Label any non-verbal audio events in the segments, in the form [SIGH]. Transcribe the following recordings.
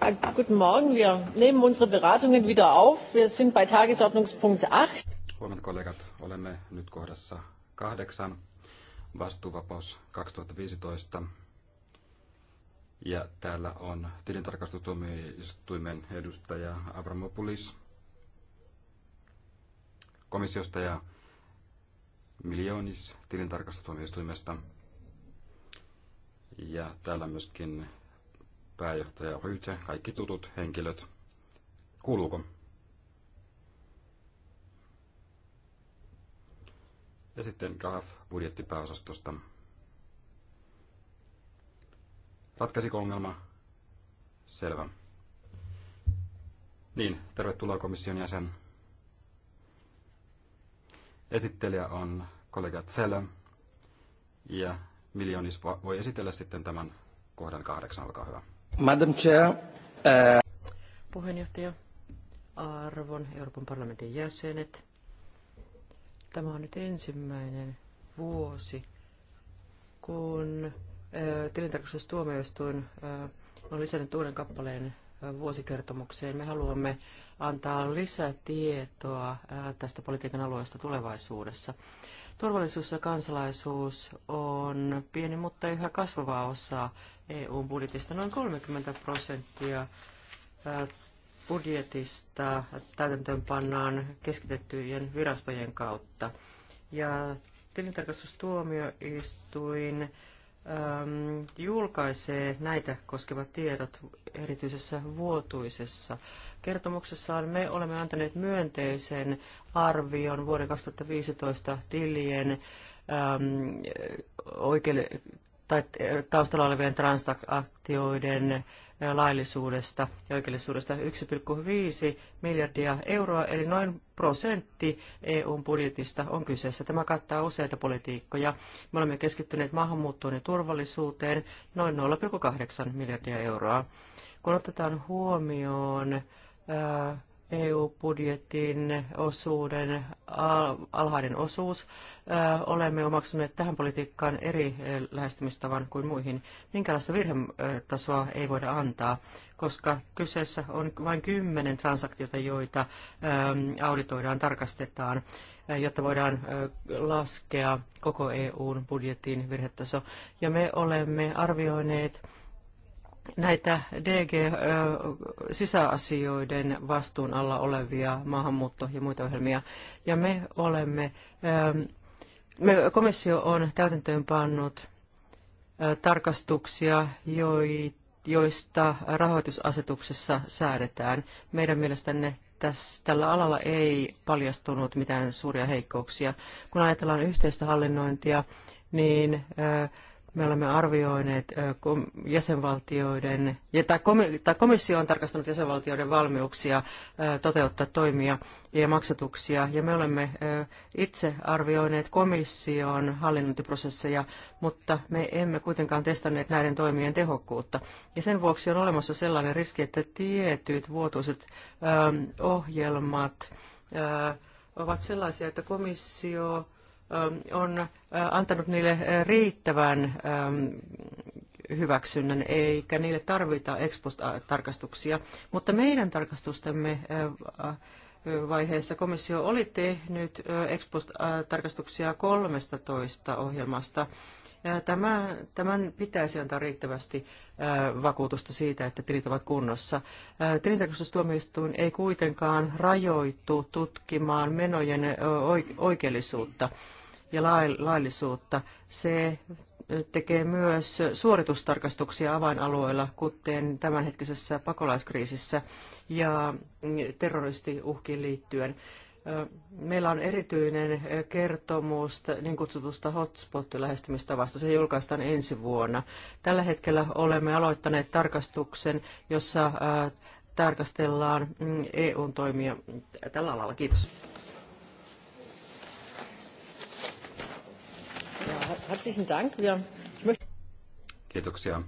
Ah, guten Morgen. Wir nehmen unsere Beratungen wieder auf. Wir sind bei Tagesordnungspunkt 8. Huomenta kollegat, olemme nyt kohdassa kahdeksan, vastuuvapaus 2015. Ja täällä on tilintarkastustuomioistuimen edustaja Avramopoulos komissiosta ja Miljoonis tilintarkastustuomioistuimesta. Ja täällä myöskin pääjohtaja Ryte, kaikki tutut henkilöt. Kuuluuko? Ja sitten GAF budjettipääosastosta. Ratkaisiko ongelma? Selvä. Niin, tervetuloa komission jäsen. Esittelijä on kollega Zell. ja Miljonis voi esitellä sitten tämän kohdan kahdeksan, olkaa hyvä. Madam Chair. Uh, Puheenjohtaja, arvon Euroopan parlamentin jäsenet. Tämä on nyt ensimmäinen vuosi, kun uh, tilintarkastustuomioistuin uh, on lisännyt uuden kappaleen vuosikertomukseen. Me haluamme antaa lisätietoa tästä politiikan alueesta tulevaisuudessa. Turvallisuus ja kansalaisuus on pieni, mutta yhä kasvava osa EU-budjetista. Noin 30 prosenttia budjetista täytäntöönpannaan keskitettyjen virastojen kautta. Ja tilintarkastustuomioistuin äm, julkaisee näitä koskevat tiedot erityisessä vuotuisessa Kertomuksessaan me olemme antaneet myönteisen arvion vuoden 2015 tilien äm, oikeille, tai taustalla olevien transaktioiden laillisuudesta ja oikeellisuudesta 1,5 miljardia euroa, eli noin prosentti EUn budjetista on kyseessä. Tämä kattaa useita politiikkoja. Me olemme keskittyneet maahanmuuttoon ja turvallisuuteen noin 0,8 miljardia euroa. Kun otetaan huomioon EU-budjetin osuuden alhainen osuus. Olemme omaksuneet tähän politiikkaan eri lähestymistavan kuin muihin. Minkälaista virhetasoa ei voida antaa, koska kyseessä on vain kymmenen transaktiota, joita auditoidaan, tarkastetaan, jotta voidaan laskea koko EU budjetin virhetaso. Ja me olemme arvioineet näitä DG sisäasioiden vastuun alla olevia maahanmuutto- ja muita ohjelmia. Ja me olemme, me, komissio on täytäntöönpannut tarkastuksia, joista rahoitusasetuksessa säädetään. Meidän mielestämme tällä alalla ei paljastunut mitään suuria heikkouksia. Kun ajatellaan yhteistä hallinnointia, niin äh, me olemme arvioineet jäsenvaltioiden, tai komissio on tarkastanut jäsenvaltioiden valmiuksia toteuttaa toimia ja maksatuksia, ja me olemme itse arvioineet komission hallinnointiprosesseja, mutta me emme kuitenkaan testanneet näiden toimien tehokkuutta. Ja sen vuoksi on olemassa sellainen riski, että tietyt vuotuiset ohjelmat ovat sellaisia, että komissio Ähm, on äh, antanut niille äh, riittävän ähm, hyväksynnän, eikä niille tarvita äh, tarkastuksia. Mutta meidän tarkastustemme vaiheessa komissio oli tehnyt tarkastuksia 13 ohjelmasta. Tämä, tämän pitäisi antaa riittävästi vakuutusta siitä, että tilit ovat kunnossa. Tilintarkastustuomioistuin ei kuitenkaan rajoittu tutkimaan menojen oikeellisuutta ja laillisuutta. Se tekee myös suoritustarkastuksia avainalueilla, kuten tämänhetkisessä pakolaiskriisissä ja terroristiuhkiin liittyen. Meillä on erityinen kertomus niin kutsutusta hotspot-lähestymistavasta. Se julkaistaan ensi vuonna. Tällä hetkellä olemme aloittaneet tarkastuksen, jossa tarkastellaan mm, EUn toimia tällä alalla. Kiitos. Kiitoksia.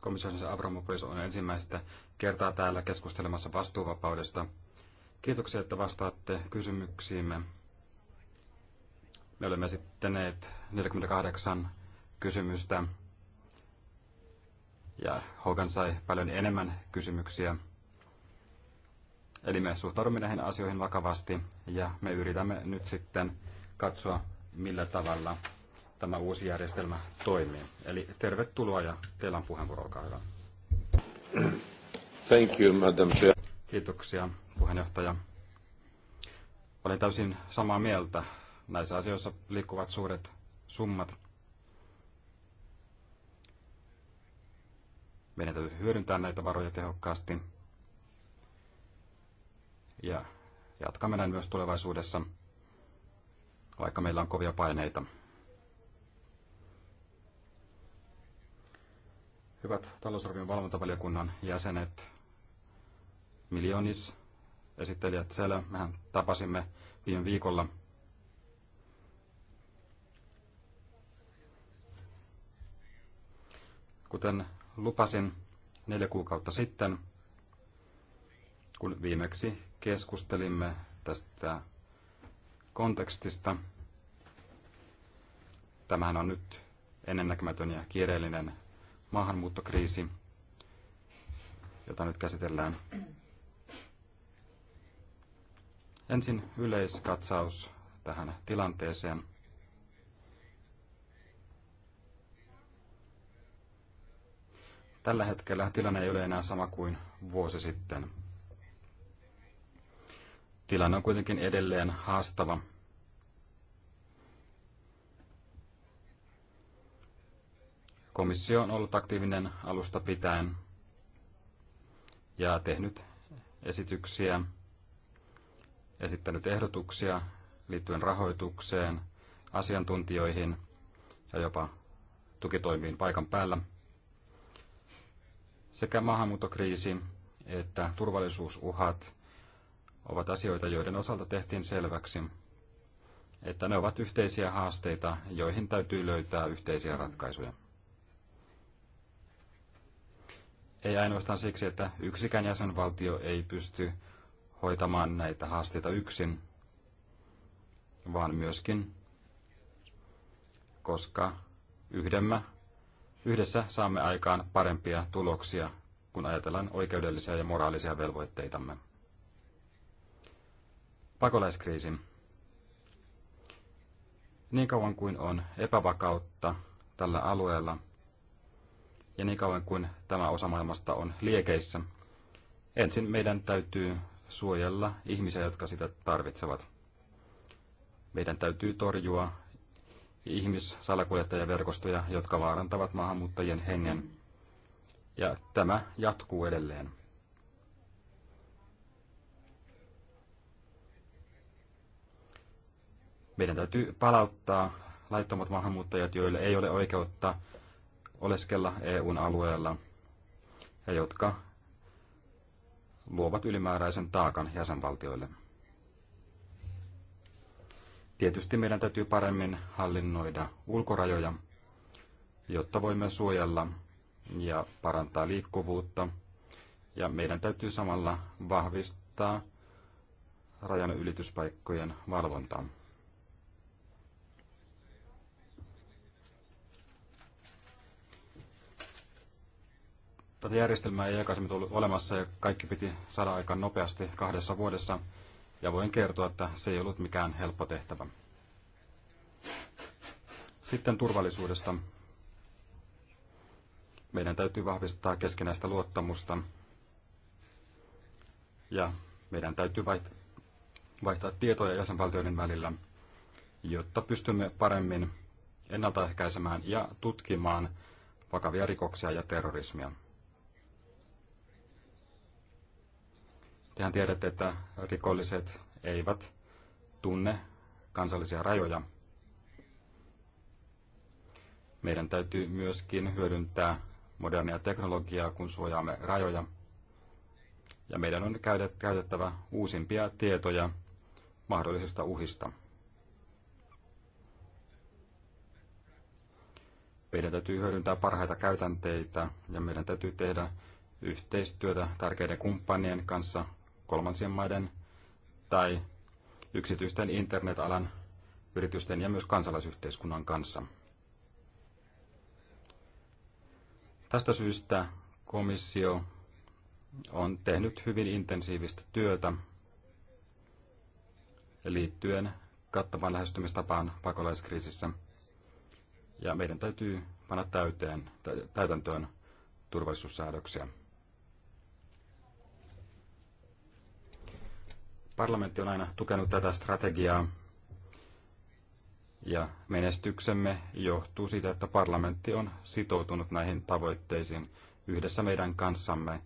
Komissaarissa Avramopoulos on ensimmäistä kertaa täällä keskustelemassa vastuuvapaudesta. Kiitoksia, että vastaatte kysymyksiimme. Me olemme esittäneet 48 kysymystä ja Hogan sai paljon enemmän kysymyksiä. Eli me suhtaudumme näihin asioihin vakavasti ja me yritämme nyt sitten katsoa, millä tavalla tämä uusi järjestelmä toimii. Eli tervetuloa ja teillä on puheenvuoro, olkaa hyvä. Thank you, Madam Chair. Kiitoksia, puheenjohtaja. Olen täysin samaa mieltä. Näissä asioissa liikkuvat suuret summat. Meidän täytyy hyödyntää näitä varoja tehokkaasti. Ja jatkamme näin myös tulevaisuudessa, vaikka meillä on kovia paineita. Hyvät talousarvion valvontavaliokunnan jäsenet, miljoonis, esittelijät siellä, mehän tapasimme viime viikolla. Kuten lupasin neljä kuukautta sitten, kun viimeksi keskustelimme tästä kontekstista, tämähän on nyt ennennäkemätön ja kiireellinen maahanmuuttokriisi, jota nyt käsitellään. Ensin yleiskatsaus tähän tilanteeseen. Tällä hetkellä tilanne ei ole enää sama kuin vuosi sitten. Tilanne on kuitenkin edelleen haastava Komissio on ollut aktiivinen alusta pitäen ja tehnyt esityksiä, esittänyt ehdotuksia liittyen rahoitukseen, asiantuntijoihin ja jopa tukitoimiin paikan päällä. Sekä maahanmuuttokriisi että turvallisuusuhat ovat asioita, joiden osalta tehtiin selväksi, että ne ovat yhteisiä haasteita, joihin täytyy löytää yhteisiä ratkaisuja. Ei ainoastaan siksi, että yksikään jäsenvaltio ei pysty hoitamaan näitä haasteita yksin, vaan myöskin, koska yhdemmä, yhdessä saamme aikaan parempia tuloksia, kun ajatellaan oikeudellisia ja moraalisia velvoitteitamme. Pakolaiskriisi. Niin kauan kuin on epävakautta tällä alueella, ja niin kauan kuin tämä osa maailmasta on liekeissä, ensin meidän täytyy suojella ihmisiä, jotka sitä tarvitsevat. Meidän täytyy torjua ihmissalakuljettajaverkostoja, jotka vaarantavat maahanmuuttajien hengen. Ja tämä jatkuu edelleen. Meidän täytyy palauttaa laittomat maahanmuuttajat, joille ei ole oikeutta oleskella EUn alueella ja jotka luovat ylimääräisen taakan jäsenvaltioille. Tietysti meidän täytyy paremmin hallinnoida ulkorajoja, jotta voimme suojella ja parantaa liikkuvuutta. Ja meidän täytyy samalla vahvistaa rajan ylityspaikkojen valvontaa. Tätä järjestelmää ei aikaisemmin ollut olemassa ja kaikki piti saada aika nopeasti kahdessa vuodessa. Ja voin kertoa, että se ei ollut mikään helppo tehtävä. Sitten turvallisuudesta. Meidän täytyy vahvistaa keskinäistä luottamusta ja meidän täytyy vaihtaa tietoja jäsenvaltioiden välillä, jotta pystymme paremmin ennaltaehkäisemään ja tutkimaan vakavia rikoksia ja terrorismia. Tehän tiedätte, että rikolliset eivät tunne kansallisia rajoja. Meidän täytyy myöskin hyödyntää modernia teknologiaa, kun suojaamme rajoja. Ja meidän on käytettävä uusimpia tietoja mahdollisista uhista. Meidän täytyy hyödyntää parhaita käytänteitä ja meidän täytyy tehdä yhteistyötä tärkeiden kumppanien kanssa kolmansien maiden tai yksityisten internetalan yritysten ja myös kansalaisyhteiskunnan kanssa. Tästä syystä komissio on tehnyt hyvin intensiivistä työtä liittyen kattavan lähestymistapaan pakolaiskriisissä. Ja meidän täytyy panna täyteen, täytäntöön turvallisuussäädöksiä. Parlamentti on aina tukenut tätä strategiaa ja menestyksemme johtuu siitä, että parlamentti on sitoutunut näihin tavoitteisiin yhdessä meidän kanssamme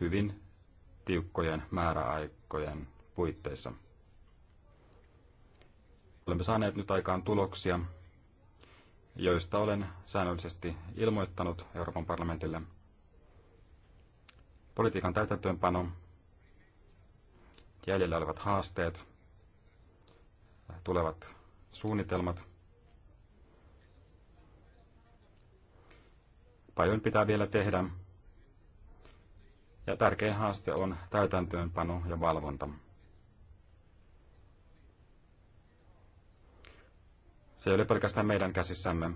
hyvin tiukkojen määräaikojen puitteissa. Olemme saaneet nyt aikaan tuloksia, joista olen säännöllisesti ilmoittanut Euroopan parlamentille. Politiikan täytäntöönpano jäljellä olevat haasteet, tulevat suunnitelmat. Paljon pitää vielä tehdä. Ja tärkein haaste on täytäntöönpano ja valvonta. Se ei ole pelkästään meidän käsissämme,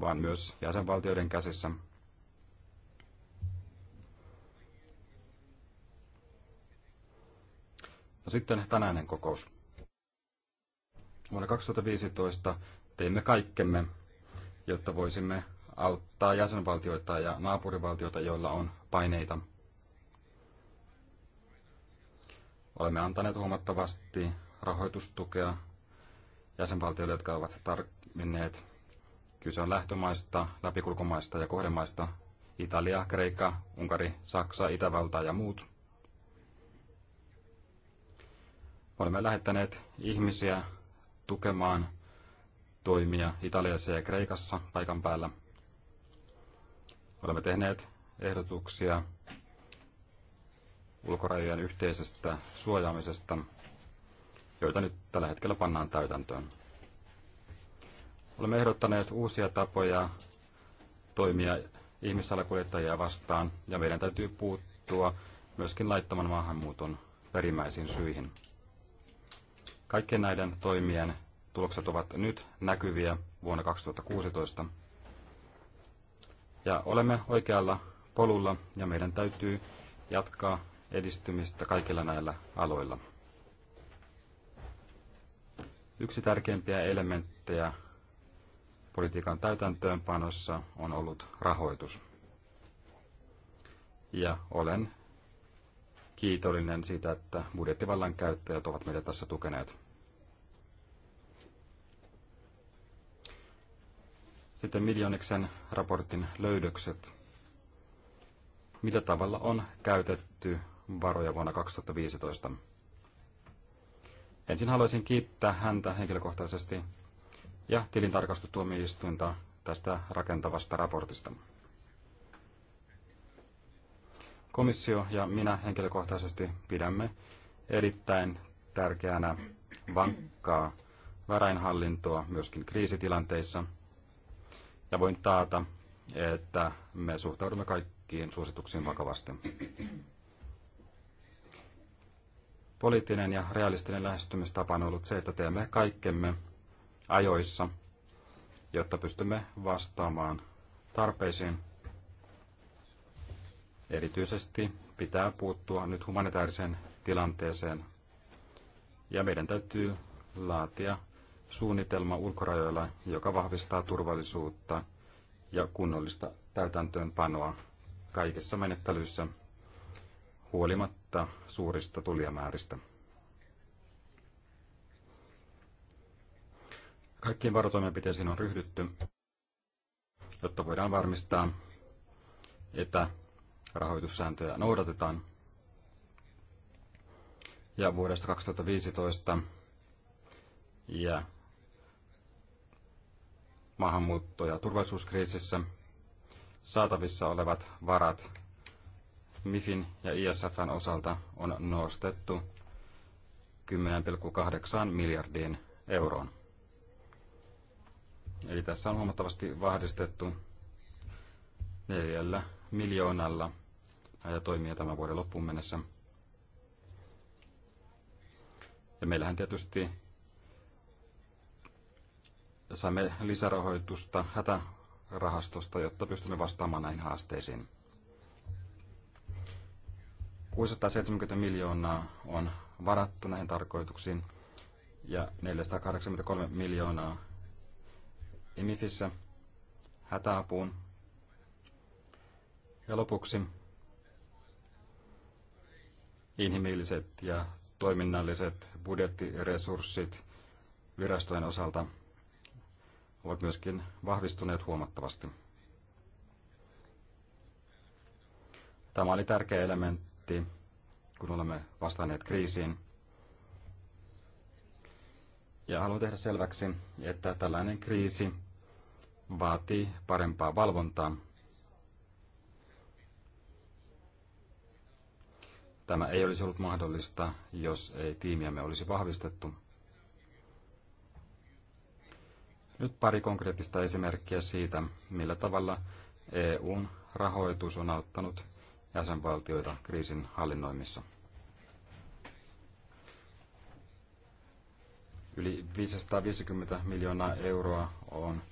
vaan myös jäsenvaltioiden käsissä. sitten tänäinen kokous. Vuonna 2015 teimme kaikkemme, jotta voisimme auttaa jäsenvaltioita ja naapurivaltioita, joilla on paineita. Olemme antaneet huomattavasti rahoitustukea jäsenvaltioille, jotka ovat tarvinneet. Kyse on lähtömaista, läpikulkomaista ja kohdemaista. Italia, Kreikka, Unkari, Saksa, Itävalta ja muut. Olemme lähettäneet ihmisiä tukemaan toimia Italiassa ja Kreikassa paikan päällä. Olemme tehneet ehdotuksia ulkorajojen yhteisestä suojaamisesta, joita nyt tällä hetkellä pannaan täytäntöön. Olemme ehdottaneet uusia tapoja toimia ihmissalakuljettajia vastaan, ja meidän täytyy puuttua myöskin laittoman maahanmuuton perimmäisiin syihin. Kaikkien näiden toimien tulokset ovat nyt näkyviä vuonna 2016. Ja olemme oikealla polulla ja meidän täytyy jatkaa edistymistä kaikilla näillä aloilla. Yksi tärkeimpiä elementtejä politiikan täytäntöönpanossa on ollut rahoitus. Ja olen kiitollinen siitä, että budjettivallan käyttäjät ovat meitä tässä tukeneet. Sitten miljooniksen raportin löydökset. Mitä tavalla on käytetty varoja vuonna 2015? Ensin haluaisin kiittää häntä henkilökohtaisesti ja tilintarkastustuomioistuinta tästä rakentavasta raportista. Komissio ja minä henkilökohtaisesti pidämme erittäin tärkeänä vankkaa varainhallintoa myöskin kriisitilanteissa. Ja voin taata, että me suhtaudumme kaikkiin suosituksiin vakavasti. Poliittinen ja realistinen lähestymistapa on ollut se, että teemme kaikkemme ajoissa, jotta pystymme vastaamaan tarpeisiin Erityisesti pitää puuttua nyt humanitaariseen tilanteeseen ja meidän täytyy laatia suunnitelma ulkorajoilla, joka vahvistaa turvallisuutta ja kunnollista täytäntöönpanoa kaikissa menettelyissä huolimatta suurista tulijamääristä. Kaikkiin varotoimenpiteisiin on ryhdytty, jotta voidaan varmistaa, että rahoitussääntöjä noudatetaan. Ja vuodesta 2015 ja maahanmuutto- ja turvallisuuskriisissä saatavissa olevat varat MIFin ja ISFn osalta on nostettu 10,8 miljardiin euroon. Eli tässä on huomattavasti vahvistettu neljällä miljoonalla näitä toimia tämän vuoden loppuun mennessä. Ja meillähän tietysti saimme lisärahoitusta hätärahastosta, jotta pystymme vastaamaan näihin haasteisiin. 670 miljoonaa on varattu näihin tarkoituksiin ja 483 miljoonaa IMIFissä hätäapuun. Ja lopuksi inhimilliset ja toiminnalliset budjettiresurssit virastojen osalta ovat myöskin vahvistuneet huomattavasti. Tämä oli tärkeä elementti, kun olemme vastanneet kriisiin. Ja haluan tehdä selväksi, että tällainen kriisi vaatii parempaa valvontaa Tämä ei olisi ollut mahdollista, jos ei tiimiämme olisi vahvistettu. Nyt pari konkreettista esimerkkiä siitä, millä tavalla EUn rahoitus on auttanut jäsenvaltioita kriisin hallinnoimissa. Yli 550 miljoonaa euroa on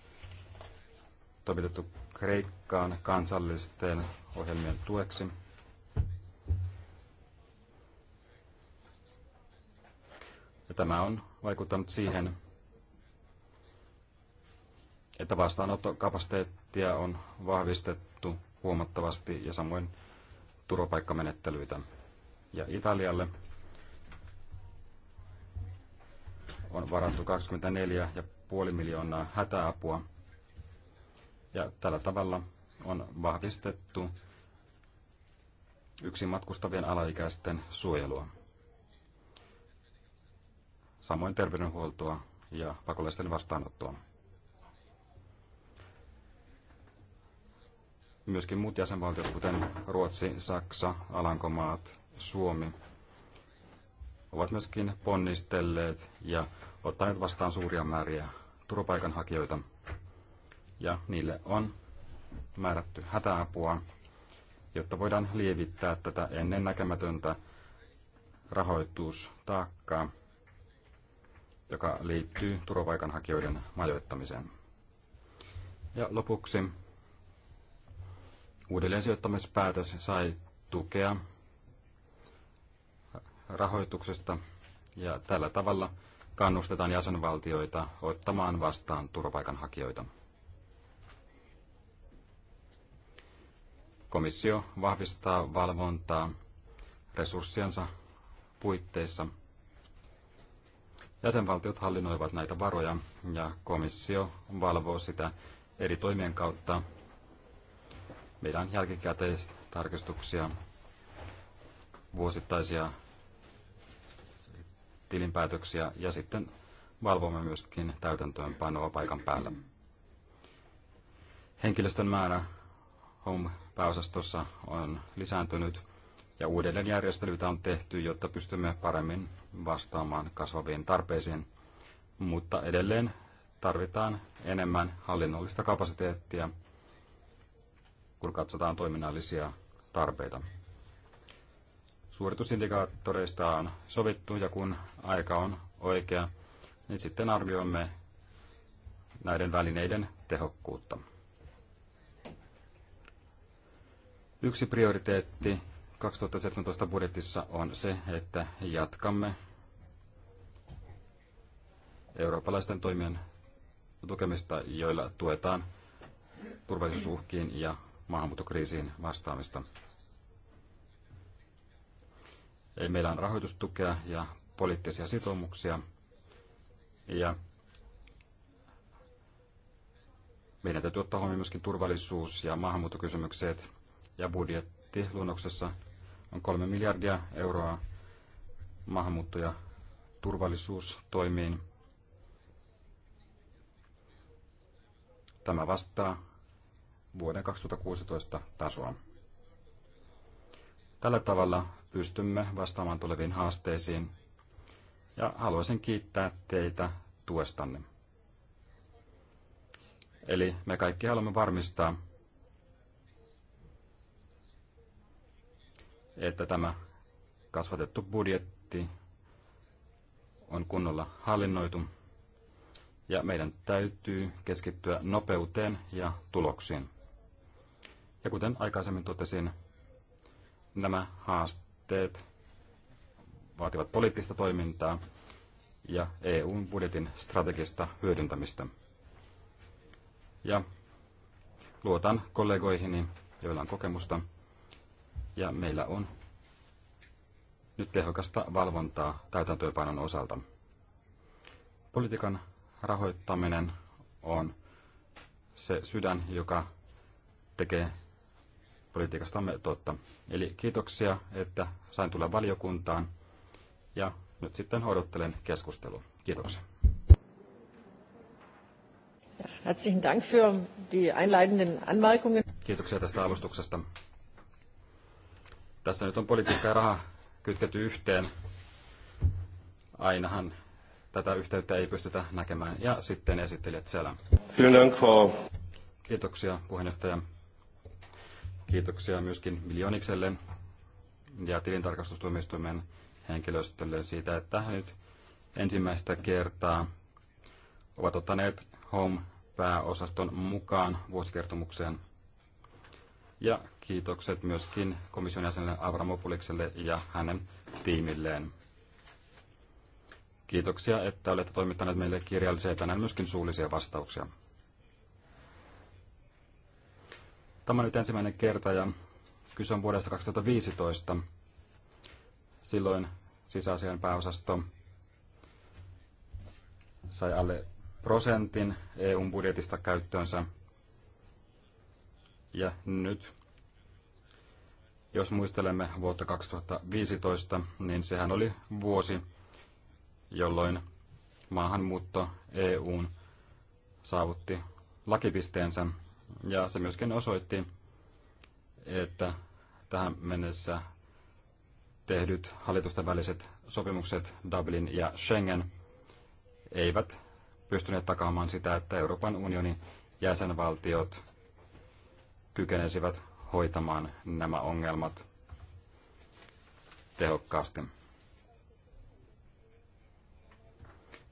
toimitettu Kreikkaan kansallisten ohjelmien tueksi – tämä on vaikuttanut siihen, että vastaanottokapasiteettia on vahvistettu huomattavasti ja samoin turvapaikkamenettelyitä. Ja Italialle on varattu 24,5 miljoonaa hätäapua. Ja tällä tavalla on vahvistettu yksin matkustavien alaikäisten suojelua samoin terveydenhuoltoa ja pakolaisten vastaanottoa. Myöskin muut jäsenvaltiot, kuten Ruotsi, Saksa, Alankomaat, Suomi, ovat myöskin ponnistelleet ja ottaneet vastaan suuria määriä turvapaikanhakijoita. Ja niille on määrätty hätäapua, jotta voidaan lievittää tätä ennennäkemätöntä rahoitustaakkaa, joka liittyy turvapaikanhakijoiden majoittamiseen. Ja lopuksi uudelleensijoittamispäätös sai tukea rahoituksesta ja tällä tavalla kannustetaan jäsenvaltioita ottamaan vastaan turvapaikanhakijoita. Komissio vahvistaa valvontaa resurssiensa puitteissa – Jäsenvaltiot hallinnoivat näitä varoja ja komissio valvoo sitä eri toimien kautta. Meillä on jälkikäteistarkistuksia, vuosittaisia tilinpäätöksiä ja sitten valvomme myöskin täytäntöönpanoa paikan päällä. Henkilöstön määrä Home-pääosastossa on lisääntynyt ja uudelleenjärjestelyitä on tehty, jotta pystymme paremmin vastaamaan kasvaviin tarpeisiin, mutta edelleen tarvitaan enemmän hallinnollista kapasiteettia, kun katsotaan toiminnallisia tarpeita. Suoritusindikaattoreista on sovittu ja kun aika on oikea, niin sitten arvioimme näiden välineiden tehokkuutta. Yksi prioriteetti 2017 budjetissa on se, että jatkamme eurooppalaisten toimien tukemista, joilla tuetaan turvallisuusuhkiin ja maahanmuuttokriisiin vastaamista. Eli meillä on rahoitustukea ja poliittisia sitoumuksia. Ja meidän täytyy ottaa huomioon myöskin turvallisuus- ja maahanmuuttokysymykset. Ja budjettiluonnoksessa on kolme miljardia euroa maahanmuutto- ja turvallisuustoimiin. Tämä vastaa vuoden 2016 tasoa. Tällä tavalla pystymme vastaamaan tuleviin haasteisiin ja haluaisin kiittää teitä tuestanne. Eli me kaikki haluamme varmistaa, että tämä kasvatettu budjetti on kunnolla hallinnoitu ja meidän täytyy keskittyä nopeuteen ja tuloksiin. Ja kuten aikaisemmin totesin, nämä haasteet vaativat poliittista toimintaa ja EUn budjetin strategista hyödyntämistä. Ja luotan kollegoihini, joilla on kokemusta ja meillä on nyt tehokasta valvontaa täytäntöönpanon osalta. Politiikan rahoittaminen on se sydän, joka tekee politiikastamme totta. Eli kiitoksia, että sain tulla valiokuntaan ja nyt sitten odottelen keskustelua. Kiitoksia. Herzlichen Dank für die einleitenden Anmerkungen. Kiitoksia tästä alustuksesta. Tässä nyt on politiikka ja raha kytketty yhteen. Ainahan tätä yhteyttä ei pystytä näkemään. Ja sitten esittelijät siellä. Kiitoksia puheenjohtaja. Kiitoksia myöskin Miljonikselle ja tilintarkastustuomioistuimen henkilöstölle siitä, että he nyt ensimmäistä kertaa ovat ottaneet Home-pääosaston mukaan vuosikertomukseen. Ja kiitokset myöskin komission jäsenelle Avramopulikselle ja hänen tiimilleen. Kiitoksia, että olette toimittaneet meille kirjallisia ja tänään myöskin suullisia vastauksia. Tämä on nyt ensimmäinen kerta ja kyse on vuodesta 2015. Silloin sisäasian pääosasto sai alle prosentin eu budjetista käyttöönsä ja nyt, jos muistelemme vuotta 2015, niin sehän oli vuosi, jolloin maahanmuutto EUn saavutti lakipisteensä. Ja se myöskin osoitti, että tähän mennessä tehdyt hallitusten väliset sopimukset Dublin ja Schengen eivät pystyneet takaamaan sitä, että Euroopan unionin jäsenvaltiot kykenisivät hoitamaan nämä ongelmat tehokkaasti.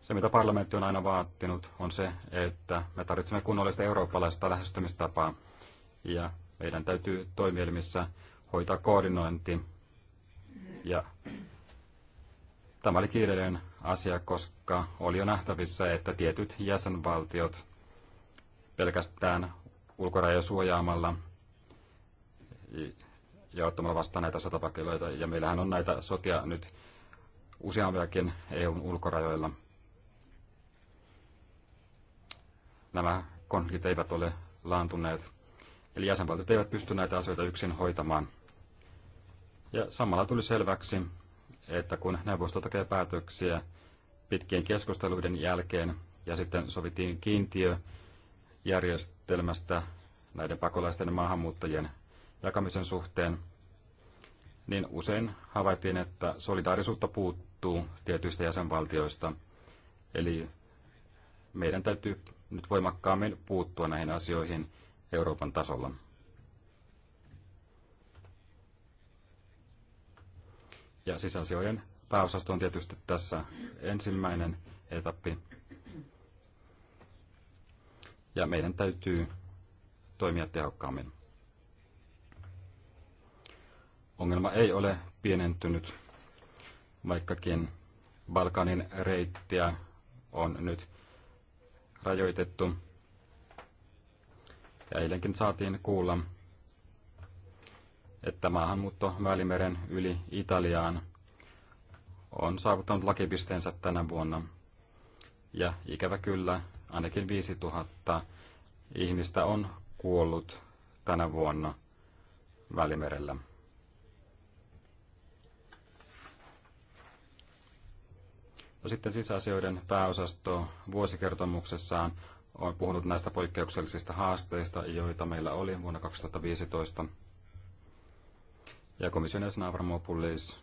Se, mitä parlamentti on aina vaatinut, on se, että me tarvitsemme kunnollista eurooppalaista lähestymistapaa ja meidän täytyy toimielimissä hoitaa koordinointi. Ja tämä oli kiireellinen asia, koska oli jo nähtävissä, että tietyt jäsenvaltiot pelkästään ulkorajoja suojaamalla ja ottamalla vastaan näitä sotapakeloita. Ja meillähän on näitä sotia nyt useampiakin EUn ulkorajoilla. Nämä konfliktit eivät ole laantuneet. Eli jäsenvaltiot eivät pysty näitä asioita yksin hoitamaan. Ja samalla tuli selväksi, että kun neuvosto tekee päätöksiä pitkien keskusteluiden jälkeen ja sitten sovittiin kiintiö järjestelmästä näiden pakolaisten ja maahanmuuttajien jakamisen suhteen, niin usein havaittiin, että solidaarisuutta puuttuu tietyistä jäsenvaltioista. Eli meidän täytyy nyt voimakkaammin puuttua näihin asioihin Euroopan tasolla. Ja sisäasioiden pääosasto on tietysti tässä ensimmäinen etappi, ja meidän täytyy toimia tehokkaammin. Ongelma ei ole pienentynyt, vaikkakin Balkanin reittiä on nyt rajoitettu. Ja eilenkin saatiin kuulla, että maahanmuutto Välimeren yli Italiaan on saavuttanut lakipisteensä tänä vuonna. Ja ikävä kyllä ainakin 5000 ihmistä on kuollut tänä vuonna Välimerellä. No sitten sisäasioiden pääosasto vuosikertomuksessaan on puhunut näistä poikkeuksellisista haasteista, joita meillä oli vuonna 2015. Ja komission jäsen Avramopoulos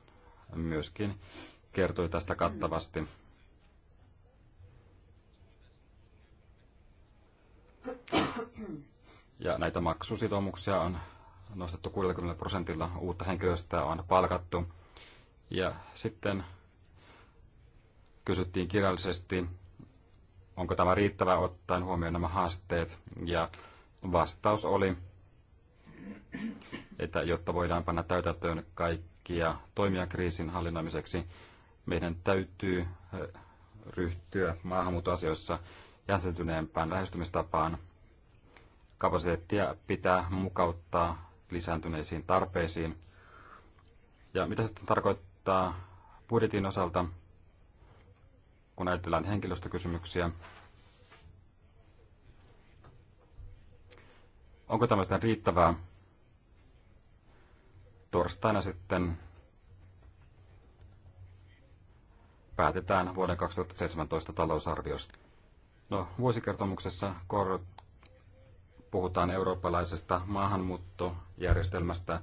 myöskin kertoi tästä kattavasti. Ja näitä maksusitoumuksia on nostettu 60 prosentilla, uutta henkilöstöä on palkattu. Ja sitten kysyttiin kirjallisesti, onko tämä riittävä ottaen huomioon nämä haasteet. Ja vastaus oli, että jotta voidaan panna täytäntöön kaikkia toimia kriisin hallinnoimiseksi, meidän täytyy eh, ryhtyä maahanmuuttoasioissa jäsentyneempään lähestymistapaan kapasiteettia pitää mukauttaa lisääntyneisiin tarpeisiin. Ja mitä sitten tarkoittaa budjetin osalta, kun ajatellaan henkilöstökysymyksiä? Onko tämmöistä riittävää? Torstaina sitten päätetään vuoden 2017 talousarviosta. No, vuosikertomuksessa puhutaan eurooppalaisesta maahanmuuttojärjestelmästä,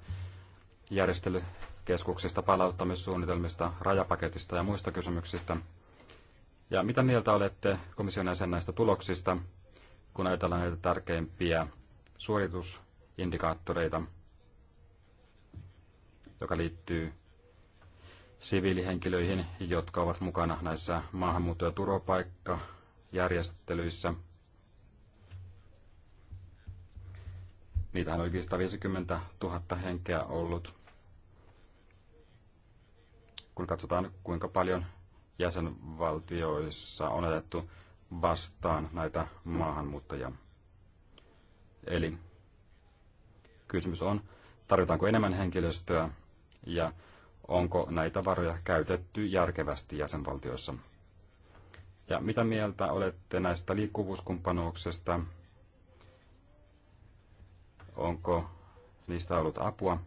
järjestelykeskuksista, palauttamissuunnitelmista, rajapaketista ja muista kysymyksistä. Ja mitä mieltä olette komission jäsen näistä tuloksista, kun ajatellaan näitä tärkeimpiä suoritusindikaattoreita, joka liittyy siviilihenkilöihin, jotka ovat mukana näissä maahanmuutto- ja turvapaikkajärjestelyissä – Niitähän oli 550 000 henkeä ollut. Kun katsotaan, kuinka paljon jäsenvaltioissa on otettu vastaan näitä maahanmuuttajia. Eli kysymys on, tarvitaanko enemmän henkilöstöä ja onko näitä varoja käytetty järkevästi jäsenvaltioissa. Ja mitä mieltä olette näistä liikkuvuuskumppanuuksista? Onko niistä ollut apua?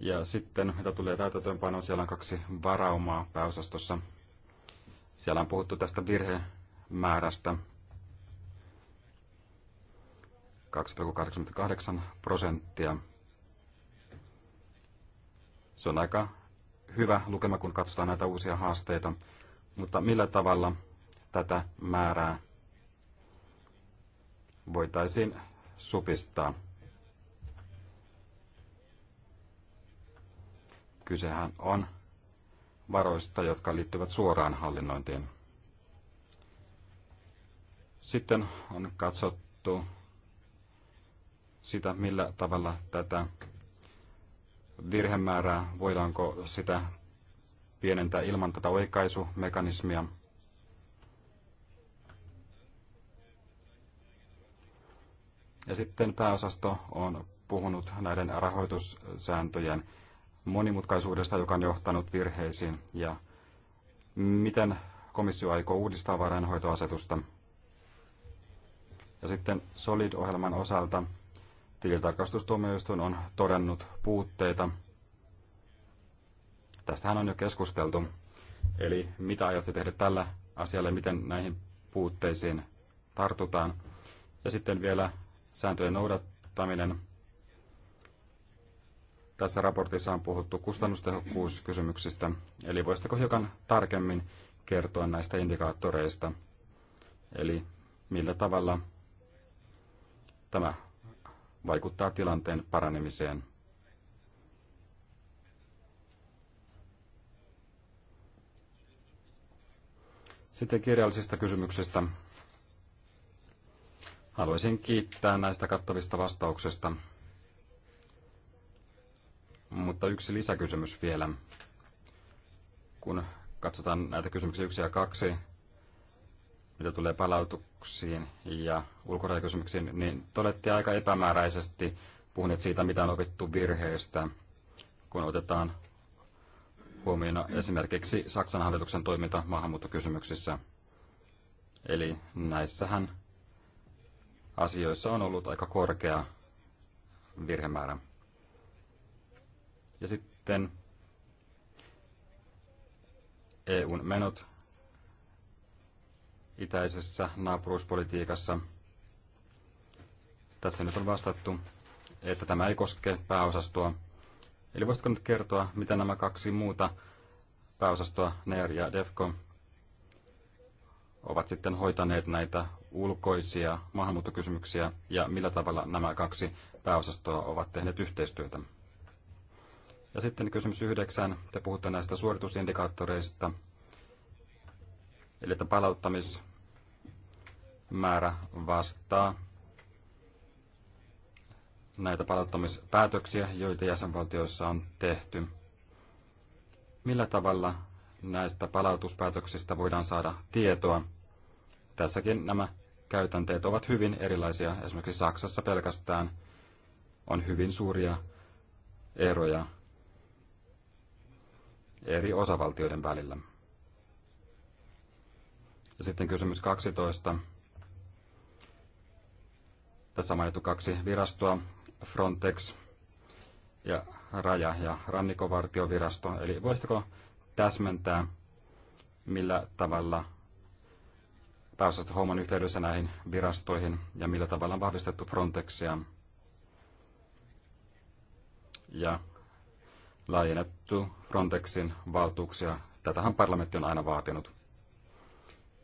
Ja sitten, mitä tulee täytäntöönpanoon, siellä on kaksi varaumaa pääosastossa. Siellä on puhuttu tästä virhemäärästä 2,88 prosenttia. Se on aika hyvä lukema, kun katsotaan näitä uusia haasteita, mutta millä tavalla tätä määrää voitaisiin supistaa. Kysehän on varoista, jotka liittyvät suoraan hallinnointiin. Sitten on katsottu sitä, millä tavalla tätä virhemäärää, voidaanko sitä pienentää ilman tätä oikaisumekanismia – Ja sitten pääosasto on puhunut näiden rahoitussääntöjen monimutkaisuudesta, joka on johtanut virheisiin, ja miten komissio aikoo uudistaa varainhoitoasetusta. Ja sitten SOLID-ohjelman osalta tilintarkastustuomioistuin on todennut puutteita. Tästähän on jo keskusteltu. Eli mitä aiotte tehdä tällä asialla, miten näihin puutteisiin tartutaan. Ja sitten vielä sääntöjen noudattaminen. Tässä raportissa on puhuttu kustannustehokkuuskysymyksistä, eli voisitko hiukan tarkemmin kertoa näistä indikaattoreista, eli millä tavalla tämä vaikuttaa tilanteen paranemiseen. Sitten kirjallisista kysymyksistä Haluaisin kiittää näistä kattavista vastauksista. Mutta yksi lisäkysymys vielä. Kun katsotaan näitä kysymyksiä yksi ja kaksi, mitä tulee palautuksiin ja ulkorajakysymyksiin, niin te olette aika epämääräisesti puhuneet siitä, mitä on opittu virheistä, kun otetaan huomioon esimerkiksi Saksan hallituksen toiminta maahanmuuttokysymyksissä. Eli näissähän asioissa on ollut aika korkea virhemäärä. Ja sitten EUn menot itäisessä naapuruuspolitiikassa. Tässä nyt on vastattu, että tämä ei koske pääosastoa. Eli voisitko nyt kertoa, mitä nämä kaksi muuta pääosastoa, NER ja DEFCO, ovat sitten hoitaneet näitä ulkoisia maahanmuuttokysymyksiä ja millä tavalla nämä kaksi pääosastoa ovat tehneet yhteistyötä. Ja sitten kysymys yhdeksän. Te puhutte näistä suoritusindikaattoreista, eli että palauttamismäärä vastaa näitä palauttamispäätöksiä, joita jäsenvaltioissa on tehty. Millä tavalla näistä palautuspäätöksistä voidaan saada tietoa? Tässäkin nämä käytänteet ovat hyvin erilaisia. Esimerkiksi Saksassa pelkästään on hyvin suuria eroja eri osavaltioiden välillä. Ja sitten kysymys 12. Tässä on mainittu kaksi virastoa, Frontex ja Raja- ja Rannikovartiovirasto. Eli voisitko täsmentää, millä tavalla pääosasta homman yhteydessä näihin virastoihin ja millä tavalla on vahvistettu Frontexia ja laajennettu Frontexin valtuuksia. Tätähän parlamentti on aina vaatinut.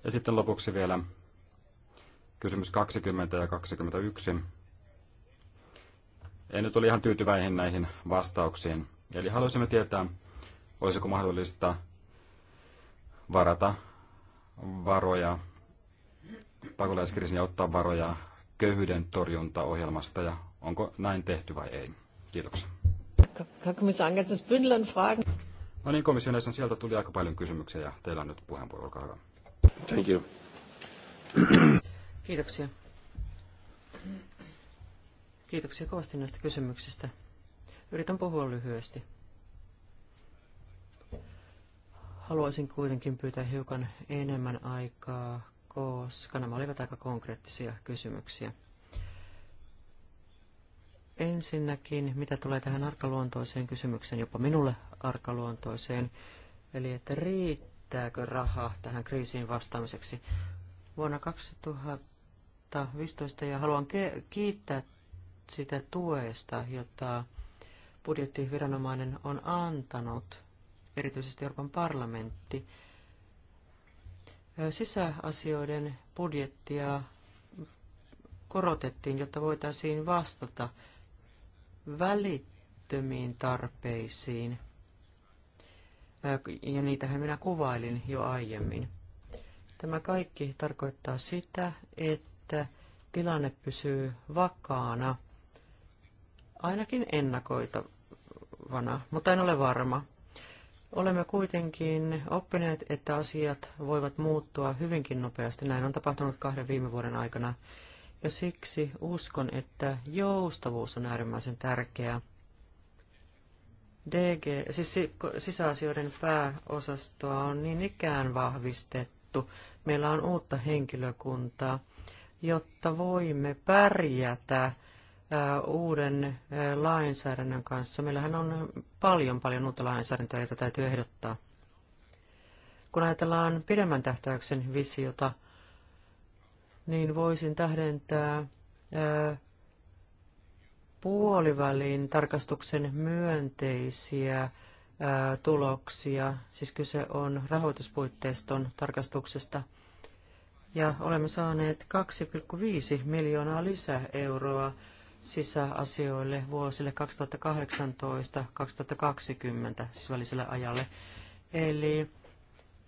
Ja sitten lopuksi vielä kysymys 20 ja 21. En nyt ole ihan tyytyväinen näihin vastauksiin. Eli haluaisimme tietää, olisiko mahdollista varata varoja pakolaiskriisin ja ottaa varoja köyhyyden torjuntaohjelmasta ja onko näin tehty vai ei? Kiitoksia. No niin, komission jäsen, sieltä tuli aika paljon kysymyksiä ja teillä on nyt puheenvuoro, olkaa hyvä. Thank you. Kiitoksia. Kiitoksia kovasti näistä kysymyksistä. Yritän puhua lyhyesti. Haluaisin kuitenkin pyytää hiukan enemmän aikaa koska nämä olivat aika konkreettisia kysymyksiä. Ensinnäkin, mitä tulee tähän arkaluontoiseen kysymykseen, jopa minulle arkaluontoiseen, eli että riittääkö raha tähän kriisiin vastaamiseksi. Vuonna 2015 ja haluan kiittää sitä tuesta, jota budjettiviranomainen on antanut, erityisesti Euroopan parlamentti, sisäasioiden budjettia korotettiin, jotta voitaisiin vastata välittömiin tarpeisiin. Ja niitähän minä kuvailin jo aiemmin. Tämä kaikki tarkoittaa sitä, että tilanne pysyy vakaana, ainakin ennakoitavana, mutta en ole varma. Olemme kuitenkin oppineet, että asiat voivat muuttua hyvinkin nopeasti. Näin on tapahtunut kahden viime vuoden aikana. Ja siksi uskon, että joustavuus on äärimmäisen tärkeää. DG, siis sisäasioiden pääosastoa on niin ikään vahvistettu. Meillä on uutta henkilökuntaa, jotta voimme pärjätä uuden lainsäädännön kanssa. Meillähän on paljon paljon uutta lainsäädäntöä, jota täytyy ehdottaa. Kun ajatellaan pidemmän tähtäyksen visiota, niin voisin tähdentää puolivälin tarkastuksen myönteisiä tuloksia, siis kyse on rahoituspuitteiston tarkastuksesta. Ja olemme saaneet 2,5 miljoonaa lisäeuroa euroa sisäasioille vuosille 2018-2020, siis väliselle ajalle. Eli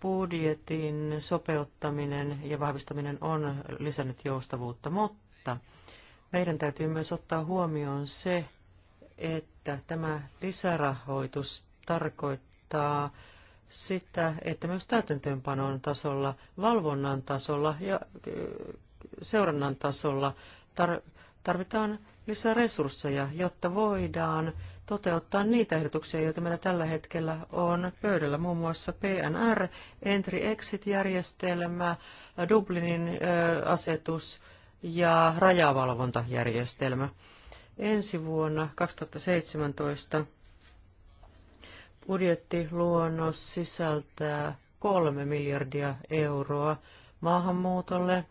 budjetin sopeuttaminen ja vahvistaminen on lisännyt joustavuutta, mutta meidän täytyy myös ottaa huomioon se, että tämä lisärahoitus tarkoittaa sitä, että myös täytäntöönpanon tasolla, valvonnan tasolla ja seurannan tasolla tar- Tarvitaan lisää resursseja, jotta voidaan toteuttaa niitä ehdotuksia, joita meillä tällä hetkellä on pöydällä, muun muassa PNR, Entry-Exit-järjestelmä, Dublinin asetus ja rajavalvontajärjestelmä. Ensi vuonna 2017 budjettiluonnos sisältää kolme miljardia euroa maahanmuutolle –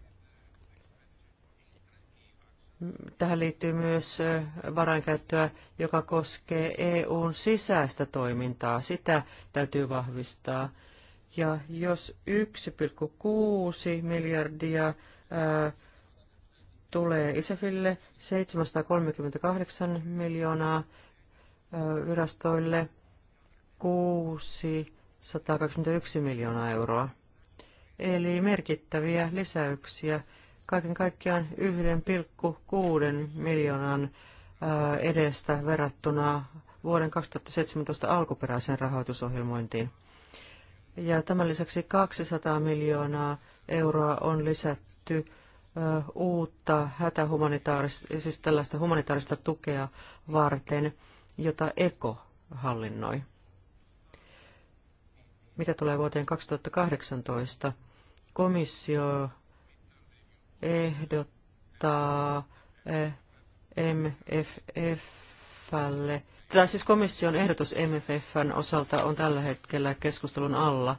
Tähän liittyy myös varainkäyttöä, joka koskee EUn sisäistä toimintaa. Sitä täytyy vahvistaa. Ja jos 1,6 miljardia ää, tulee ISEFille, 738 miljoonaa ää, virastoille, 621 miljoonaa euroa. Eli merkittäviä lisäyksiä kaiken kaikkiaan 1,6 miljoonan äh, edestä verrattuna vuoden 2017 alkuperäiseen rahoitusohjelmointiin. Ja tämän lisäksi 200 miljoonaa euroa on lisätty äh, uutta hätähumanitaarista, siis tällaista humanitaarista tukea varten, jota ECO hallinnoi. Mitä tulee vuoteen 2018, komissio ehdottaa eh, MFFlle, tai siis komission ehdotus MFFn osalta on tällä hetkellä keskustelun alla.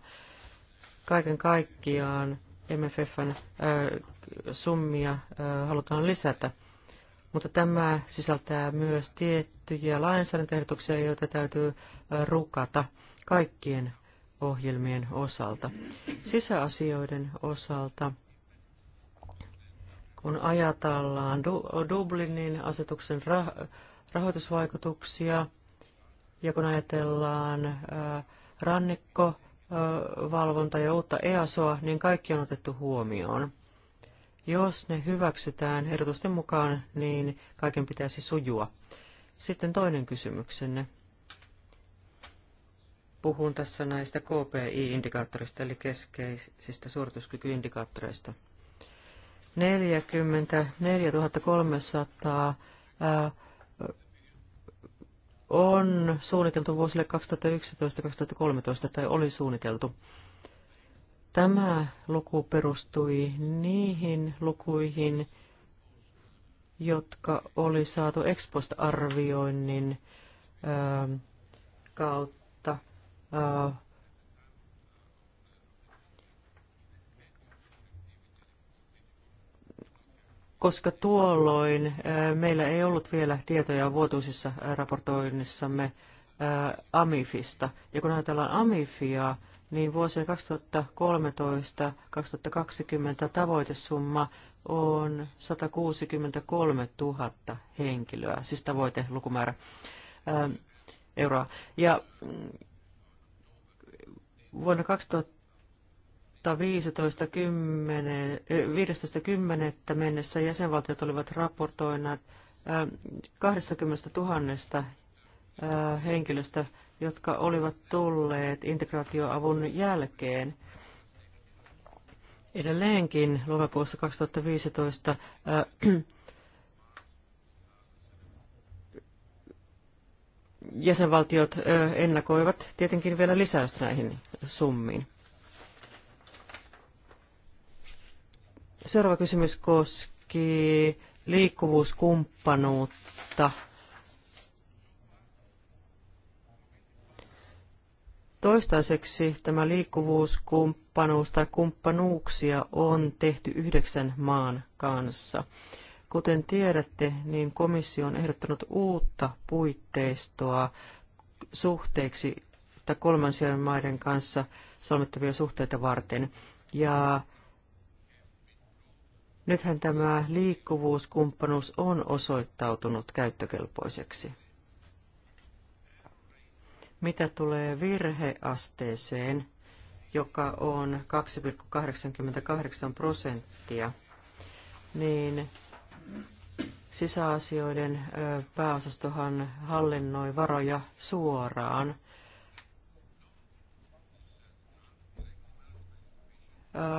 Kaiken kaikkiaan MFFn eh, summia eh, halutaan lisätä, mutta tämä sisältää myös tiettyjä lainsäädäntöehdotuksia, joita täytyy rukata kaikkien ohjelmien osalta. Sisäasioiden osalta kun ajatellaan Dublinin asetuksen rahoitusvaikutuksia ja kun ajatellaan äh, rannikkovalvonta äh, ja uutta EASOa, niin kaikki on otettu huomioon. Jos ne hyväksytään ehdotusten mukaan, niin kaiken pitäisi sujua. Sitten toinen kysymyksenne. Puhun tässä näistä KPI-indikaattorista, eli keskeisistä suorituskykyindikaattoreista. 44 300 on suunniteltu vuosille 2011-2013 tai oli suunniteltu. Tämä luku perustui niihin lukuihin, jotka oli saatu expost-arvioinnin kautta koska tuolloin äh, meillä ei ollut vielä tietoja vuotuisissa äh, raportoinnissamme äh, AMIFista. Ja kun ajatellaan AMIFia, niin vuosien 2013-2020 tavoitesumma on 163 000 henkilöä, siis tavoitelukumäärä ähm, euroa. Ja mm, vuonna 2000 2015 15.10. Eh, mennessä jäsenvaltiot olivat raportoineet 20 eh, 000 eh, henkilöstä, jotka olivat tulleet integraatioavun jälkeen. Edelleenkin lokakuussa 2015 jäsenvaltiot ennakoivat tietenkin vielä lisäystä näihin summiin. Seuraava kysymys koski liikkuvuuskumppanuutta. Toistaiseksi tämä liikkuvuuskumppanuus tai kumppanuuksia on tehty yhdeksän maan kanssa. Kuten tiedätte, niin komissio on ehdottanut uutta puitteistoa suhteeksi tai kolmansien maiden kanssa solmittavia suhteita varten. Ja Nythän tämä liikkuvuuskumppanuus on osoittautunut käyttökelpoiseksi. Mitä tulee virheasteeseen, joka on 2,88 prosenttia, niin sisäasioiden pääosastohan hallinnoi varoja suoraan.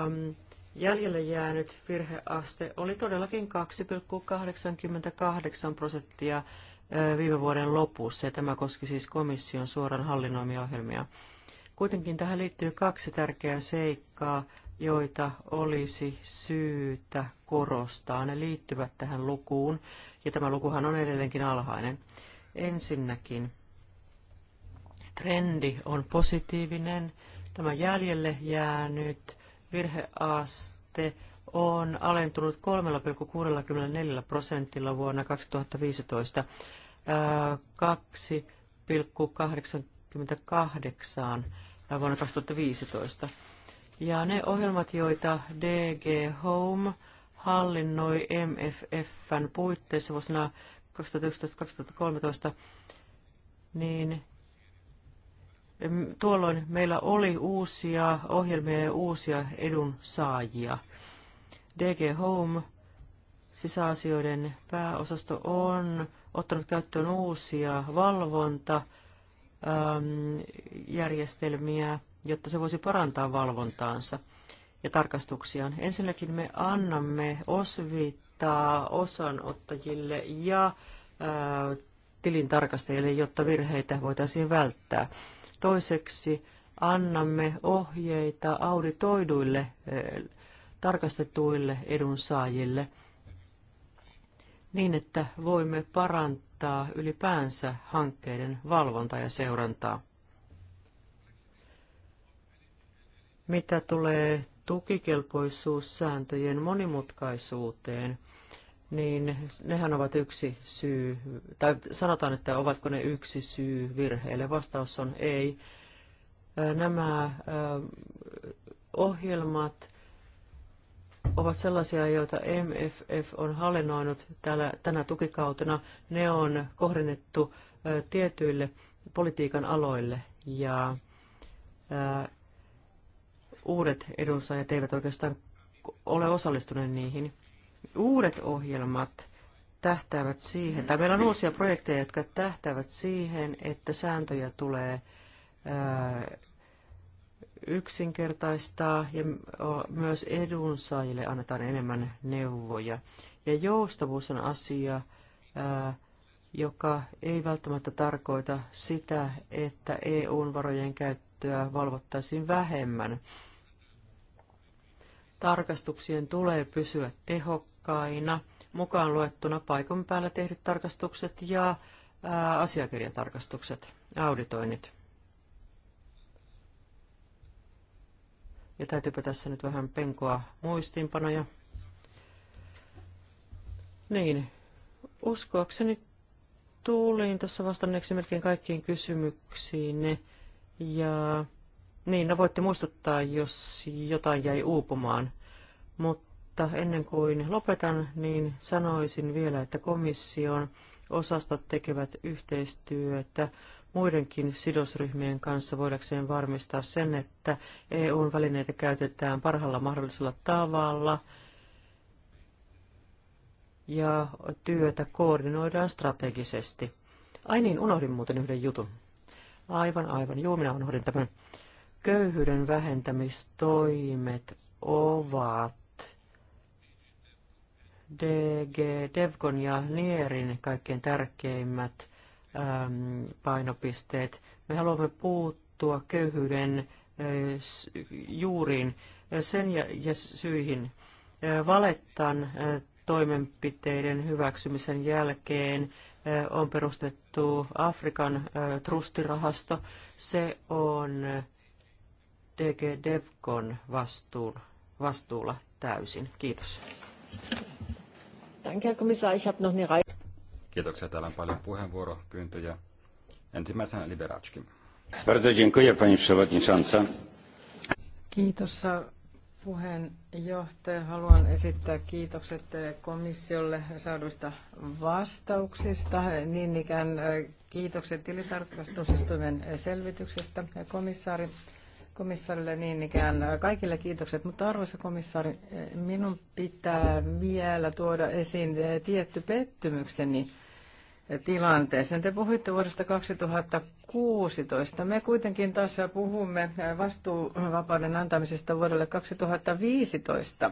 Um, jäljelle jäänyt virheaste oli todellakin 2,88 prosenttia viime vuoden lopussa, ja tämä koski siis komission suoran hallinnoimia ohjelmia. Kuitenkin tähän liittyy kaksi tärkeää seikkaa, joita olisi syytä korostaa. Ne liittyvät tähän lukuun, ja tämä lukuhan on edelleenkin alhainen. Ensinnäkin trendi on positiivinen. Tämä jäljelle jäänyt virheaste on alentunut 3,64 prosentilla vuonna 2015 2,88 äh, vuonna 2015. Ja ne ohjelmat, joita DG Home hallinnoi MFFn puitteissa vuosina 2011-2013, niin tuolloin meillä oli uusia ohjelmia ja uusia edunsaajia. DG Home, sisäasioiden pääosasto, on ottanut käyttöön uusia valvontajärjestelmiä, ähm, jotta se voisi parantaa valvontaansa ja tarkastuksiaan. Ensinnäkin me annamme osviittaa osanottajille ja äh, tilintarkastajille, jotta virheitä voitaisiin välttää. Toiseksi annamme ohjeita auditoiduille eh, tarkastetuille edunsaajille niin, että voimme parantaa ylipäänsä hankkeiden valvontaa ja seurantaa. Mitä tulee tukikelpoisuussääntöjen monimutkaisuuteen, niin nehän ovat yksi syy, tai sanotaan, että ovatko ne yksi syy virheelle. Vastaus on ei. Nämä ohjelmat ovat sellaisia, joita MFF on hallinnoinut täällä, tänä tukikautena. Ne on kohdennettu tietyille politiikan aloille ja uudet edunsaajat eivät oikeastaan ole osallistuneet niihin uudet ohjelmat tähtäävät siihen, tai meillä on uusia projekteja, jotka tähtäävät siihen, että sääntöjä tulee yksinkertaistaa ja myös edunsaajille annetaan enemmän neuvoja. Ja joustavuus on asia, joka ei välttämättä tarkoita sitä, että EUn varojen käyttöä valvottaisiin vähemmän. Tarkastuksien tulee pysyä tehokkaina, mukaan luettuna paikan päällä tehdyt tarkastukset ja ää, asiakirjatarkastukset, auditoinnit. Ja täytyypä tässä nyt vähän penkoa muistiinpanoja. Niin, uskoakseni tulin tässä vastanneeksi melkein kaikkiin kysymyksiin. Ja niin, no voitte muistuttaa, jos jotain jäi uupumaan. Mutta ennen kuin lopetan, niin sanoisin vielä, että komission osastot tekevät yhteistyötä muidenkin sidosryhmien kanssa voidakseen varmistaa sen, että EUn välineitä käytetään parhaalla mahdollisella tavalla ja työtä koordinoidaan strategisesti. Ai niin, unohdin muuten yhden jutun. Aivan, aivan. Juu, minä unohdin tämän köyhyyden vähentämistoimet ovat DG Devgon ja Nierin kaikkein tärkeimmät äm, painopisteet. Me haluamme puuttua köyhyyden juuriin sen ja, ja syihin. Valettan toimenpiteiden hyväksymisen jälkeen on perustettu Afrikan trustirahasto. Se on DG Devcon vastuun, vastuulla täysin. Kiitos. Danke, Herr Ich noch eine Rei. Kiitoksia. Täällä on paljon puheenvuoropyyntöjä. Ensimmäisenä Liberatski. Bardzo dziękuję, pani przewodnicząca. Kiitos puheenjohtaja. Haluan esittää kiitokset komissiolle saaduista vastauksista. Niin ikään kiitokset tilitarkastusistuimen selvityksestä. Komissaari komissaarille niin ikään kaikille kiitokset, mutta arvoisa komissaari, minun pitää vielä tuoda esiin tietty pettymykseni tilanteeseen. Te puhuitte vuodesta 2016. Me kuitenkin tässä puhumme vastuuvapauden antamisesta vuodelle 2015.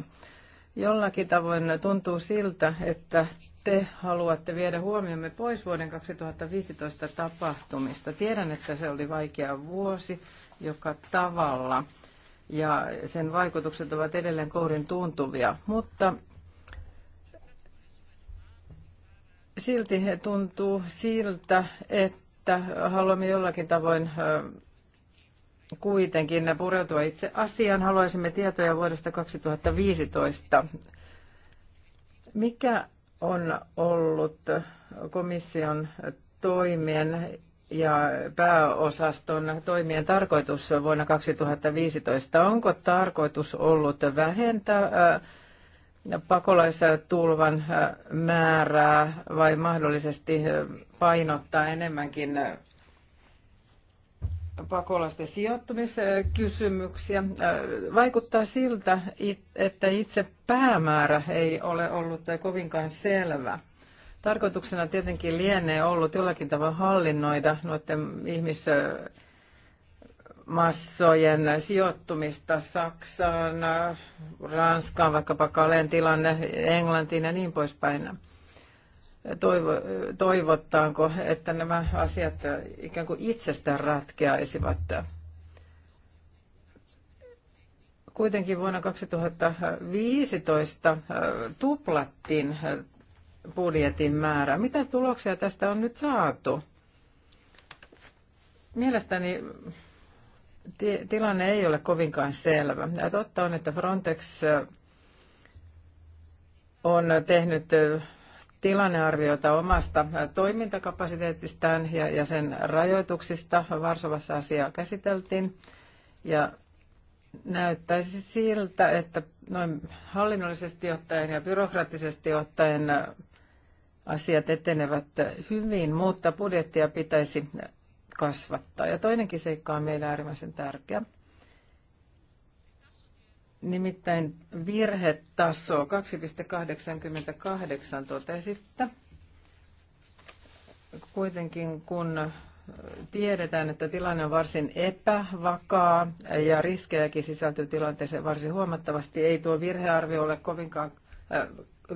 Jollakin tavoin tuntuu siltä, että te haluatte viedä huomiomme pois vuoden 2015 tapahtumista. Tiedän, että se oli vaikea vuosi joka tavalla. Ja sen vaikutukset ovat edelleen kourin tuntuvia, mutta silti tuntuu siltä, että haluamme jollakin tavoin kuitenkin pureutua itse asiaan. Haluaisimme tietoja vuodesta 2015. Mikä on ollut komission toimien ja pääosaston toimien tarkoitus vuonna 2015. Onko tarkoitus ollut vähentää äh, pakolaistulvan äh, määrää vai mahdollisesti äh, painottaa enemmänkin pakolaisten sijoittumiskysymyksiä. Vaikuttaa siltä, että itse päämäärä ei ole ollut kovinkaan selvä. Tarkoituksena tietenkin lienee ollut jollakin tavalla hallinnoida noiden ihmismassojen sijoittumista Saksaan, Ranskaan, vaikkapa Kalen tilanne, Englantiin ja niin poispäin. Toivo, toivottaanko, että nämä asiat ikään kuin itsestään ratkeaisivat? kuitenkin vuonna 2015 äh, tuplattiin äh, budjetin määrä. Mitä tuloksia tästä on nyt saatu? Mielestäni tilanne ei ole kovinkaan selvä. Ja totta on, että Frontex äh, on tehnyt äh, tilannearviota omasta toimintakapasiteetistään ja, ja sen rajoituksista. Varsovassa asiaa käsiteltiin ja näyttäisi siltä, että noin hallinnollisesti ottaen ja byrokraattisesti ottaen äh, asiat etenevät hyvin, mutta budjettia pitäisi kasvattaa. Ja toinenkin seikka on meillä äärimmäisen tärkeä. Nimittäin virhetaso 2,88 totesitte. Kuitenkin kun tiedetään, että tilanne on varsin epävakaa ja riskejäkin sisältyy tilanteeseen varsin huomattavasti, ei tuo virhearvio ole kovinkaan äh,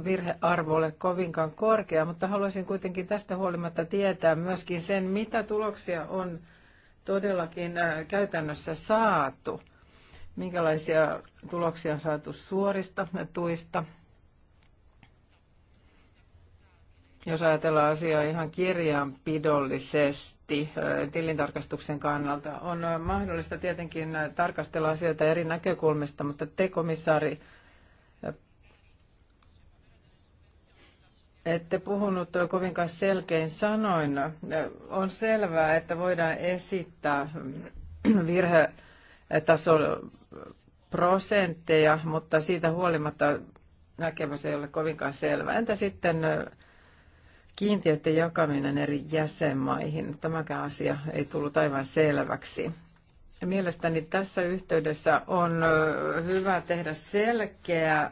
virhearvo ole kovinkaan korkea, mutta haluaisin kuitenkin tästä huolimatta tietää myöskin sen, mitä tuloksia on todellakin äh, käytännössä saatu, minkälaisia tuloksia on saatu suorista tuista. Jos ajatellaan asiaa ihan kirjanpidollisesti äh, tilintarkastuksen kannalta, on äh, mahdollista tietenkin tarkastella asioita eri näkökulmista, mutta te komissaari ette puhunut kovinkaan selkein sanoin. On selvää, että voidaan esittää virhetason prosentteja, mutta siitä huolimatta näkemys ei ole kovinkaan selvä. Entä sitten kiintiöiden jakaminen eri jäsenmaihin? Tämäkään asia ei tullut aivan selväksi. Mielestäni tässä yhteydessä on hyvä tehdä selkeä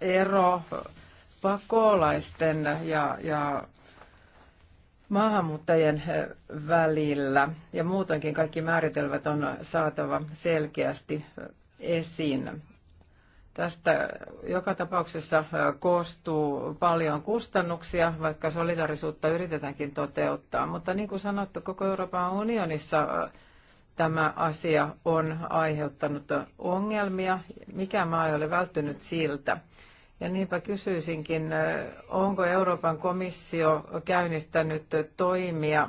ero pakolaisten ja, ja maahanmuuttajien eh, välillä. Ja muutenkin kaikki määritelmät on saatava selkeästi eh, esiin. Tästä joka tapauksessa eh, koostuu paljon kustannuksia, vaikka solidarisuutta yritetäänkin toteuttaa. Mutta niin kuin sanottu, koko Euroopan unionissa tämä asia on aiheuttanut ongelmia. Mikä maa ei ole välttynyt siltä. Ja niinpä kysyisinkin, onko Euroopan komissio käynnistänyt toimia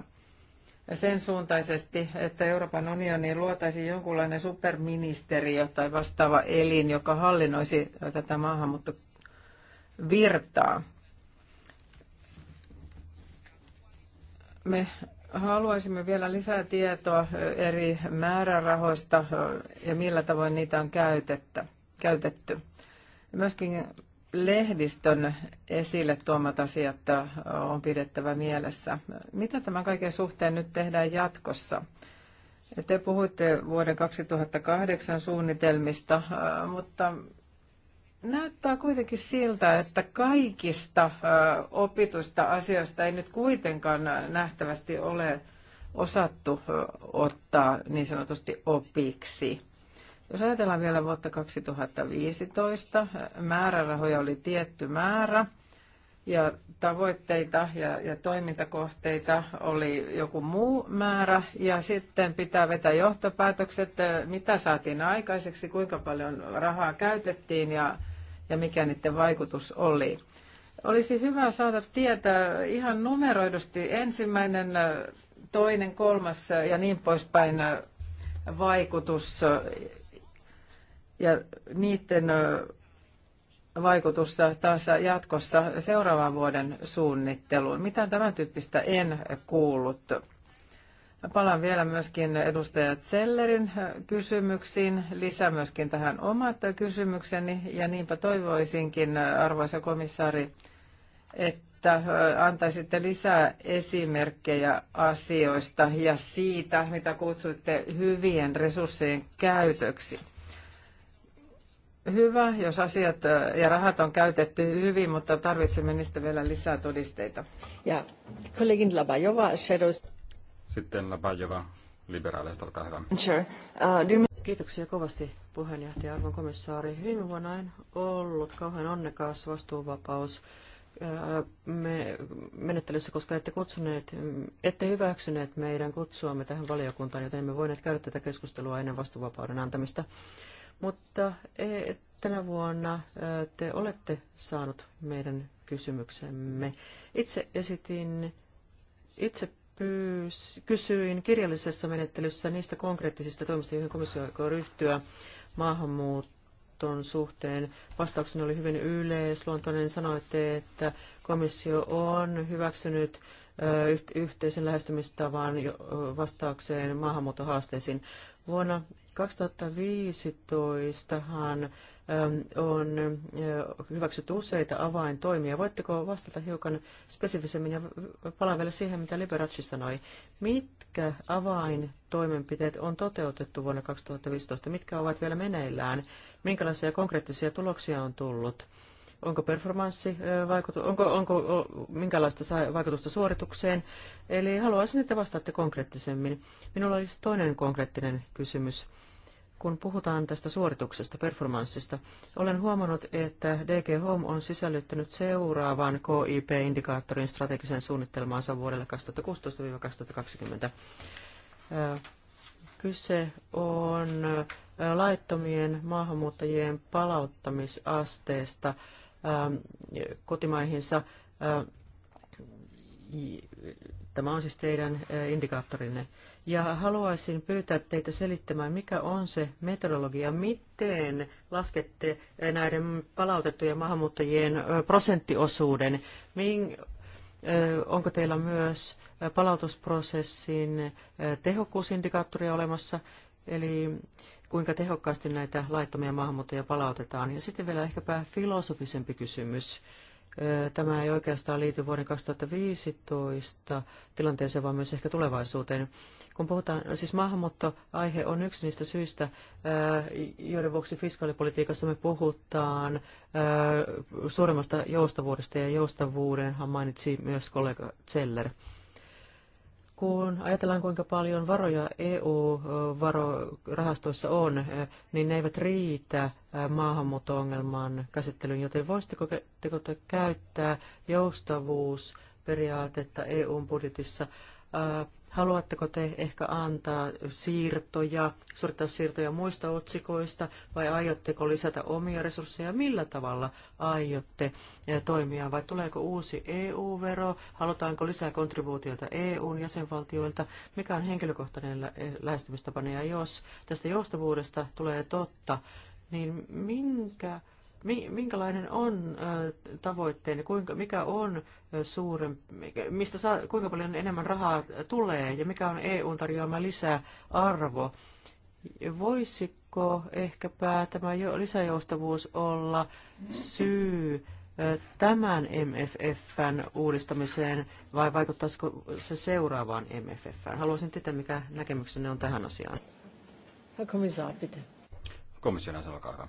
sen suuntaisesti, että Euroopan unioniin luotaisiin jonkunlainen superministeriö tai vastaava elin, joka hallinnoisi tätä maahanmuuttovirtaa. Me haluaisimme vielä lisää tietoa eri määrärahoista ja millä tavoin niitä on käytetty. Myöskin lehdistön esille tuomat asiat on pidettävä mielessä. Mitä tämän kaiken suhteen nyt tehdään jatkossa? Te puhuitte vuoden 2008 suunnitelmista, mutta näyttää kuitenkin siltä, että kaikista opitusta asioista ei nyt kuitenkaan nähtävästi ole osattu ottaa niin sanotusti opiksi. Jos ajatellaan vielä vuotta 2015, määrärahoja oli tietty määrä ja tavoitteita ja, ja toimintakohteita oli joku muu määrä ja sitten pitää vetää johtopäätökset, mitä saatiin aikaiseksi, kuinka paljon rahaa käytettiin ja, ja mikä niiden vaikutus oli. Olisi hyvä saada tietää ihan numeroidusti ensimmäinen, toinen, kolmas ja niin poispäin vaikutus ja niiden vaikutusta taas jatkossa seuraavan vuoden suunnitteluun. Mitään tämän tyyppistä en kuullut. Palaan vielä myöskin edustaja Zellerin kysymyksiin, lisää myöskin tähän omat kysymykseni, ja niinpä toivoisinkin, arvoisa komissaari, että antaisitte lisää esimerkkejä asioista ja siitä, mitä kutsuitte hyvien resurssien käytöksi hyvä, jos asiat ja rahat on käytetty hyvin, mutta tarvitsemme niistä vielä lisää todisteita. Ja kollegin Labajova, Shadows. Sitten Labajova, liberaaleista, olkaa hyvä. Sure. Uh, Kiitoksia kovasti puheenjohtaja arvon komissaari. Viime vuonna en ollut kauhean onnekas vastuuvapaus uh, me, menettelyssä, koska ette kutsuneet, ette hyväksyneet meidän kutsuamme tähän valiokuntaan, joten emme voineet käydä tätä keskustelua ennen vastuuvapauden antamista. Mutta e, tänä vuonna e, te olette saanut meidän kysymyksemme. Itse esitin, itse pyys, kysyin kirjallisessa menettelyssä niistä konkreettisista toimista, joihin komissio aikoo ryhtyä maahanmuuton suhteen. Vastaukseni oli hyvin yleisluontoinen. Sanoitte, että komissio on hyväksynyt e, yhteisen lähestymistavan vastaukseen maahanmuuttohaasteisiin. Vuonna 2015han ähm, on äh, hyväksytty useita avaintoimia. Voitteko vastata hiukan spesifisemmin ja palaa vielä siihen, mitä Liberace sanoi. Mitkä avaintoimenpiteet on toteutettu vuonna 2015? Mitkä ovat vielä meneillään? Minkälaisia konkreettisia tuloksia on tullut? Onko performanssi, äh, vaikutu, onko, onko minkälaista vaikutusta suoritukseen? Eli haluaisin, että vastaatte konkreettisemmin. Minulla olisi toinen konkreettinen kysymys kun puhutaan tästä suorituksesta, performanssista, olen huomannut, että DG Home on sisällyttänyt seuraavan KIP-indikaattorin strategisen suunnittelmaansa vuodelle 2016-2020. Kyse on laittomien maahanmuuttajien palauttamisasteesta kotimaihinsa. Tämä on siis teidän indikaattorinne ja haluaisin pyytää teitä selittämään, mikä on se metodologia, miten laskette näiden palautettujen maahanmuuttajien prosenttiosuuden, onko teillä myös palautusprosessin tehokkuusindikaattoria olemassa, eli kuinka tehokkaasti näitä laittomia maahanmuuttajia palautetaan. Ja sitten vielä ehkäpä filosofisempi kysymys. Tämä ei oikeastaan liity vuoden 2015 tilanteeseen, vaan myös ehkä tulevaisuuteen. Kun puhutaan, siis maahanmuuttoaihe on yksi niistä syistä, joiden vuoksi fiskaalipolitiikassa me puhutaan suuremmasta joustavuudesta, ja joustavuudenhan mainitsi myös kollega Zeller kun ajatellaan, kuinka paljon varoja EU-rahastoissa on, niin ne eivät riitä maahanmuutto-ongelman käsittelyyn, joten voisitteko te käyttää joustavuusperiaatetta EUn budjetissa Haluatteko te ehkä antaa siirtoja, suorittaa siirtoja muista otsikoista vai aiotteko lisätä omia resursseja? Millä tavalla aiotte eh, toimia vai tuleeko uusi EU-vero? Halutaanko lisää kontribuutioita EUn jäsenvaltioilta? Mikä on henkilökohtainen eh, lähestymistapani ja jos tästä joustavuudesta tulee totta, niin minkä minkälainen on tavoitteeni, kuinka, mikä on suuren, mistä saa, kuinka paljon enemmän rahaa tulee ja mikä on EUn tarjoama lisäarvo. Voisiko ehkäpä tämä lisäjoustavuus olla syy tämän MFFn uudistamiseen vai vaikuttaisiko se seuraavaan MFFään? Haluaisin tietää, mikä näkemyksenne on tähän asiaan. Herr Kommissar, bitte. Komission jäsen, olkaa hyvä.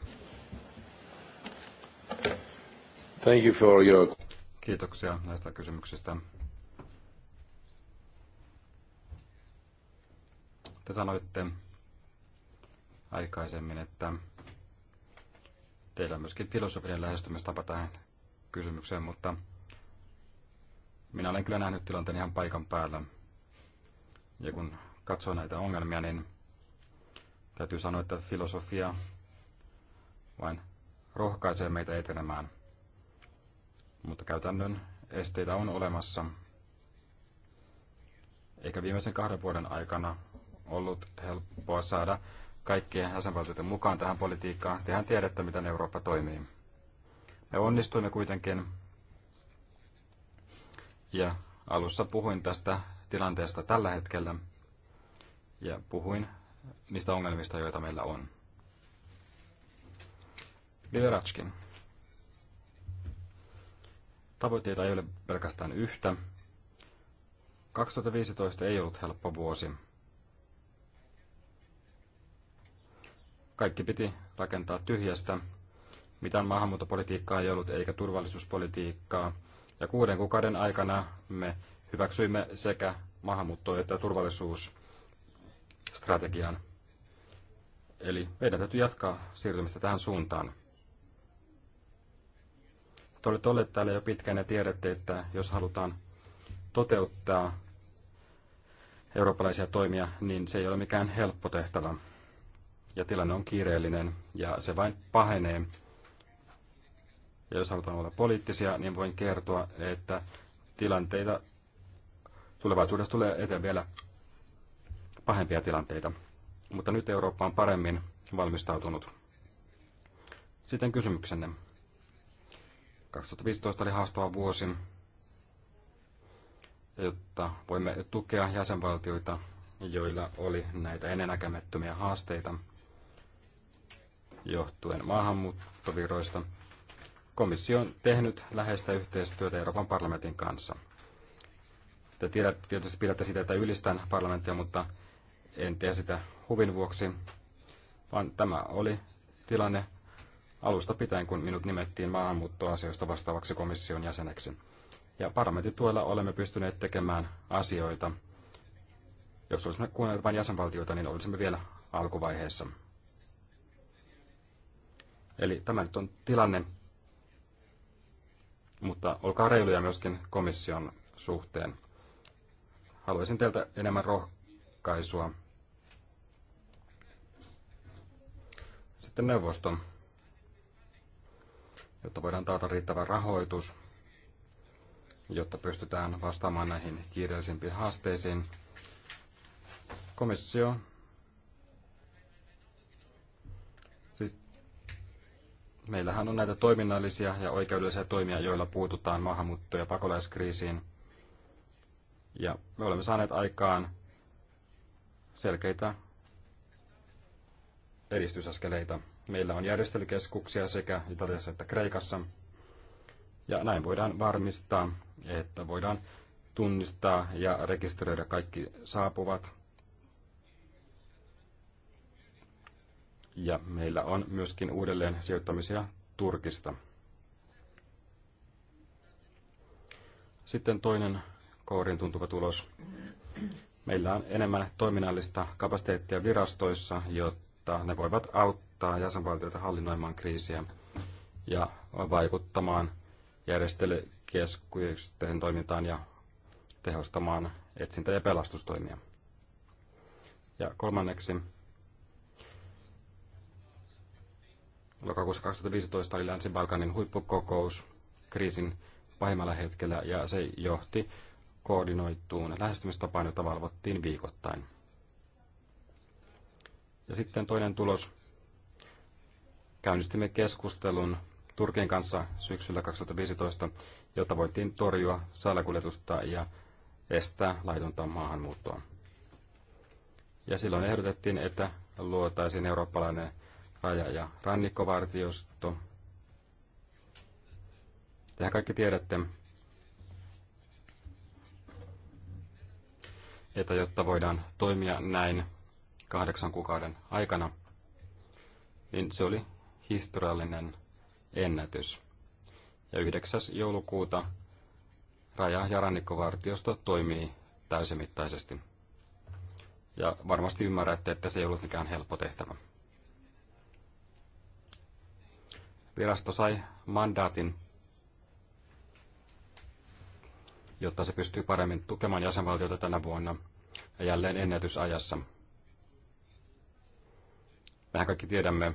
Thank you for your... Kiitoksia näistä kysymyksistä. Te sanoitte aikaisemmin, että teillä on myöskin filosofinen lähestymistapa tähän kysymykseen, mutta minä olen kyllä nähnyt tilanteen ihan paikan päällä. Ja kun katsoo näitä ongelmia, niin täytyy sanoa, että filosofia vain rohkaisee meitä etenemään. Mutta käytännön esteitä on olemassa. Eikä viimeisen kahden vuoden aikana ollut helppoa saada kaikkien jäsenvaltioiden mukaan tähän politiikkaan. Tehän tiedätte, miten Eurooppa toimii. Me onnistuimme kuitenkin. Ja alussa puhuin tästä tilanteesta tällä hetkellä ja puhuin niistä ongelmista, joita meillä on. Liberatskin. Tavoitteita ei ole pelkästään yhtä. 2015 ei ollut helppo vuosi. Kaikki piti rakentaa tyhjästä. Mitään maahanmuuttopolitiikkaa ei ollut eikä turvallisuuspolitiikkaa. Ja kuuden kuukauden aikana me hyväksyimme sekä maahanmuutto- että turvallisuusstrategian. Eli meidän täytyy jatkaa siirtymistä tähän suuntaan. Te olette olleet täällä jo pitkään ja tiedätte, että jos halutaan toteuttaa eurooppalaisia toimia, niin se ei ole mikään helppo tehtävä. Ja tilanne on kiireellinen ja se vain pahenee. Ja jos halutaan olla poliittisia, niin voin kertoa, että tilanteita tulevaisuudessa tulee eteen vielä pahempia tilanteita. Mutta nyt Eurooppa on paremmin valmistautunut. Sitten kysymyksenne. 2015 oli haastava vuosi, jotta voimme tukea jäsenvaltioita, joilla oli näitä ennennäkemättömiä haasteita johtuen maahanmuuttoviroista. Komissio on tehnyt läheistä yhteistyötä Euroopan parlamentin kanssa. Te tiedät, tietysti pidätte sitä, että ylistän parlamenttia, mutta en tee sitä huvin vuoksi, vaan tämä oli tilanne alusta pitäen, kun minut nimettiin maahanmuuttoasioista vastaavaksi komission jäseneksi. Ja parlamentin tuella olemme pystyneet tekemään asioita. Jos olisimme kuunnelleet vain jäsenvaltioita, niin olisimme vielä alkuvaiheessa. Eli tämä nyt on tilanne, mutta olkaa reiluja myöskin komission suhteen. Haluaisin teiltä enemmän rohkaisua. Sitten neuvoston jotta voidaan taata riittävä rahoitus, jotta pystytään vastaamaan näihin kiireellisimpiin haasteisiin. Komissio siis Meillähän on näitä toiminnallisia ja oikeudellisia toimia, joilla puututaan maahanmuutto- ja pakolaiskriisiin. Ja me olemme saaneet aikaan selkeitä edistysaskeleita. Meillä on järjestelykeskuksia sekä Italiassa että Kreikassa. Ja näin voidaan varmistaa, että voidaan tunnistaa ja rekisteröidä kaikki saapuvat. Ja meillä on myöskin uudelleen sijoittamisia Turkista. Sitten toinen kourin tuntuva tulos. Meillä on enemmän toiminnallista kapasiteettia virastoissa, jotta ne voivat auttaa auttaa jäsenvaltioita hallinnoimaan kriisiä ja vaikuttamaan järjestelykeskusten toimintaan ja tehostamaan etsintä- ja pelastustoimia. Ja kolmanneksi, lokakuussa 2015 oli Länsi-Balkanin huippukokous kriisin pahimmalla hetkellä ja se johti koordinoituun lähestymistapaan, jota valvottiin viikoittain. Ja sitten toinen tulos Käynnistimme keskustelun Turkin kanssa syksyllä 2015, jotta voitiin torjua salakuljetusta ja estää laitonta maahanmuuttoa. Ja silloin ehdotettiin, että luotaisiin eurooppalainen raja- ja rannikkovartiosto. Tehän kaikki tiedätte, että jotta voidaan toimia näin kahdeksan kuukauden aikana, niin se oli historiallinen ennätys. Ja 9. joulukuuta raja- ja rannikkovartiosto toimii täysimittaisesti. Ja varmasti ymmärrätte, että se ei ollut mikään helppo tehtävä. Virasto sai mandaatin, jotta se pystyy paremmin tukemaan jäsenvaltiota tänä vuonna ja jälleen ennätysajassa. Mehän kaikki tiedämme,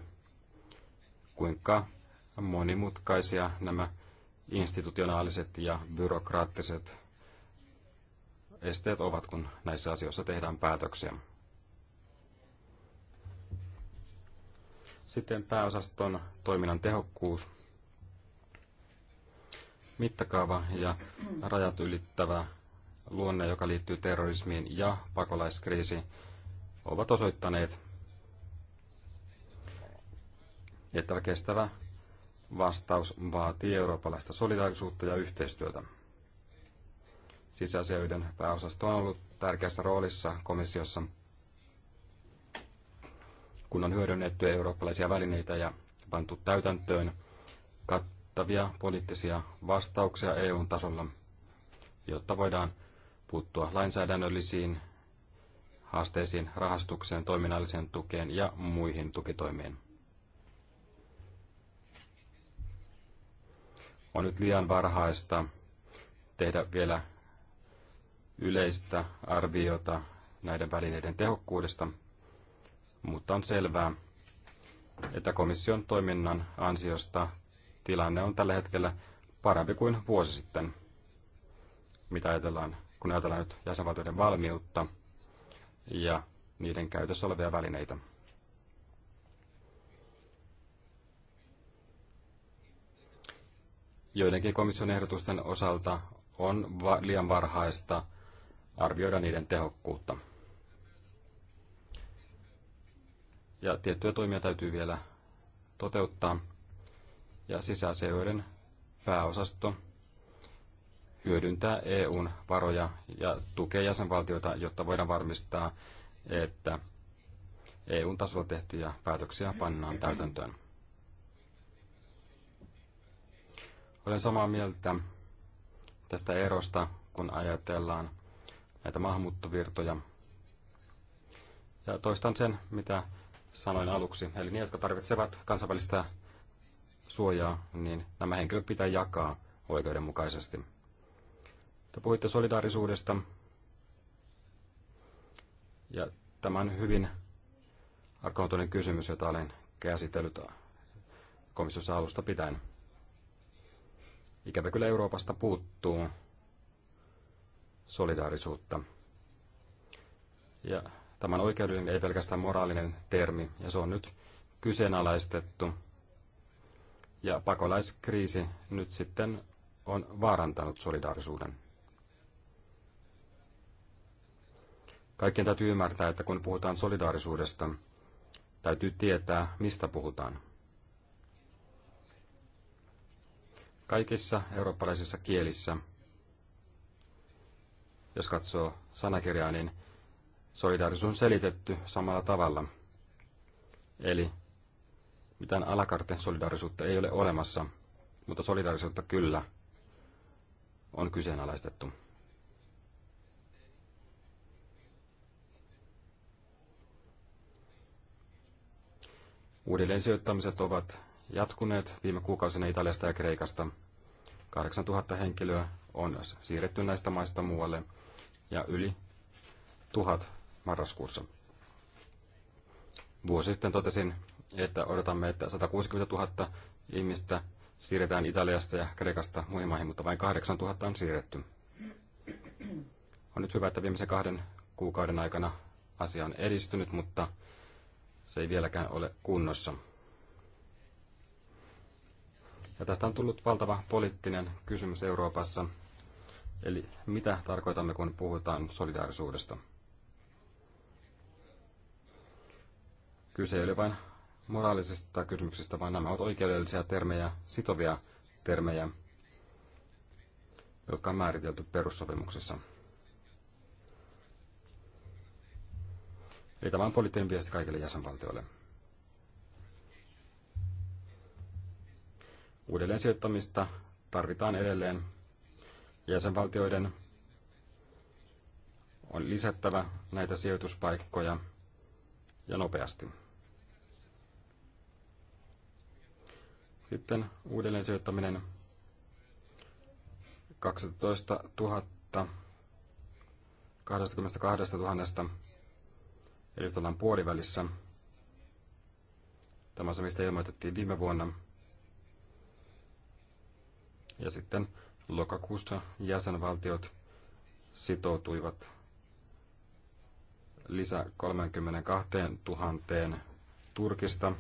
kuinka monimutkaisia nämä institutionaaliset ja byrokraattiset esteet ovat, kun näissä asioissa tehdään päätöksiä. Sitten pääosaston toiminnan tehokkuus, mittakaava ja rajat ylittävä luonne, joka liittyy terrorismiin ja pakolaiskriisiin, ovat osoittaneet, että kestävä vastaus vaatii eurooppalaista solidaarisuutta ja yhteistyötä. Sisäasioiden pääosasto on ollut tärkeässä roolissa komissiossa, kun on hyödynnetty eurooppalaisia välineitä ja pantu täytäntöön kattavia poliittisia vastauksia EUn tasolla, jotta voidaan puuttua lainsäädännöllisiin haasteisiin, rahastukseen, toiminnalliseen tukeen ja muihin tukitoimiin. on nyt liian varhaista tehdä vielä yleistä arviota näiden välineiden tehokkuudesta, mutta on selvää, että komission toiminnan ansiosta tilanne on tällä hetkellä parempi kuin vuosi sitten, mitä ajatellaan, kun ajatellaan nyt jäsenvaltioiden valmiutta ja niiden käytössä olevia välineitä. joidenkin komission ehdotusten osalta on va- liian varhaista arvioida niiden tehokkuutta. Ja tiettyjä toimia täytyy vielä toteuttaa. Ja sisäasioiden pääosasto hyödyntää EUn varoja ja tukee jäsenvaltioita, jotta voidaan varmistaa, että EUn tasolla tehtyjä päätöksiä pannaan täytäntöön. Olen samaa mieltä tästä erosta, kun ajatellaan näitä maahanmuuttovirtoja. Ja toistan sen, mitä sanoin aluksi. Eli ne, jotka tarvitsevat kansainvälistä suojaa, niin nämä henkilöt pitää jakaa oikeudenmukaisesti. Te puhuitte solidaarisuudesta. Ja tämä on hyvin arkaluontoinen kysymys, jota olen käsitellyt komissiossa alusta pitäen. Ikävä kyllä Euroopasta puuttuu solidaarisuutta. Ja tämän oikeuden ei pelkästään moraalinen termi, ja se on nyt kyseenalaistettu. Ja pakolaiskriisi nyt sitten on vaarantanut solidaarisuuden. Kaikkien täytyy ymmärtää, että kun puhutaan solidaarisuudesta, täytyy tietää, mistä puhutaan. kaikissa eurooppalaisissa kielissä. Jos katsoo sanakirjaa, niin solidaarisuus on selitetty samalla tavalla. Eli mitään alakarten solidaarisuutta ei ole olemassa, mutta solidaarisuutta kyllä on kyseenalaistettu. Uudelleen sijoittamiset ovat jatkuneet viime kuukausina Italiasta ja Kreikasta. 8000 henkilöä on siirretty näistä maista muualle ja yli 1000 marraskuussa. Vuosi sitten totesin, että odotamme, että 160 000 ihmistä siirretään Italiasta ja Kreikasta muihin maihin, mutta vain 8000 000 on siirretty. On nyt hyvä, että viimeisen kahden kuukauden aikana asia on edistynyt, mutta se ei vieläkään ole kunnossa. Ja tästä on tullut valtava poliittinen kysymys Euroopassa. Eli mitä tarkoitamme, kun puhutaan solidaarisuudesta? Kyse ei ole vain moraalisista kysymyksistä, vaan nämä ovat oikeudellisia termejä, sitovia termejä, jotka on määritelty perussopimuksessa. Eli tämä on poliittinen viesti kaikille jäsenvaltioille. Uudelleen sijoittamista tarvitaan edelleen. Jäsenvaltioiden on lisättävä näitä sijoituspaikkoja ja nopeasti. Sitten uudelleen sijoittaminen 12 000 22 000 eli puolivälissä. Tämä on se, mistä ilmoitettiin viime vuonna. Ja sitten lokakuussa jäsenvaltiot sitoutuivat lisä 32 000 Turkista.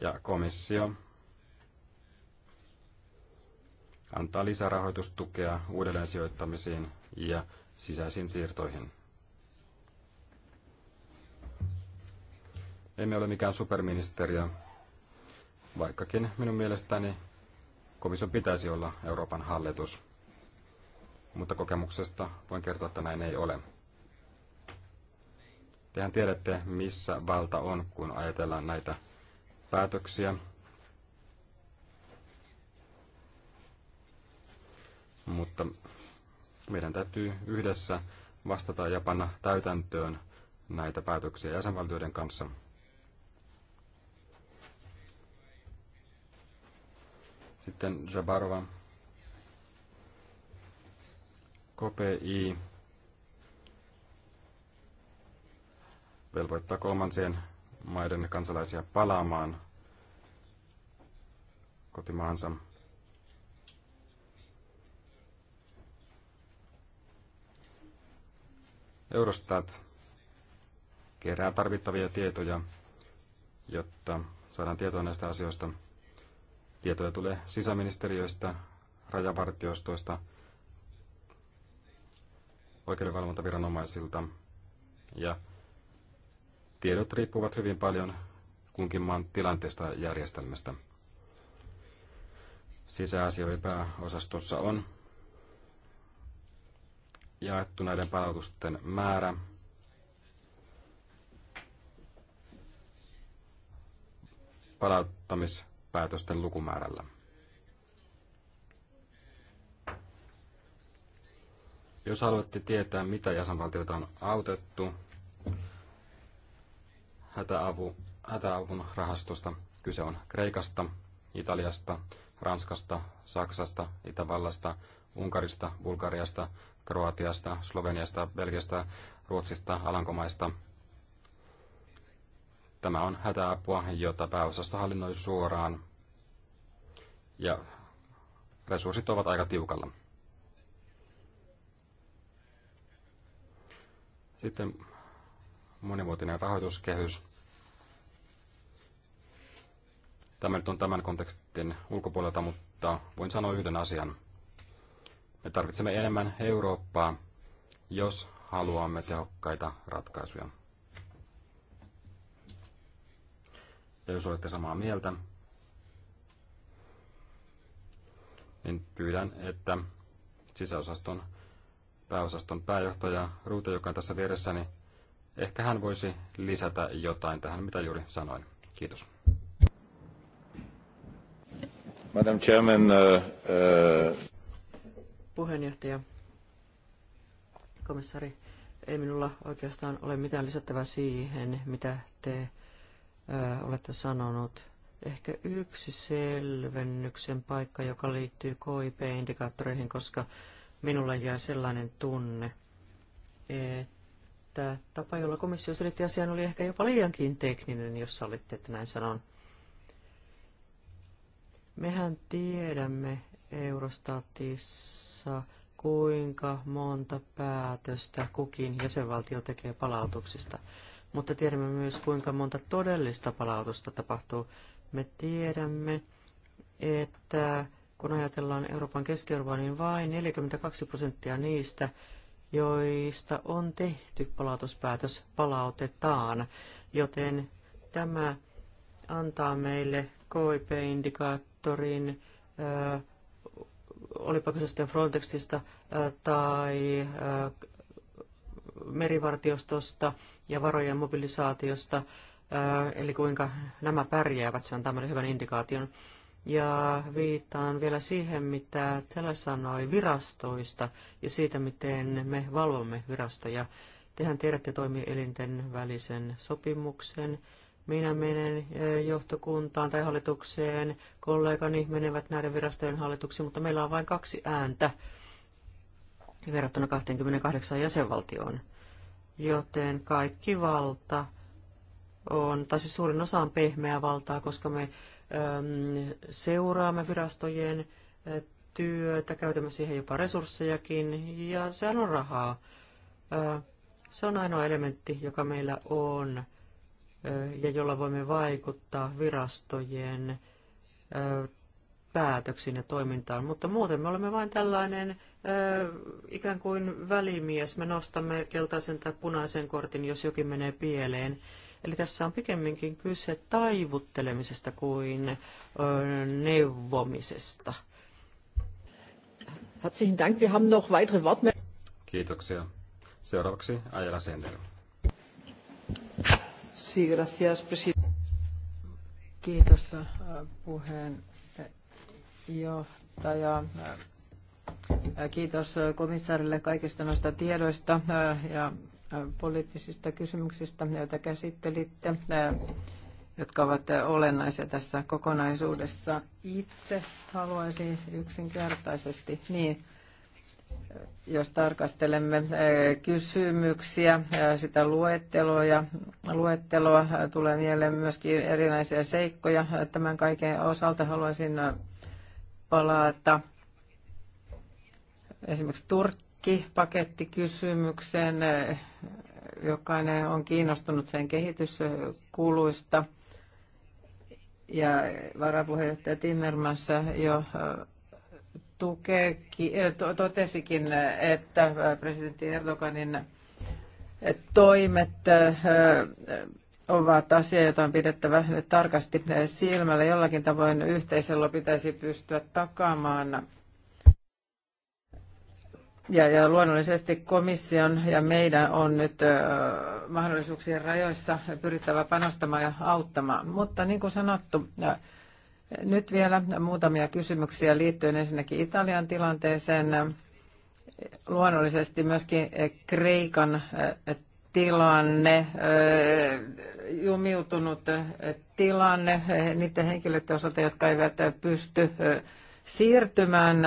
Ja komissio antaa lisärahoitustukea uudelleensijoittamisiin ja sisäisiin siirtoihin. Emme ole mikään superministeriö, vaikkakin minun mielestäni komissio pitäisi olla Euroopan hallitus. Mutta kokemuksesta voin kertoa, että näin ei ole. Tehän tiedätte, missä valta on, kun ajatellaan näitä päätöksiä. Mutta meidän täytyy yhdessä vastata ja panna täytäntöön näitä päätöksiä jäsenvaltioiden kanssa. Sitten Jabarova. KPI velvoittaa kolmansien maiden kansalaisia palaamaan kotimaansa. Eurostat kerää tarvittavia tietoja, jotta saadaan tietoa näistä asioista. Tietoja tulee sisäministeriöstä, rajavartiostoista, oikeudenvalvontaviranomaisilta ja tiedot riippuvat hyvin paljon kunkin maan tilanteesta ja järjestelmästä. Sisäasioiden pääosastossa on jaettu näiden palautusten määrä palauttamis päätösten lukumäärällä. Jos haluatte tietää, mitä jäsenvaltioita on autettu hätäavu, hätäavun rahastosta, kyse on Kreikasta, Italiasta, Ranskasta, Saksasta, Itävallasta, Unkarista, Bulgariasta, Kroatiasta, Sloveniasta, Belgiasta, Ruotsista, Alankomaista, Tämä on hätäapua, jota pääosasta hallinnoi suoraan ja resurssit ovat aika tiukalla. Sitten monivuotinen rahoituskehys. Tämä nyt on tämän kontekstin ulkopuolelta, mutta voin sanoa yhden asian. Me tarvitsemme enemmän Eurooppaa, jos haluamme tehokkaita ratkaisuja. Ja jos olette samaa mieltä, niin pyydän, että sisäosaston pääosaston pääjohtaja Ruuta, joka on tässä vieressäni, niin ehkä hän voisi lisätä jotain tähän, mitä juuri sanoin. Kiitos. Madam Chairman, uh, uh... Puheenjohtaja, komissari, ei minulla oikeastaan ole mitään lisättävää siihen, mitä te olette sanonut. Ehkä yksi selvennyksen paikka, joka liittyy KIP-indikaattoreihin, koska minulle jää sellainen tunne, että tapa, jolla komissio selitti asian, oli ehkä jopa liiankin tekninen, jos olitte, että näin sanon. Mehän tiedämme Eurostatissa, kuinka monta päätöstä kukin jäsenvaltio tekee palautuksista mutta tiedämme myös, kuinka monta todellista palautusta tapahtuu. Me tiedämme, että kun ajatellaan Euroopan keski niin vain 42 prosenttia niistä, joista on tehty palautuspäätös, palautetaan. Joten tämä antaa meille KIP-indikaattorin, äh, olipa kyse sitten Frontexista äh, tai äh, merivartiostosta ja varojen mobilisaatiosta, eli kuinka nämä pärjäävät, se on tämmöinen hyvän indikaation. Ja viittaan vielä siihen, mitä Tele sanoi virastoista ja siitä, miten me valvomme virastoja. Tehän tiedätte toimielinten välisen sopimuksen. Minä menen johtokuntaan tai hallitukseen, kollegani menevät näiden virastojen hallituksiin, mutta meillä on vain kaksi ääntä verrattuna 28 jäsenvaltioon joten kaikki valta on, tai siis suurin osa on pehmeää valtaa, koska me äm, seuraamme virastojen ä, äh, työtä, käytämme siihen jopa resurssejakin, ja sehän on rahaa. Ä, äh, se on ainoa elementti, joka meillä on, ä, äh, ja jolla voimme vaikuttaa virastojen ä, päätöksiin ja toimintaan, mutta muuten me olemme vain tällainen ikään kuin välimies. Me nostamme keltaisen tai punaisen kortin, jos jokin menee pieleen. Eli tässä on pikemminkin kyse taivuttelemisesta kuin neuvomisesta. Herzlichen Dank. Wir haben noch weitere Worte. Kiitoksia. Seuraavaksi Ajala Sender. Sí, gracias, presidente. Kiitos äh, puheenjohtaja. Kiitos komissaarille kaikista noista tiedoista ja poliittisista kysymyksistä, joita käsittelitte, jotka ovat olennaisia tässä kokonaisuudessa. Itse haluaisin yksinkertaisesti, niin jos tarkastelemme kysymyksiä, ja sitä luetteloa, ja luetteloa tulee mieleen myöskin erilaisia seikkoja. Tämän kaiken osalta haluaisin palata esimerkiksi Turkki-pakettikysymyksen. Jokainen on kiinnostunut sen kehityskuluista. Ja varapuheenjohtaja Timmermans jo äh, tukeekin, äh, totesikin, että äh, presidentti Erdoganin toimet ovat asia, jota on pidettävä tarkasti silmällä. Jollakin tavoin yhteisellä pitäisi pystyä takaamaan ja, ja luonnollisesti komission ja meidän on nyt ö, mahdollisuuksien rajoissa pyrittävä panostamaan ja auttamaan. Mutta niin kuin sanottu, ja nyt vielä muutamia kysymyksiä liittyen ensinnäkin Italian tilanteeseen. Luonnollisesti myöskin Kreikan tilanne, jumiutunut tilanne niiden henkilöiden osalta, jotka eivät pysty siirtymään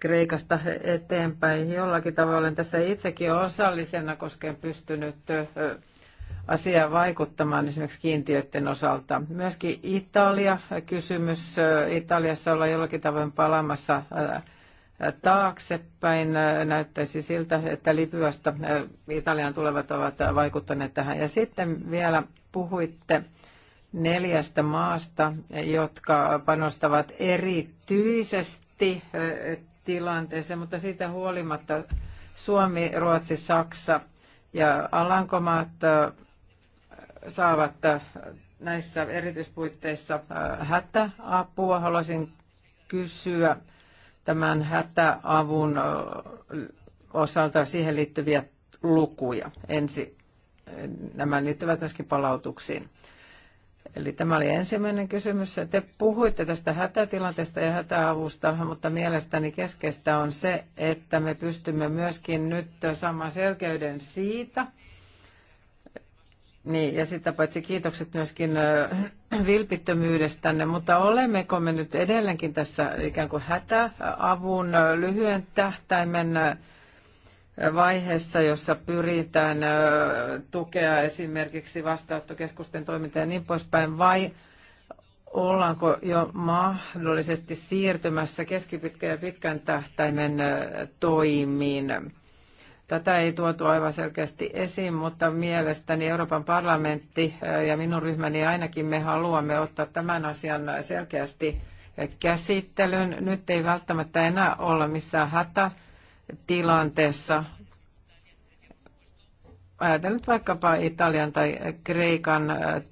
Kreikasta eteenpäin. Jollakin tavalla tässä itsekin osallisena, koska en pystynyt asiaan vaikuttamaan esimerkiksi kiintiöiden osalta. Myöskin Italia kysymys. Italiassa ollaan jollakin tavoin palaamassa taaksepäin. Näyttäisi siltä, että Libyasta Italian tulevat ovat vaikuttaneet tähän. Ja sitten vielä puhuitte neljästä maasta, jotka panostavat erityisesti tilanteeseen, mutta siitä huolimatta Suomi, Ruotsi, Saksa ja Alankomaat äh, saavat äh, näissä erityispuitteissa äh, hätäapua. Haluaisin kysyä tämän hätäavun osalta siihen liittyviä lukuja. Ensi, nämä liittyvät myöskin palautuksiin. Eli tämä oli ensimmäinen kysymys. Te puhuitte tästä hätätilanteesta ja hätäavusta, mutta mielestäni keskeistä on se, että me pystymme myöskin nyt saamaan selkeyden siitä. Niin, ja sitä paitsi kiitokset myöskin vilpittömyydestänne, mutta olemmeko me nyt edelleenkin tässä ikään kuin hätäavun lyhyen tähtäimen vaiheessa, jossa pyritään tukea esimerkiksi vastaanottokeskusten toimintaa ja niin poispäin, vai ollaanko jo mahdollisesti siirtymässä keskipitkän ja pitkän tähtäimen toimiin? Tätä ei tuotu aivan selkeästi esiin, mutta mielestäni Euroopan parlamentti ja minun ryhmäni ainakin me haluamme ottaa tämän asian selkeästi käsittelyn. Nyt ei välttämättä enää olla missään hätä tilanteessa. Ajatellaan nyt vaikkapa Italian tai Kreikan äh,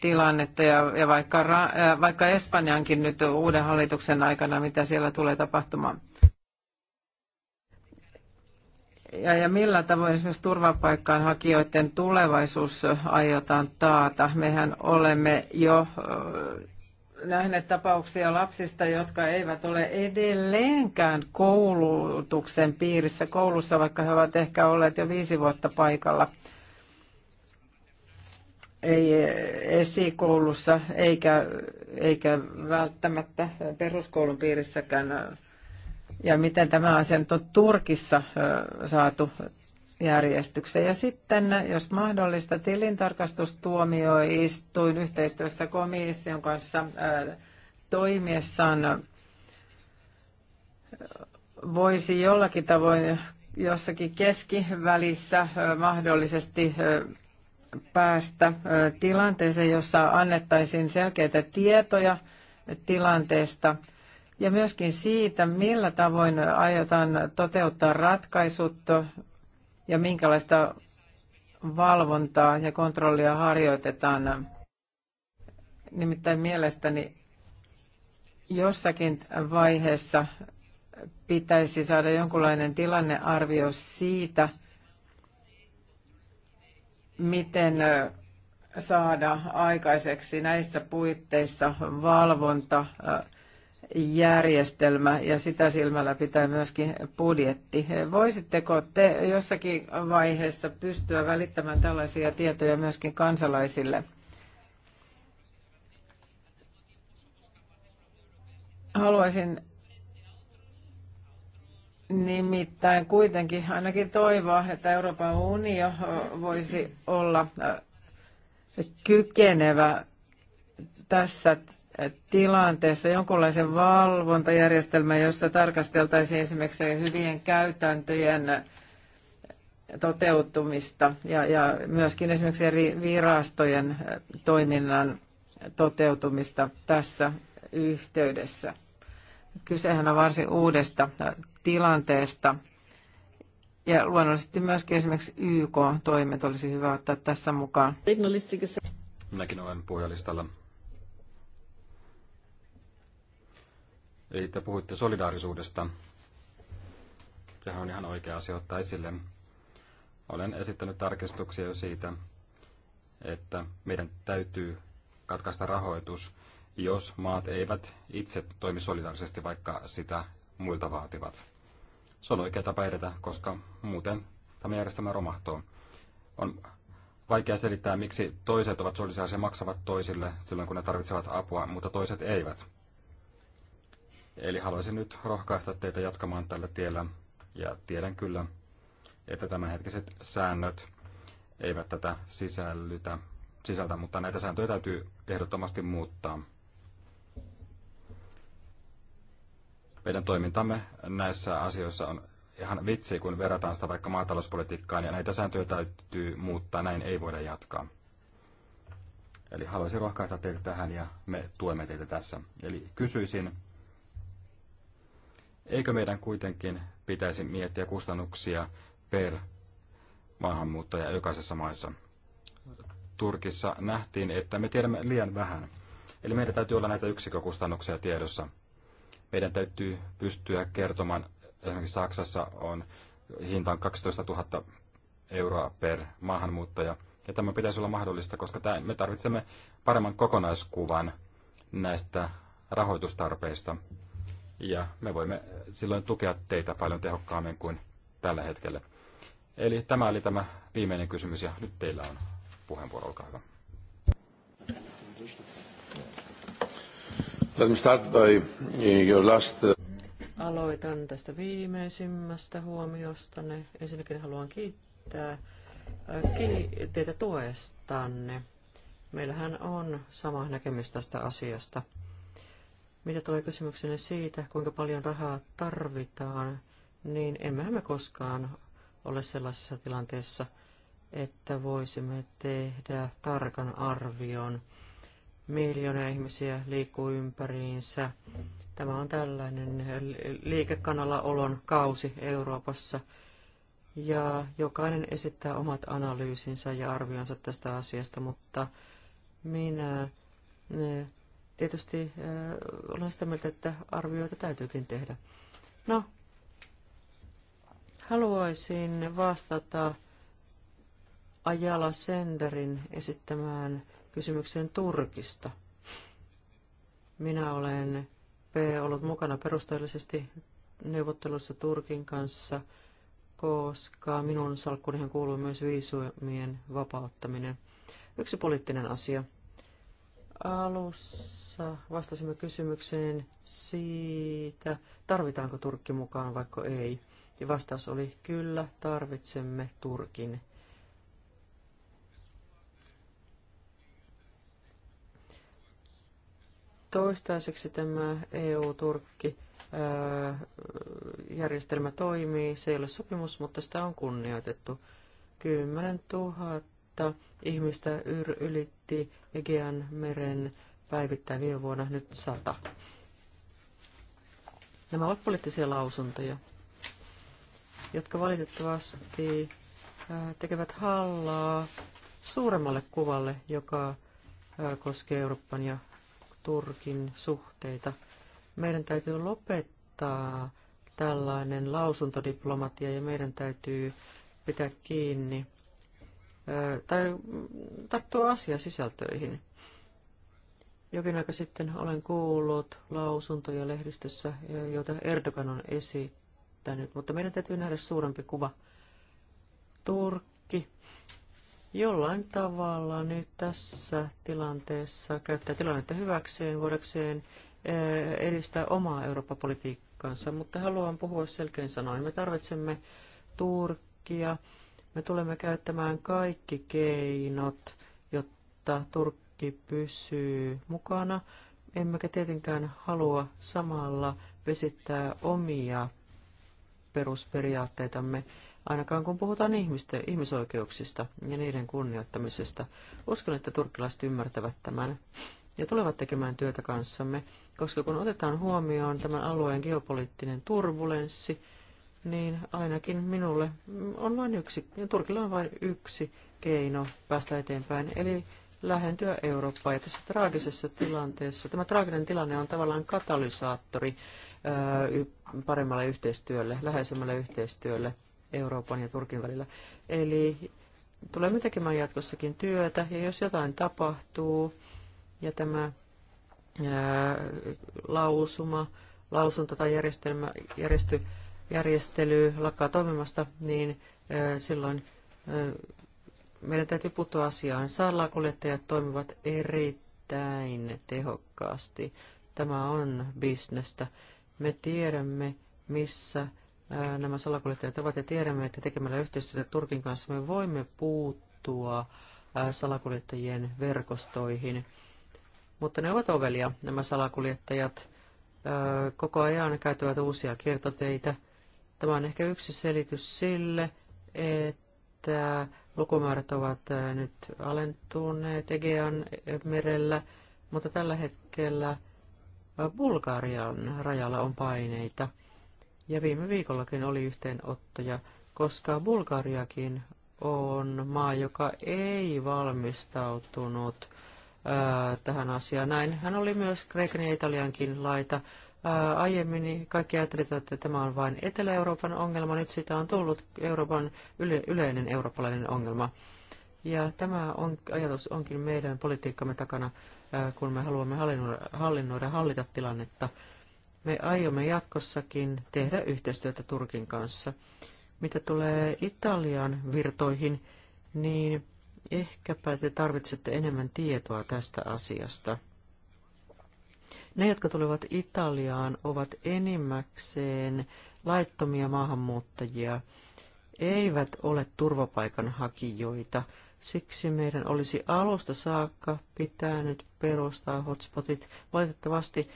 tilannetta ja, ja vaikka, äh, vaikka Espanjankin nyt uuden hallituksen aikana, mitä siellä tulee tapahtumaan. Ja, ja millä tavoin esimerkiksi hakijoiden tulevaisuus aiotaan taata? Mehän olemme jo äh, nähneet tapauksia lapsista, jotka eivät ole edelleenkään koulutuksen piirissä koulussa, vaikka he ovat ehkä olleet jo viisi vuotta paikalla. Ei esikoulussa eikä, eikä välttämättä peruskoulun piirissäkään. Ja miten tämä asia on Turkissa saatu järjestyksen. Ja sitten, jos mahdollista, tilintarkastustuomioistuin yhteistyössä komission kanssa toimiessaan voisi jollakin tavoin jossakin keskivälissä mahdollisesti päästä tilanteeseen, jossa annettaisiin selkeitä tietoja tilanteesta ja myöskin siitä, millä tavoin aiotaan toteuttaa ratkaisut ja minkälaista valvontaa ja kontrollia harjoitetaan. Nimittäin mielestäni jossakin vaiheessa pitäisi saada jonkunlainen tilannearvio siitä, miten saada aikaiseksi näissä puitteissa valvonta järjestelmä ja sitä silmällä pitää myöskin budjetti. Voisitteko te jossakin vaiheessa pystyä välittämään tällaisia tietoja myöskin kansalaisille? Haluaisin nimittäin kuitenkin ainakin toivoa, että Euroopan unio voisi olla kykenevä tässä tilanteessa jonkinlaisen valvontajärjestelmän, jossa tarkasteltaisiin esimerkiksi hyvien käytäntöjen toteutumista ja, ja myöskin esimerkiksi eri virastojen toiminnan toteutumista tässä yhteydessä. Kysehän on varsin uudesta tilanteesta. Ja luonnollisesti myöskin esimerkiksi YK-toimet olisi hyvä ottaa tässä mukaan. Minäkin olen puhujalistalla. Eli te puhuitte solidaarisuudesta. Sehän on ihan oikea asia ottaa esille. Olen esittänyt tarkistuksia jo siitä, että meidän täytyy katkaista rahoitus, jos maat eivät itse toimi solidaarisesti, vaikka sitä muilta vaativat. Se on oikea tapa edetä, koska muuten tämä järjestelmä romahtoo. On vaikea selittää, miksi toiset ovat solidaarisia maksavat toisille silloin, kun ne tarvitsevat apua, mutta toiset eivät. Eli haluaisin nyt rohkaista teitä jatkamaan tällä tiellä ja tiedän kyllä, että tämänhetkiset säännöt eivät tätä sisällytä, sisältä, mutta näitä sääntöjä täytyy ehdottomasti muuttaa. Meidän toimintamme näissä asioissa on ihan vitsi, kun verrataan sitä vaikka maatalouspolitiikkaan, ja näitä sääntöjä täytyy muuttaa, näin ei voida jatkaa. Eli haluaisin rohkaista teitä tähän, ja me tuemme teitä tässä. Eli kysyisin, Eikö meidän kuitenkin pitäisi miettiä kustannuksia per maahanmuuttaja jokaisessa maissa? Turkissa nähtiin, että me tiedämme liian vähän. Eli meidän täytyy olla näitä yksikökustannuksia tiedossa. Meidän täytyy pystyä kertomaan, esimerkiksi Saksassa on hinta on 12 000 euroa per maahanmuuttaja. Ja tämä pitäisi olla mahdollista, koska tämä, me tarvitsemme paremman kokonaiskuvan näistä rahoitustarpeista ja me voimme silloin tukea teitä paljon tehokkaammin kuin tällä hetkellä. Eli tämä oli tämä viimeinen kysymys ja nyt teillä on puheenvuoro, olkaa hyvä. Let me start by eh, your last... Eh, Aloitan tästä viimeisimmästä huomiostanne. Ensinnäkin haluan kiittää eh, teitä tuestanne. Meillähän on sama näkemys tästä asiasta. Mitä tulee kysymyksenne siitä, kuinka paljon rahaa tarvitaan, niin emmehän me koskaan ole sellaisessa tilanteessa, että voisimme tehdä tarkan arvion. Miljoonia ihmisiä liikkuu ympäriinsä. Tämä on tällainen liikekanalla olon kausi Euroopassa. Ja jokainen esittää omat analyysinsä ja arvionsa tästä asiasta, mutta minä eh, Tietysti olen sitä mieltä, että arvioita täytyykin tehdä. No, haluaisin vastata Ajala Senderin esittämään kysymykseen Turkista. Minä olen ollut mukana perusteellisesti neuvottelussa Turkin kanssa, koska minun salkkunihan kuuluu myös viisumien vapauttaminen. Yksi poliittinen asia – Alussa vastasimme kysymykseen siitä, tarvitaanko Turkki mukaan vaikka ei. Ja vastaus oli kyllä, tarvitsemme Turkin. Toistaiseksi tämä EU-Turkki järjestelmä toimii. Se ei ole sopimus, mutta sitä on kunnioitettu. 10 000 ihmistä ylitti Egean meren päivittäin viime vuonna nyt sata. Nämä ovat poliittisia lausuntoja, jotka valitettavasti äh, tekevät hallaa suuremmalle kuvalle, joka äh, koskee Euroopan ja Turkin suhteita. Meidän täytyy lopettaa tällainen lausuntodiplomatia ja meidän täytyy pitää kiinni tai tarttua asiasisältöihin. Jokin aika sitten olen kuullut lausuntoja lehdistössä, joita Erdogan on esittänyt, mutta meidän täytyy nähdä suurempi kuva. Turkki jollain tavalla nyt tässä tilanteessa käyttää tilannetta hyväkseen, voidakseen edistää omaa Eurooppa-politiikkaansa, mutta haluan puhua selkein sanoin. Me tarvitsemme Turkkia me tulemme käyttämään kaikki keinot, jotta Turkki pysyy mukana, emmekä tietenkään halua samalla vesittää omia perusperiaatteitamme, ainakaan kun puhutaan ihmisten, ihmisoikeuksista ja niiden kunnioittamisesta. Uskon, että turkkilaiset ymmärtävät tämän ja tulevat tekemään työtä kanssamme, koska kun otetaan huomioon tämän alueen geopoliittinen turbulenssi, niin ainakin minulle on vain yksi, Turkilla on vain yksi keino päästä eteenpäin, eli lähentyä Eurooppaa. Ja tässä traagisessa tilanteessa, tämä traaginen tilanne on tavallaan katalysaattori paremmalle yhteistyölle, läheisemmälle yhteistyölle Euroopan ja Turkin välillä. Eli tulemme tekemään jatkossakin työtä, ja jos jotain tapahtuu, ja tämä ää, lausuma, lausunto tai järjestelmä, järjesty järjestely lakkaa toimimasta, niin silloin meidän täytyy puuttua asiaan. Saalakuljettajat toimivat erittäin tehokkaasti. Tämä on bisnestä. Me tiedämme, missä nämä salakuljettajat ovat ja tiedämme, että tekemällä yhteistyötä Turkin kanssa me voimme puuttua salakuljettajien verkostoihin. Mutta ne ovat ovelia, nämä salakuljettajat. Koko ajan käytävät uusia kiertoteitä – Tämä on ehkä yksi selitys sille, että lukumäärät ovat nyt alentuneet Egean merellä, mutta tällä hetkellä Bulgarian rajalla on paineita. Ja viime viikollakin oli yhteenottoja, koska Bulgariakin on maa, joka ei valmistautunut ää, tähän asiaan. Näin hän oli myös Kreikan ja Italiankin laita aiemmin niin kaikki ajattelivat, että tämä on vain Etelä-Euroopan ongelma. Nyt siitä on tullut Euroopan yle, yleinen eurooppalainen ongelma. Ja tämä on, ajatus onkin meidän politiikkamme takana, kun me haluamme hallinnoida, hallinnoida hallita tilannetta. Me aiomme jatkossakin tehdä yhteistyötä Turkin kanssa. Mitä tulee Italian virtoihin, niin ehkäpä te tarvitsette enemmän tietoa tästä asiasta. Ne, jotka tulevat Italiaan, ovat enimmäkseen laittomia maahanmuuttajia, eivät ole turvapaikanhakijoita. Siksi meidän olisi alusta saakka pitänyt perustaa hotspotit. Valitettavasti,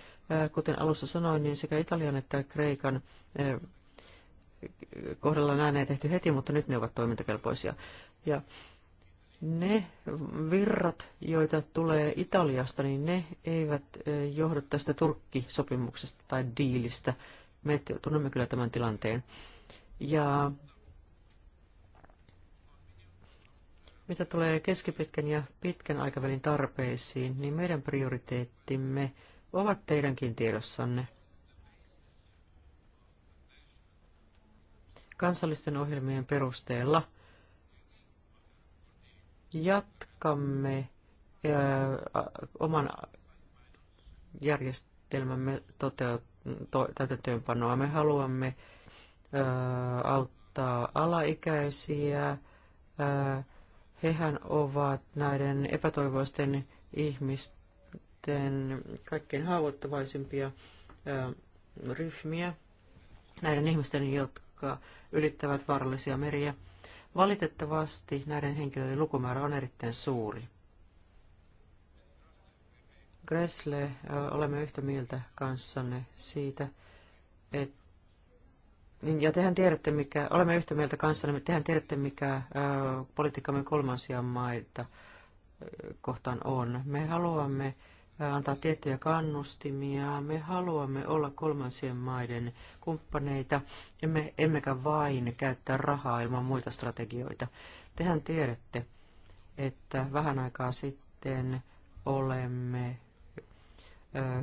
kuten alussa sanoin, niin sekä Italian että Kreikan kohdalla näin ei tehty heti, mutta nyt ne ovat toimintakelpoisia. Ja ne virrat, joita tulee Italiasta, niin ne eivät johdu tästä Turkki-sopimuksesta tai diilistä. Me tunnemme kyllä tämän tilanteen. Ja mitä tulee keskipitkän ja pitkän aikavälin tarpeisiin, niin meidän prioriteettimme ovat teidänkin tiedossanne. Kansallisten ohjelmien perusteella – jatkamme oman järjestelmämme täytäntöönpanoa. Me haluamme auttaa alaikäisiä. Hehän ovat näiden epätoivoisten ihmisten kaikkein haavoittuvaisimpia ryhmiä, näiden ihmisten, jotka ylittävät vaarallisia meriä. Valitettavasti näiden henkilöiden lukumäärä on erittäin suuri. Gressle, olemme yhtä mieltä kanssanne siitä, että ja tehän tiedätte, mikä, olemme yhtä mieltä kanssanne, tehän tiedätte, mikä ö, politiikkamme kolmansia maita kohtaan on. Me haluamme antaa tiettyjä kannustimia. Me haluamme olla kolmansien maiden kumppaneita ja me emmekä vain käyttää rahaa ilman muita strategioita. Tehän tiedätte, että vähän aikaa sitten olemme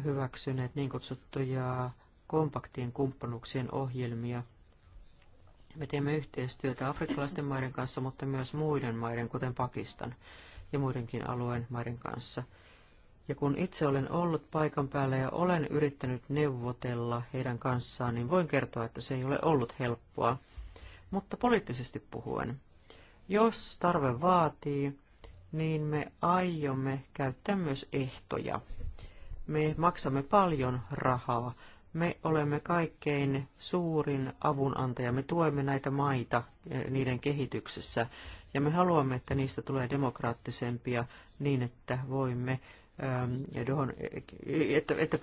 hyväksyneet niin kutsuttuja kompaktien kumppanuuksien ohjelmia. Me teemme yhteistyötä afrikkalaisten maiden kanssa, mutta myös muiden maiden, kuten Pakistan ja muidenkin alueen maiden kanssa – ja kun itse olen ollut paikan päällä ja olen yrittänyt neuvotella heidän kanssaan, niin voin kertoa, että se ei ole ollut helppoa. Mutta poliittisesti puhuen, jos tarve vaatii, niin me aiomme käyttää myös ehtoja. Me maksamme paljon rahaa. Me olemme kaikkein suurin avunantaja. Me tuemme näitä maita eh, niiden kehityksessä ja me haluamme, että niistä tulee demokraattisempia niin, että voimme Ähm, että, että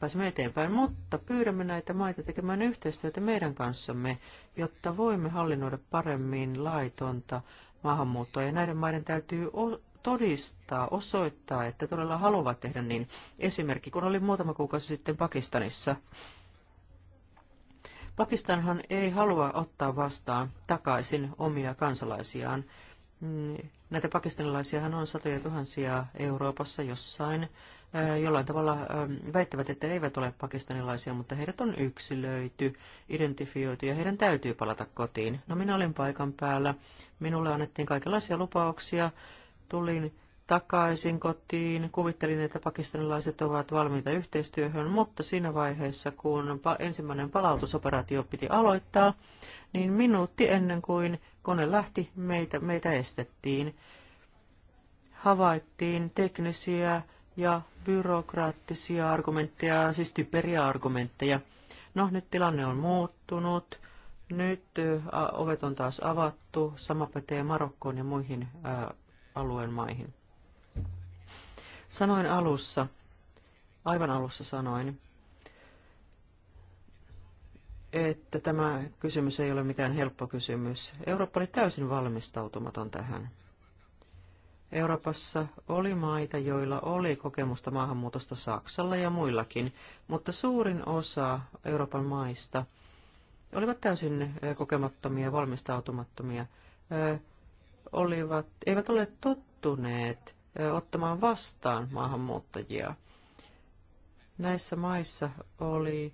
pääsemme eteenpäin, mutta pyydämme näitä maita tekemään yhteistyötä meidän kanssamme, jotta voimme hallinnoida paremmin laitonta maahanmuuttoa. Ja näiden maiden täytyy todistaa, osoittaa, että todella haluavat tehdä niin. Esimerkki, kun olin muutama kuukausi sitten Pakistanissa. Pakistanhan ei halua ottaa vastaan takaisin omia kansalaisiaan. Niin. Näitä pakistanilaisiahan on satoja tuhansia Euroopassa jossain. Jollain tavalla väittävät, että eivät ole pakistanilaisia, mutta heidät on yksilöity, identifioitu ja heidän täytyy palata kotiin. No minä olin paikan päällä. Minulle annettiin kaikenlaisia lupauksia. Tulin takaisin kotiin. Kuvittelin, että pakistanilaiset ovat valmiita yhteistyöhön, mutta siinä vaiheessa, kun ensimmäinen palautusoperaatio piti aloittaa, niin minuutti ennen kuin kone lähti, meitä, meitä estettiin. Havaittiin teknisiä ja byrokraattisia argumentteja, siis typeriä argumentteja. No, nyt tilanne on muuttunut. Nyt ovet on taas avattu. Sama pätee Marokkoon ja muihin ää, alueen maihin. Sanoin alussa, aivan alussa sanoin, että tämä kysymys ei ole mikään helppo kysymys. Eurooppa oli täysin valmistautumaton tähän. Euroopassa oli maita, joilla oli kokemusta maahanmuutosta Saksalla ja muillakin, mutta suurin osa Euroopan maista olivat täysin kokemattomia, valmistautumattomia, olivat, eivät ole tottuneet ottamaan vastaan maahanmuuttajia. Näissä maissa oli,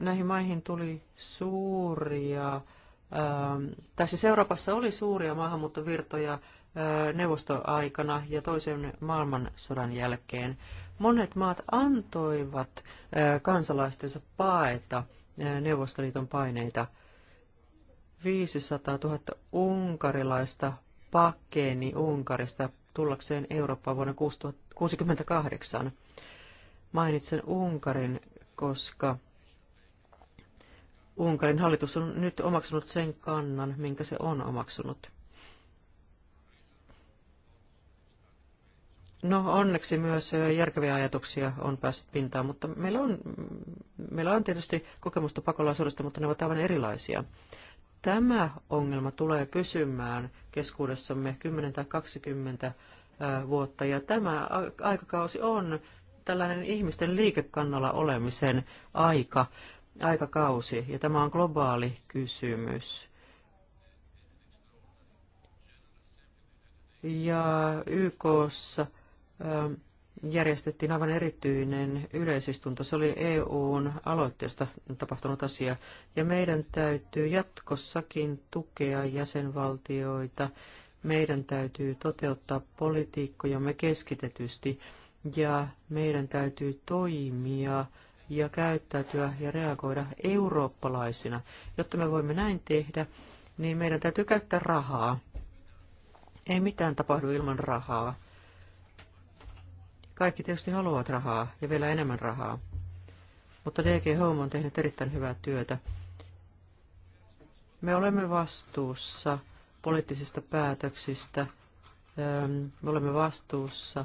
näihin maihin tuli suuria, ähm, tässä siis Euroopassa oli suuria maahanmuuttovirtoja neuvostoaikana ja toisen maailmansodan jälkeen. Monet maat antoivat kansalaistensa paeta Neuvostoliiton paineita. 500 000 unkarilaista pakeni Unkarista tullakseen Eurooppaan vuonna 1968. Mainitsen Unkarin, koska Unkarin hallitus on nyt omaksunut sen kannan, minkä se on omaksunut. No onneksi myös järkeviä ajatuksia on päässyt pintaan, mutta meillä on, meillä on tietysti kokemusta pakolaisuudesta, mutta ne ovat aivan erilaisia. Tämä ongelma tulee pysymään keskuudessamme 10 tai 20 vuotta, ja tämä aikakausi on tällainen ihmisten liikekannalla olemisen aika, aikakausi, ja tämä on globaali kysymys. Ja YKssa järjestettiin aivan erityinen yleisistunto. Se oli EUn aloitteesta tapahtunut asia, ja meidän täytyy jatkossakin tukea jäsenvaltioita. Meidän täytyy toteuttaa politiikkojamme keskitetysti, ja meidän täytyy toimia ja käyttäytyä ja reagoida eurooppalaisina. Jotta me voimme näin tehdä, niin meidän täytyy käyttää rahaa. Ei mitään tapahdu ilman rahaa kaikki tietysti haluavat rahaa ja vielä enemmän rahaa. Mutta DG Home on tehnyt erittäin hyvää työtä. Me olemme vastuussa poliittisista päätöksistä, me olemme vastuussa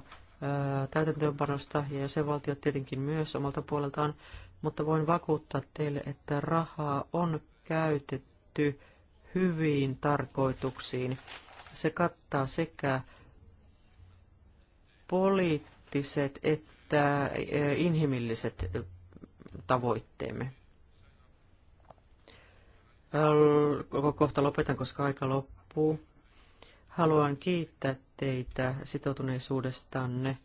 täytäntöönpanosta ja jäsenvaltiot tietenkin myös omalta puoleltaan, mutta voin vakuuttaa teille, että rahaa on käytetty hyviin tarkoituksiin. Se kattaa sekä poliittisia poliittiset että eh, inhimilliset eh, tavoitteemme. Kohta lopetan, koska aika loppuu. Haluan kiittää teitä sitoutuneisuudestanne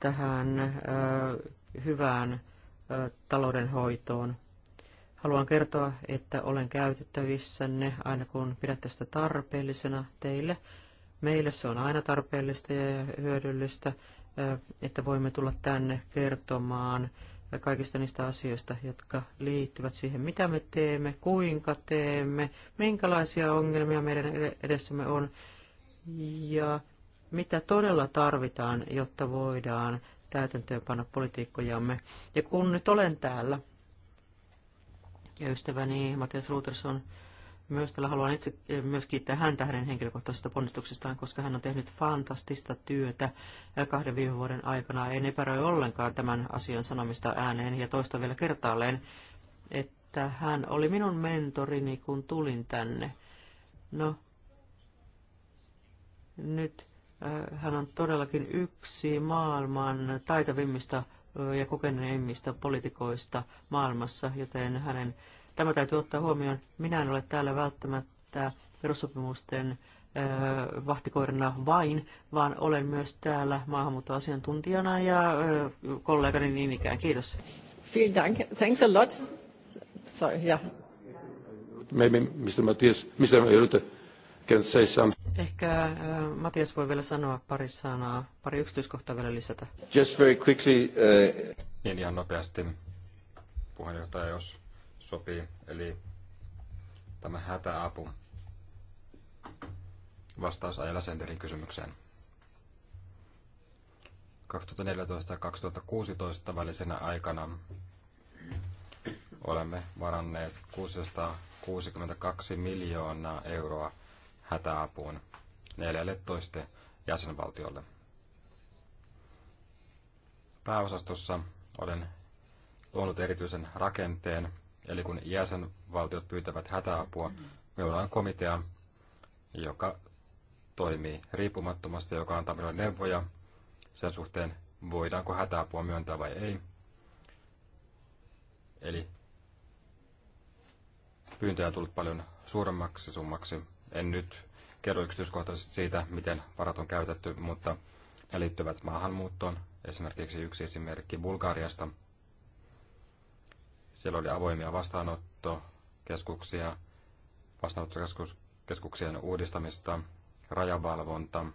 tähän hyvään taloudenhoitoon. Haluan kertoa, että olen käytettävissänne aina kun pidät tästä tarpeellisena teille. Meille se on aina tarpeellista ja hyödyllistä, että voimme tulla tänne kertomaan kaikista niistä asioista, jotka liittyvät siihen, mitä me teemme, kuinka teemme, minkälaisia ongelmia meidän edessämme on ja mitä todella tarvitaan, jotta voidaan täytäntöönpanna politiikkojamme. Ja kun nyt olen täällä, ja ystäväni Matias Ruuterson myös tällä haluan itse eh, myös kiittää häntä hänen henkilökohtaisesta ponnistuksestaan, koska hän on tehnyt fantastista työtä eh, kahden viime vuoden aikana. En epäröi ollenkaan tämän asian sanomista ääneen ja toista vielä kertaalleen, että hän oli minun mentorini, kun tulin tänne. No, nyt eh, hän on todellakin yksi maailman taitavimmista ja kokeneimmista poliitikoista maailmassa, joten hänen Tämä täytyy ottaa huomioon. Minä en ole täällä välttämättä perussopimusten vahtikoirina vain, vaan olen myös täällä maahanmuuttoasiantuntijana ja kollegani niin ikään. Kiitos. Vielen Dank. Thanks a lot. Sorry, yeah. Maybe Mr. Matthias, Mr. Rutte can say some. Ehkä uh, Matias voi vielä sanoa pari sanaa, pari yksityiskohtaa vielä lisätä. Just very quickly. Uh... Niin ihan nopeasti, puheenjohtaja, jos sopii, eli tämä hätäapu vastaus Ajala Senterin kysymykseen. 2014-2016 välisenä aikana olemme varanneet 662 miljoonaa euroa hätäapuun 14 jäsenvaltiolle. Pääosastossa olen luonut erityisen rakenteen Eli kun jäsenvaltiot pyytävät hätäapua, meillä on komitea, joka toimii riippumattomasti, joka antaa meille neuvoja sen suhteen, voidaanko hätäapua myöntää vai ei. Eli pyyntöjä on tullut paljon suuremmaksi summaksi. En nyt kerro yksityiskohtaisesti siitä, miten varat on käytetty, mutta ne liittyvät maahanmuuttoon. Esimerkiksi yksi esimerkki Bulgariasta – siellä oli avoimia vastaanottokeskuksia, vastaanottokeskuksien uudistamista, rajavalvonta,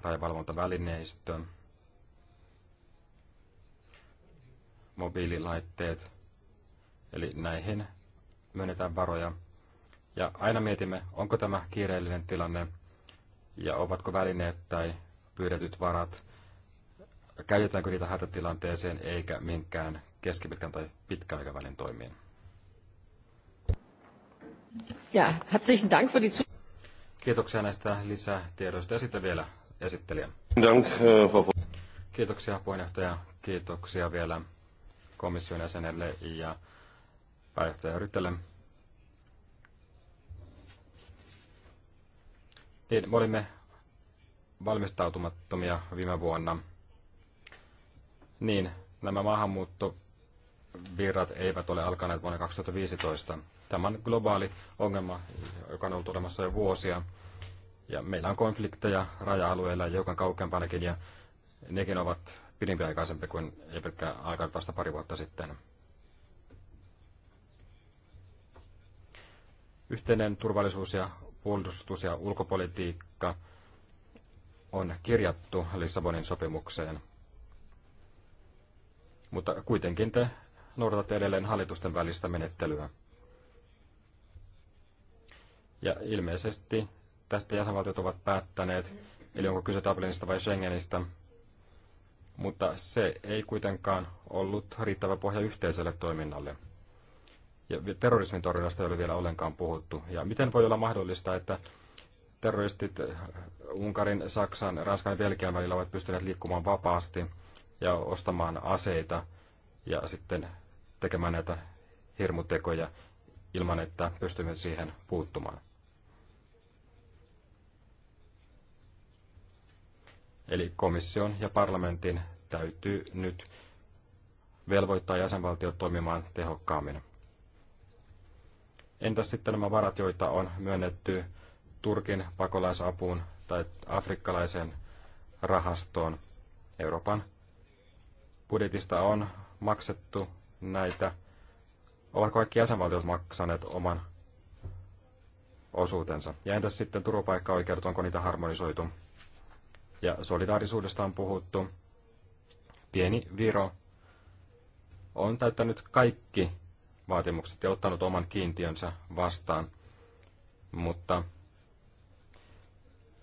rajavalvontavälineistö, mobiililaitteet. Eli näihin myönnetään varoja. Ja aina mietimme, onko tämä kiireellinen tilanne ja ovatko välineet tai pyydetyt varat, käytetäänkö niitä hätätilanteeseen eikä minkään keskipitkän tai pitkän aikavälin toimiin. Ja, herzlichen Dank für die Kiitoksia näistä lisätiedoista ja sitten vielä esittelijä. Dank, eh, Kiitoksia puheenjohtaja, kiitoksia vielä komission jäsenelle ja pääjohtaja Yrittäjälle. Niin, me olimme valmistautumattomia viime vuonna. Niin, nämä maahanmuutto virrat eivät ole alkaneet vuonna 2015. Tämä on globaali ongelma, joka on ollut olemassa jo vuosia. Ja meillä on konflikteja raja-alueilla joka kauempanakin, ja nekin ovat pidempiaikaisempia kuin ei pelkkä aikaa vasta pari vuotta sitten. Yhteinen turvallisuus- ja puolustus- ja ulkopolitiikka on kirjattu Lissabonin sopimukseen. Mutta kuitenkin te noudatat edelleen hallitusten välistä menettelyä. Ja ilmeisesti tästä jäsenvaltiot ovat päättäneet, eli onko kyse Dublinista vai Schengenistä, mutta se ei kuitenkaan ollut riittävä pohja yhteiselle toiminnalle. Ja terrorismin torjunnasta ei ole vielä ollenkaan puhuttu. Ja miten voi olla mahdollista, että terroristit Unkarin, Saksan, Ranskan ja Belgian välillä ovat pystyneet liikkumaan vapaasti ja ostamaan aseita ja sitten tekemään näitä hirmutekoja ilman, että pystymme siihen puuttumaan. Eli komission ja parlamentin täytyy nyt velvoittaa jäsenvaltiot toimimaan tehokkaammin. Entäs sitten nämä varat, joita on myönnetty Turkin pakolaisapuun tai afrikkalaisen rahastoon? Euroopan budjetista on maksettu näitä? Ovatko kaikki jäsenvaltiot maksaneet oman osuutensa? Ja entäs sitten turvapaikkaoikeudet, onko niitä harmonisoitu? Ja solidaarisuudesta on puhuttu. Pieni Viro on täyttänyt kaikki vaatimukset ja ottanut oman kiintiönsä vastaan, mutta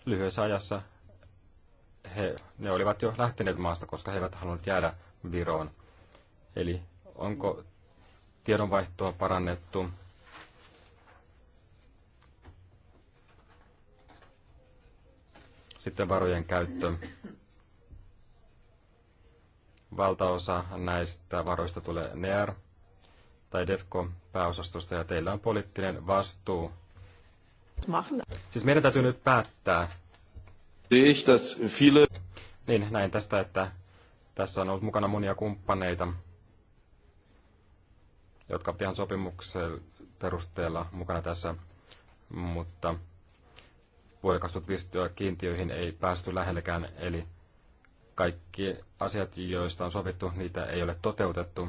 lyhyessä ajassa he, ne olivat jo lähteneet maasta, koska he eivät halunneet jäädä Viroon. Eli Onko tiedonvaihtoa parannettu? Sitten varojen käyttö. Valtaosa näistä varoista tulee NEAR tai DEFCO pääosastosta ja teillä on poliittinen vastuu. Siis meidän täytyy nyt päättää. Niin, näin tästä, että tässä on ollut mukana monia kumppaneita jotka ovat ihan sopimuksen perusteella mukana tässä, mutta vuoden 2015 kiintiöihin ei päästy lähellekään, eli kaikki asiat, joista on sovittu, niitä ei ole toteutettu.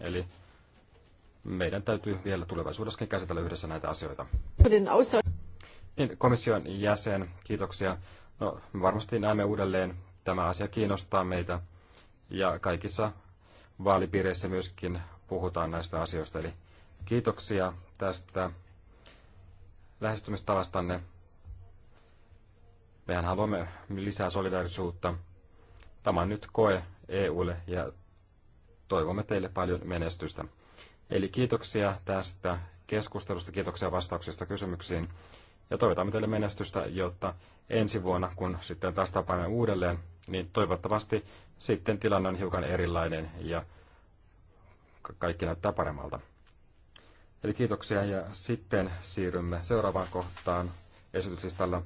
Eli meidän täytyy vielä tulevaisuudessakin käsitellä yhdessä näitä asioita. Niin, komission jäsen, kiitoksia. No, varmasti näemme uudelleen. Tämä asia kiinnostaa meitä ja kaikissa vaalipiireissä myöskin puhutaan näistä asioista. Eli kiitoksia tästä lähestymistavastanne. Mehän haluamme lisää solidaarisuutta. Tämä on nyt koe EUlle ja toivomme teille paljon menestystä. Eli kiitoksia tästä keskustelusta, kiitoksia vastauksista kysymyksiin ja toivotamme teille menestystä, jotta ensi vuonna, kun sitten taas tapaamme uudelleen, niin toivottavasti sitten tilanne on hiukan erilainen ja kaikki näyttää paremmalta. Eli kiitoksia ja sitten siirrymme seuraavaan kohtaan esityslistalla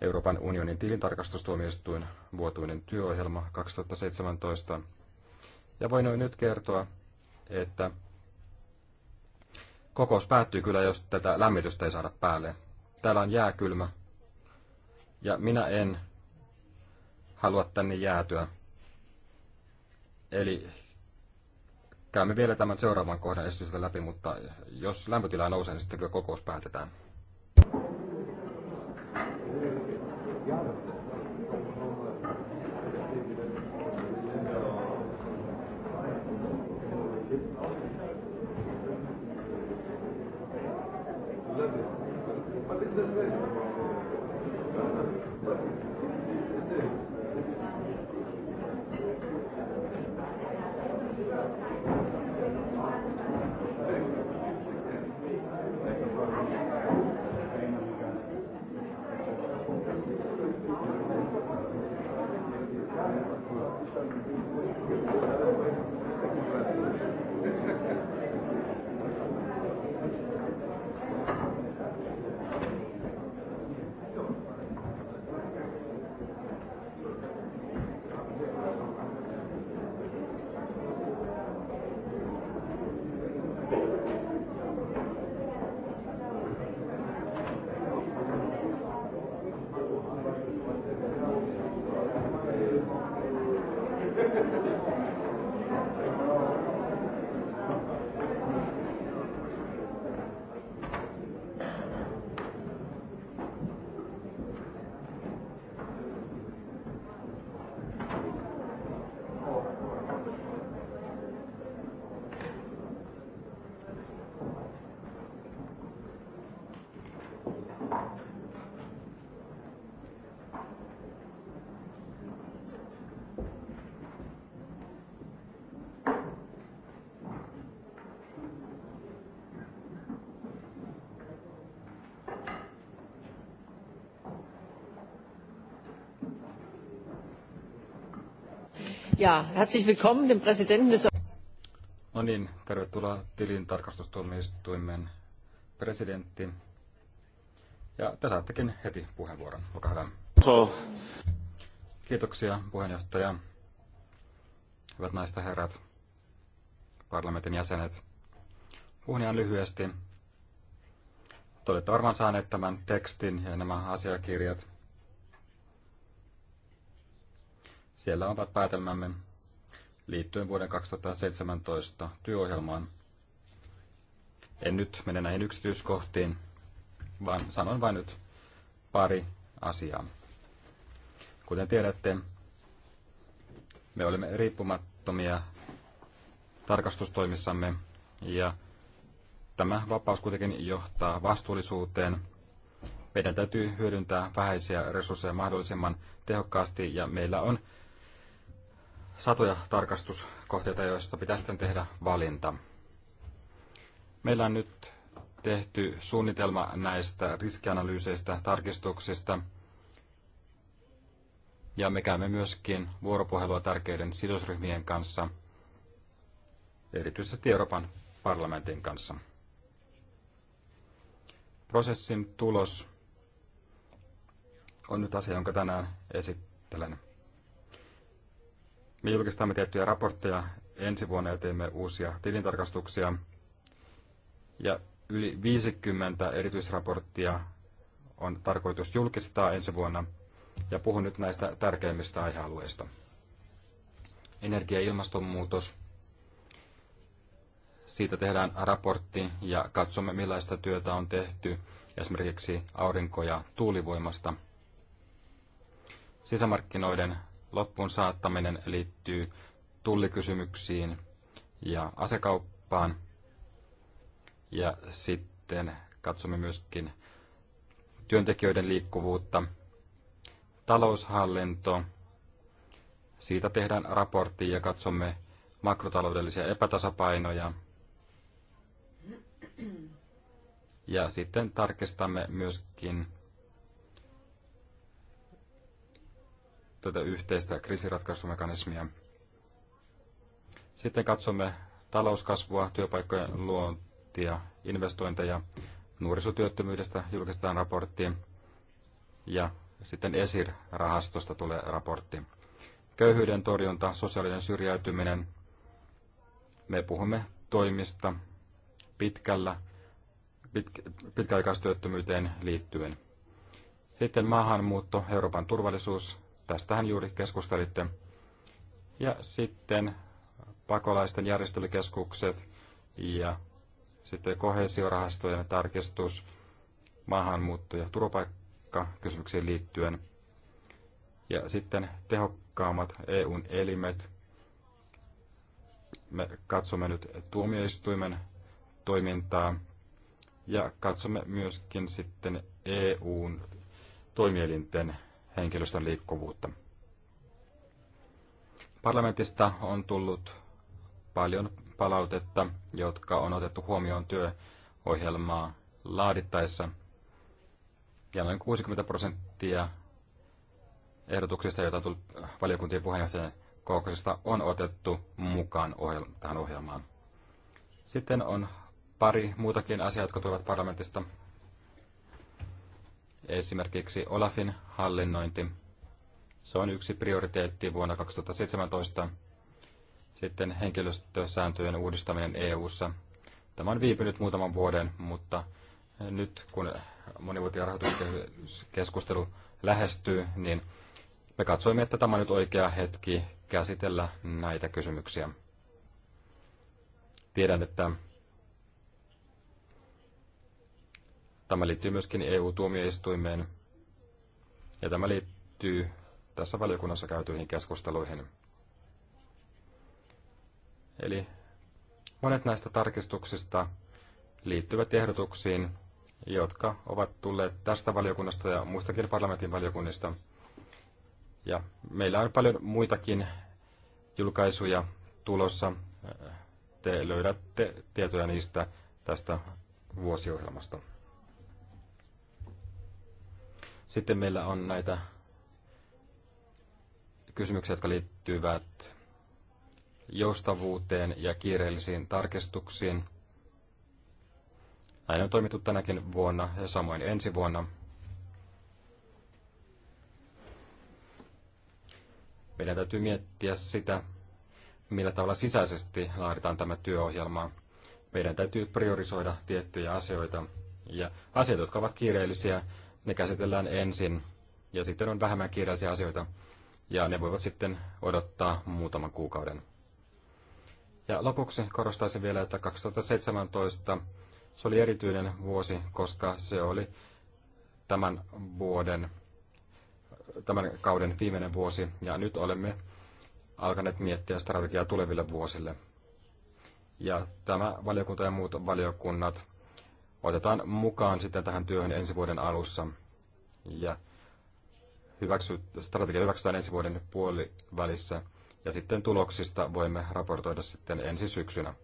Euroopan unionin tilintarkastustuomioistuin vuotuinen työohjelma 2017. Ja voin nyt kertoa, että kokous päättyy kyllä, jos tätä lämmitystä ei saada päälle. Täällä on jääkylmä ja minä en halua tänne jäätyä. Eli käymme vielä tämän seuraavan kohdan esitystä läpi, mutta jos lämpötila nousee, niin sitten kyllä kokous päätetään. Ja, herzlich willkommen dem Präsidenten des... No niin, tervetuloa tilintarkastustuomioistuimen presidentti. Ja te saattekin heti puheenvuoron. Olkaa hyvä. Kiitoksia puheenjohtaja. Hyvät naiset ja herrat, parlamentin jäsenet. Puhun ihan lyhyesti. Te olette varmaan saaneet tämän tekstin ja nämä asiakirjat. Siellä ovat päätelmämme liittyen vuoden 2017 työohjelmaan. En nyt mene näihin yksityiskohtiin, vaan sanon vain nyt pari asiaa. Kuten tiedätte, me olemme riippumattomia tarkastustoimissamme ja tämä vapaus kuitenkin johtaa vastuullisuuteen. Meidän täytyy hyödyntää vähäisiä resursseja mahdollisimman tehokkaasti ja meillä on satoja tarkastuskohteita, joista pitäisi sitten tehdä valinta. Meillä on nyt tehty suunnitelma näistä riskianalyyseistä, tarkistuksista, ja me käymme myöskin vuoropuhelua tärkeiden sidosryhmien kanssa, erityisesti Euroopan parlamentin kanssa. Prosessin tulos on nyt asia, jonka tänään esittelen. Me julkistamme tiettyjä raportteja ensi vuonna ja teemme uusia tilintarkastuksia. Ja yli 50 erityisraporttia on tarkoitus julkistaa ensi vuonna. Ja puhun nyt näistä tärkeimmistä aihealueista. Energia- ja ilmastonmuutos. Siitä tehdään raportti ja katsomme, millaista työtä on tehty esimerkiksi aurinko- ja tuulivoimasta. Sisämarkkinoiden loppuun saattaminen liittyy tullikysymyksiin ja asekauppaan. Ja sitten katsomme myöskin työntekijöiden liikkuvuutta, taloushallinto. Siitä tehdään raportti ja katsomme makrotaloudellisia epätasapainoja. Ja sitten tarkistamme myöskin tätä yhteistä kriisiratkaisumekanismia. Sitten katsomme talouskasvua, työpaikkojen luontia, investointeja, nuorisotyöttömyydestä julkistetaan raportti ja sitten ESIR-rahastosta tulee raportti. Köyhyyden torjunta, sosiaalinen syrjäytyminen. Me puhumme toimista pitkällä, pit, pitkäaikaistyöttömyyteen liittyen. Sitten maahanmuutto, Euroopan turvallisuus, Tästähän juuri keskustelitte. Ja sitten pakolaisten järjestelykeskukset ja sitten kohesiorahastojen tarkistus maahanmuutto- ja turvapaikkakysymyksiin liittyen. Ja sitten tehokkaammat EUn elimet. Me katsomme nyt tuomioistuimen toimintaa ja katsomme myöskin sitten EUn toimielinten henkilöstön liikkuvuutta. Parlamentista on tullut paljon palautetta, jotka on otettu huomioon työohjelmaa laadittaessa. Ja noin 60 prosenttia ehdotuksista, joita on tullut valiokuntien puheenjohtajan kokouksesta, on otettu mukaan tähän ohjelmaan. Sitten on pari muutakin asiaa, jotka tulevat parlamentista. Esimerkiksi Olafin hallinnointi. Se on yksi prioriteetti vuonna 2017. Sitten henkilöstösääntöjen uudistaminen EU:ssa. Tämä on viipynyt muutaman vuoden, mutta nyt kun monivuotinen rahoituskeskustelu lähestyy, niin me katsoimme, että tämä on nyt oikea hetki käsitellä näitä kysymyksiä. Tiedän, että Tämä liittyy myöskin EU-tuomioistuimeen ja tämä liittyy tässä valiokunnassa käytyihin keskusteluihin. Eli monet näistä tarkistuksista liittyvät ehdotuksiin, jotka ovat tulleet tästä valiokunnasta ja muistakin parlamentin valiokunnista. Ja meillä on paljon muitakin julkaisuja tulossa. Te löydätte tietoja niistä tästä vuosiohjelmasta. Sitten meillä on näitä kysymyksiä, jotka liittyvät joustavuuteen ja kiireellisiin tarkistuksiin. Näin on toimittu tänäkin vuonna ja samoin ensi vuonna. Meidän täytyy miettiä sitä, millä tavalla sisäisesti laaditaan tämä työohjelma. Meidän täytyy priorisoida tiettyjä asioita ja asioita, jotka ovat kiireellisiä, ne käsitellään ensin ja sitten on vähemmän kiireisiä asioita ja ne voivat sitten odottaa muutaman kuukauden. Ja lopuksi korostaisin vielä, että 2017 se oli erityinen vuosi, koska se oli tämän vuoden, tämän kauden viimeinen vuosi ja nyt olemme alkaneet miettiä strategiaa tuleville vuosille. Ja tämä valiokunta ja muut valiokunnat otetaan mukaan sitten tähän työhön ensi vuoden alussa. Ja hyväksy, strategia hyväksytään ensi vuoden puolivälissä ja sitten tuloksista voimme raportoida sitten ensi syksynä.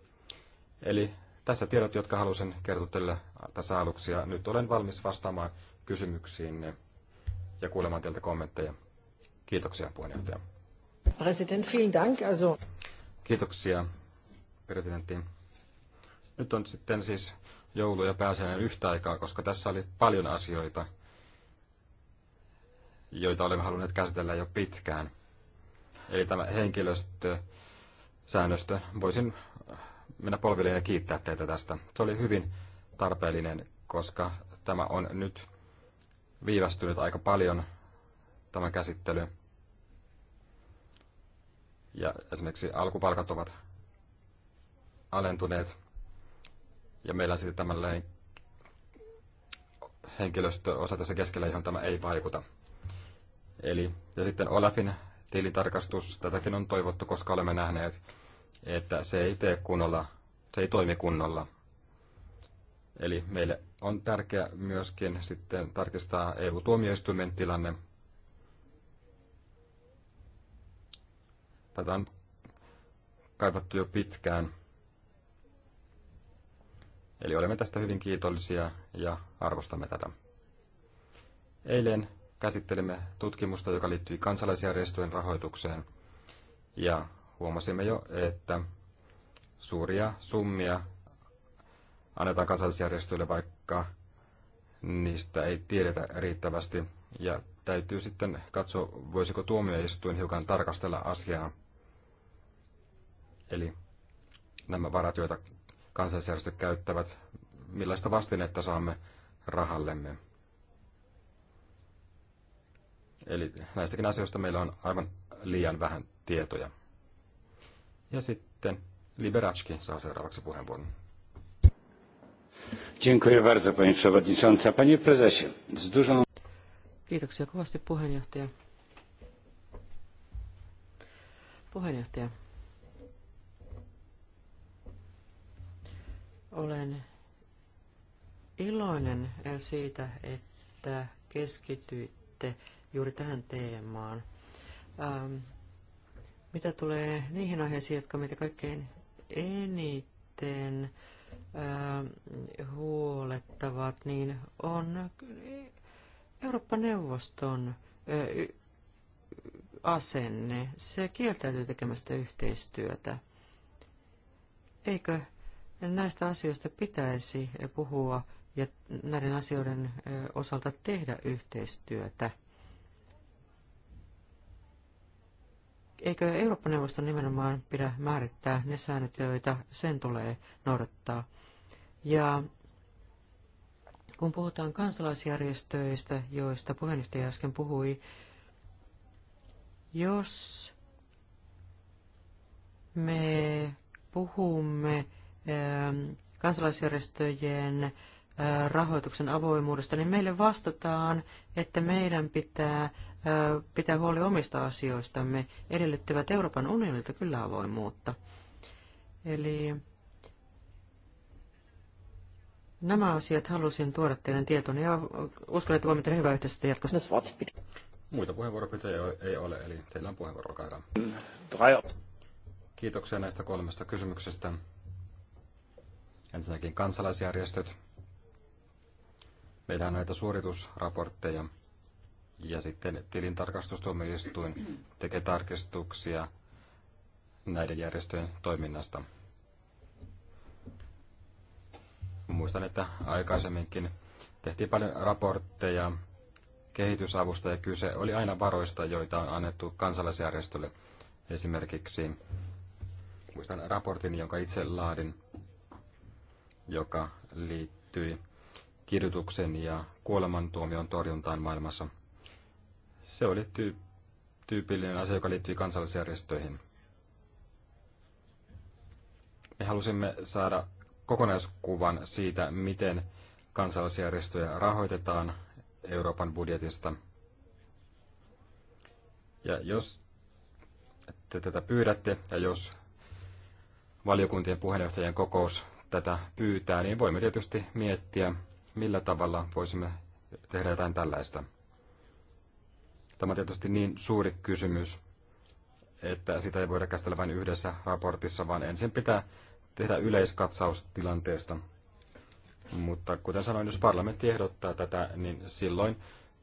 Eli tässä tiedot, jotka halusin kertoa teille tässä aluksi ja nyt olen valmis vastaamaan kysymyksiin ja kuulemaan teiltä kommentteja. Kiitoksia puheenjohtaja. President, vielen Dank. Also... Kiitoksia presidentti. Nyt on sitten siis joulu ja pääsiäinen yhtä aikaa, koska tässä oli paljon asioita, joita olemme halunneet käsitellä jo pitkään. Eli tämä henkilöstö, säännöstö, voisin mennä polville ja kiittää teitä tästä. Se oli hyvin tarpeellinen, koska tämä on nyt viivästynyt aika paljon, tämä käsittely. Ja esimerkiksi alkupalkat ovat alentuneet ja meillä sitten tämmöinen henkilöstöosa tässä keskellä, johon tämä ei vaikuta. Eli, ja sitten Olafin tilintarkastus, tätäkin on toivottu, koska olemme nähneet, että se ei tee kunnolla, se ei toimi kunnolla. Eli meille on tärkeää myöskin sitten tarkistaa EU-tuomioistuimen tilanne. Tätä on kaivattu jo pitkään. Eli olemme tästä hyvin kiitollisia ja arvostamme tätä. Eilen käsittelimme tutkimusta, joka liittyi kansalaisjärjestöjen rahoitukseen, ja huomasimme jo, että suuria summia annetaan kansalaisjärjestöille, vaikka niistä ei tiedetä riittävästi, ja täytyy sitten katsoa, voisiko tuomioistuin hiukan tarkastella asiaa. Eli nämä varat, joita kansalaisjärjestöt käyttävät, millaista vastinetta saamme rahallemme. Eli näistäkin asioista meillä on aivan liian vähän tietoja. Ja sitten Liberacki saa seuraavaksi puheenvuoron. Dziękuję bardzo, Panie prezesie, z dużą... Kiitoksia kovasti puheenjohtaja. Puheenjohtaja. Olen iloinen siitä, että keskityitte juuri tähän teemaan. Ähm, mitä tulee niihin aiheisiin, jotka meitä kaikkein eniten ähm, huolettavat, niin on Eurooppa-neuvoston äh, asenne. Se kieltäytyy tekemästä yhteistyötä. Eikö Näistä asioista pitäisi puhua ja näiden asioiden osalta tehdä yhteistyötä. Eikö Eurooppa-neuvoston nimenomaan pidä määrittää ne säännöt, joita sen tulee noudattaa? Ja kun puhutaan kansalaisjärjestöistä, joista puheenjohtaja äsken puhui, jos me puhumme Ehm, kansalaisjärjestöjen eh, rahoituksen avoimuudesta, niin meille vastataan, että meidän pitää eh, pitää huoli omista asioistamme, edellyttävät Euroopan unionilta kyllä avoimuutta. Eli nämä asiat halusin tuoda teidän tietoon ja uskon, että voimme tehdä hyvää yhteistyötä jatkossa. Muita puheenvuoropyyntöjä ei ole, eli teillä on puheenvuoro, olkaa Kiitoksia näistä kolmesta kysymyksestä. Ensinnäkin kansalaisjärjestöt. Meillä on näitä suoritusraportteja ja sitten tilintarkastustuomioistuin tekee tarkistuksia näiden järjestöjen toiminnasta. Muistan, että aikaisemminkin tehtiin paljon raportteja kehitysavusta ja kyse oli aina varoista, joita on annettu kansalaisjärjestölle. Esimerkiksi muistan raportin, jonka itse laadin joka liittyi kidutuksen ja kuolemantuomion torjuntaan maailmassa. Se oli tyypillinen asia, joka liittyi kansallisjärjestöihin. Me halusimme saada kokonaiskuvan siitä, miten kansallisjärjestöjä rahoitetaan Euroopan budjetista. Ja jos te tätä pyydätte ja jos valiokuntien puheenjohtajien kokous tätä pyytää, niin voimme tietysti miettiä, millä tavalla voisimme tehdä jotain tällaista. Tämä on tietysti niin suuri kysymys, että sitä ei voida käsitellä vain yhdessä raportissa, vaan ensin pitää tehdä yleiskatsaus tilanteesta. Mutta kuten sanoin, jos parlamentti ehdottaa tätä, niin silloin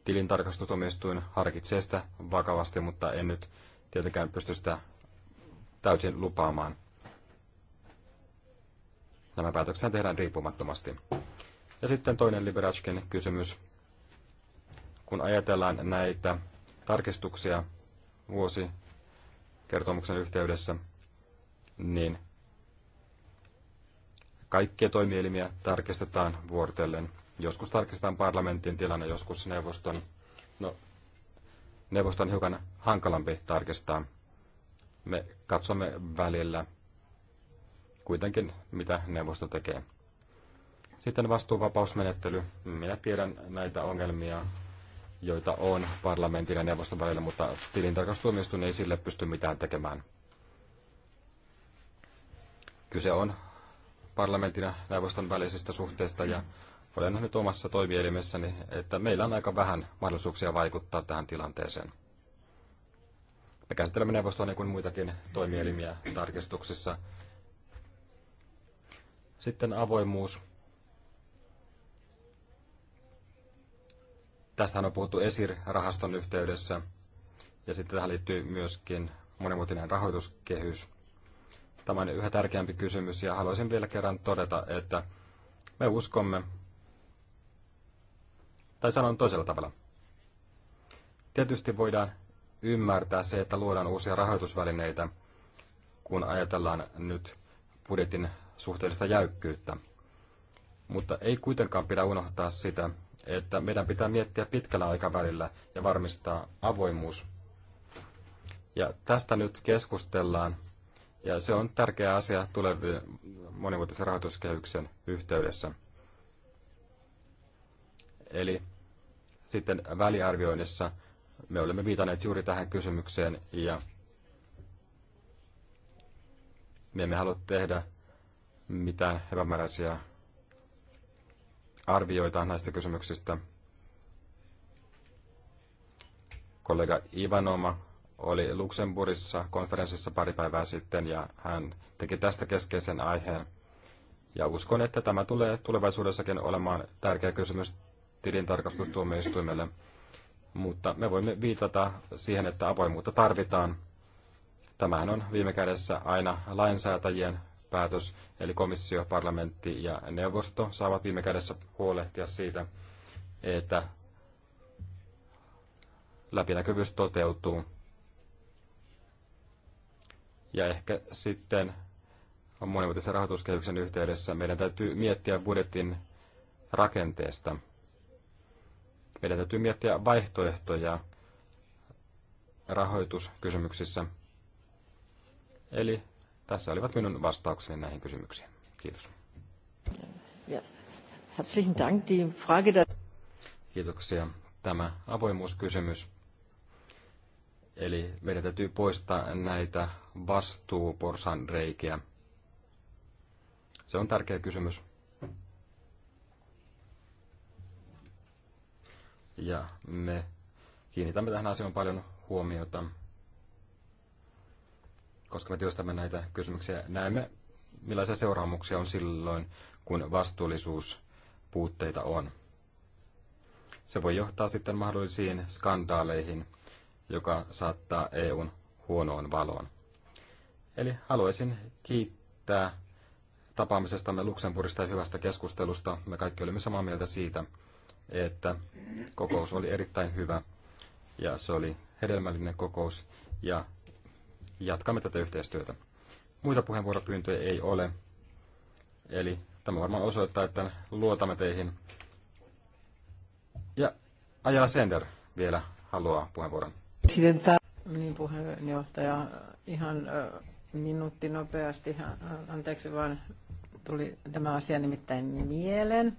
tilintarkastustomistuin harkitsee sitä vakavasti, mutta en nyt tietenkään pysty sitä täysin lupaamaan. Nämä päätöksiä tehdään riippumattomasti. Ja sitten toinen Liberatskin kysymys. Kun ajatellaan näitä tarkistuksia vuosi kertomuksen yhteydessä, niin kaikkia toimielimiä tarkistetaan vuorotellen. Joskus tarkistetaan parlamentin tilanne, joskus neuvoston. No, neuvoston hiukan hankalampi tarkistaa. Me katsomme välillä kuitenkin, mitä neuvosto tekee. Sitten vastuuvapausmenettely. Minä tiedän näitä ongelmia, joita on parlamentin ja neuvoston välillä, mutta tilintarkastustuomioistuin ei sille pysty mitään tekemään. Kyse on parlamentin ja neuvoston välisistä suhteista ja olen nyt omassa toimielimessäni, että meillä on aika vähän mahdollisuuksia vaikuttaa tähän tilanteeseen. Me käsittelemme neuvostoa niin kuin muitakin toimielimiä tarkistuksissa sitten avoimuus. Tästähän on puhuttu ESIR-rahaston yhteydessä, ja sitten tähän liittyy myöskin monimuotinen rahoituskehys. Tämä on yhä tärkeämpi kysymys, ja haluaisin vielä kerran todeta, että me uskomme, tai sanon toisella tavalla. Tietysti voidaan ymmärtää se, että luodaan uusia rahoitusvälineitä, kun ajatellaan nyt budjetin suhteellista jäykkyyttä. Mutta ei kuitenkaan pidä unohtaa sitä, että meidän pitää miettiä pitkällä aikavälillä ja varmistaa avoimuus. Ja tästä nyt keskustellaan, ja se on tärkeä asia tulevien monivuotisen rahoituskehyksen yhteydessä. Eli sitten väliarvioinnissa me olemme viitanneet juuri tähän kysymykseen, ja me emme halua tehdä mitään epämääräisiä arvioita näistä kysymyksistä. Kollega Ivanoma oli Luxemburgissa konferenssissa pari päivää sitten ja hän teki tästä keskeisen aiheen. Ja uskon, että tämä tulee tulevaisuudessakin olemaan tärkeä kysymys tilintarkastustuomioistuimelle. Mutta me voimme viitata siihen, että avoimuutta tarvitaan. Tämähän on viime kädessä aina lainsäätäjien päätös, eli komissio, parlamentti ja neuvosto saavat viime kädessä huolehtia siitä, että läpinäkyvyys toteutuu. Ja ehkä sitten monivuotisen rahoituskehyksen yhteydessä meidän täytyy miettiä budjetin rakenteesta. Meidän täytyy miettiä vaihtoehtoja rahoituskysymyksissä. Eli tässä olivat minun vastaukseni näihin kysymyksiin. Kiitos. Herzlichen Dank. Die Frage der Kiitoksia. Tämä avoimuuskysymys. Eli meidän täytyy poistaa näitä vastuuporsan reikiä. Se on tärkeä kysymys. Ja me kiinnitämme tähän asiaan paljon huomiota koska me työstämme näitä kysymyksiä. Näemme, millaisia seuraamuksia on silloin, kun vastuullisuuspuutteita on. Se voi johtaa sitten mahdollisiin skandaaleihin, joka saattaa EUn huonoon valoon. Eli haluaisin kiittää tapaamisestamme Luxemburgista ja hyvästä keskustelusta. Me kaikki olimme samaa mieltä siitä, että kokous oli erittäin hyvä ja se oli hedelmällinen kokous ja jatkamme tätä yhteistyötä. Muita puheenvuoropyyntöjä ei ole, eli tämä varmaan osoittaa, että luotamme teihin. Ja Ajala Sender vielä haluaa puheenvuoron. Presidenta. Niin puheenjohtaja, ihan minuutti nopeasti, anteeksi vaan tuli tämä asia nimittäin mieleen.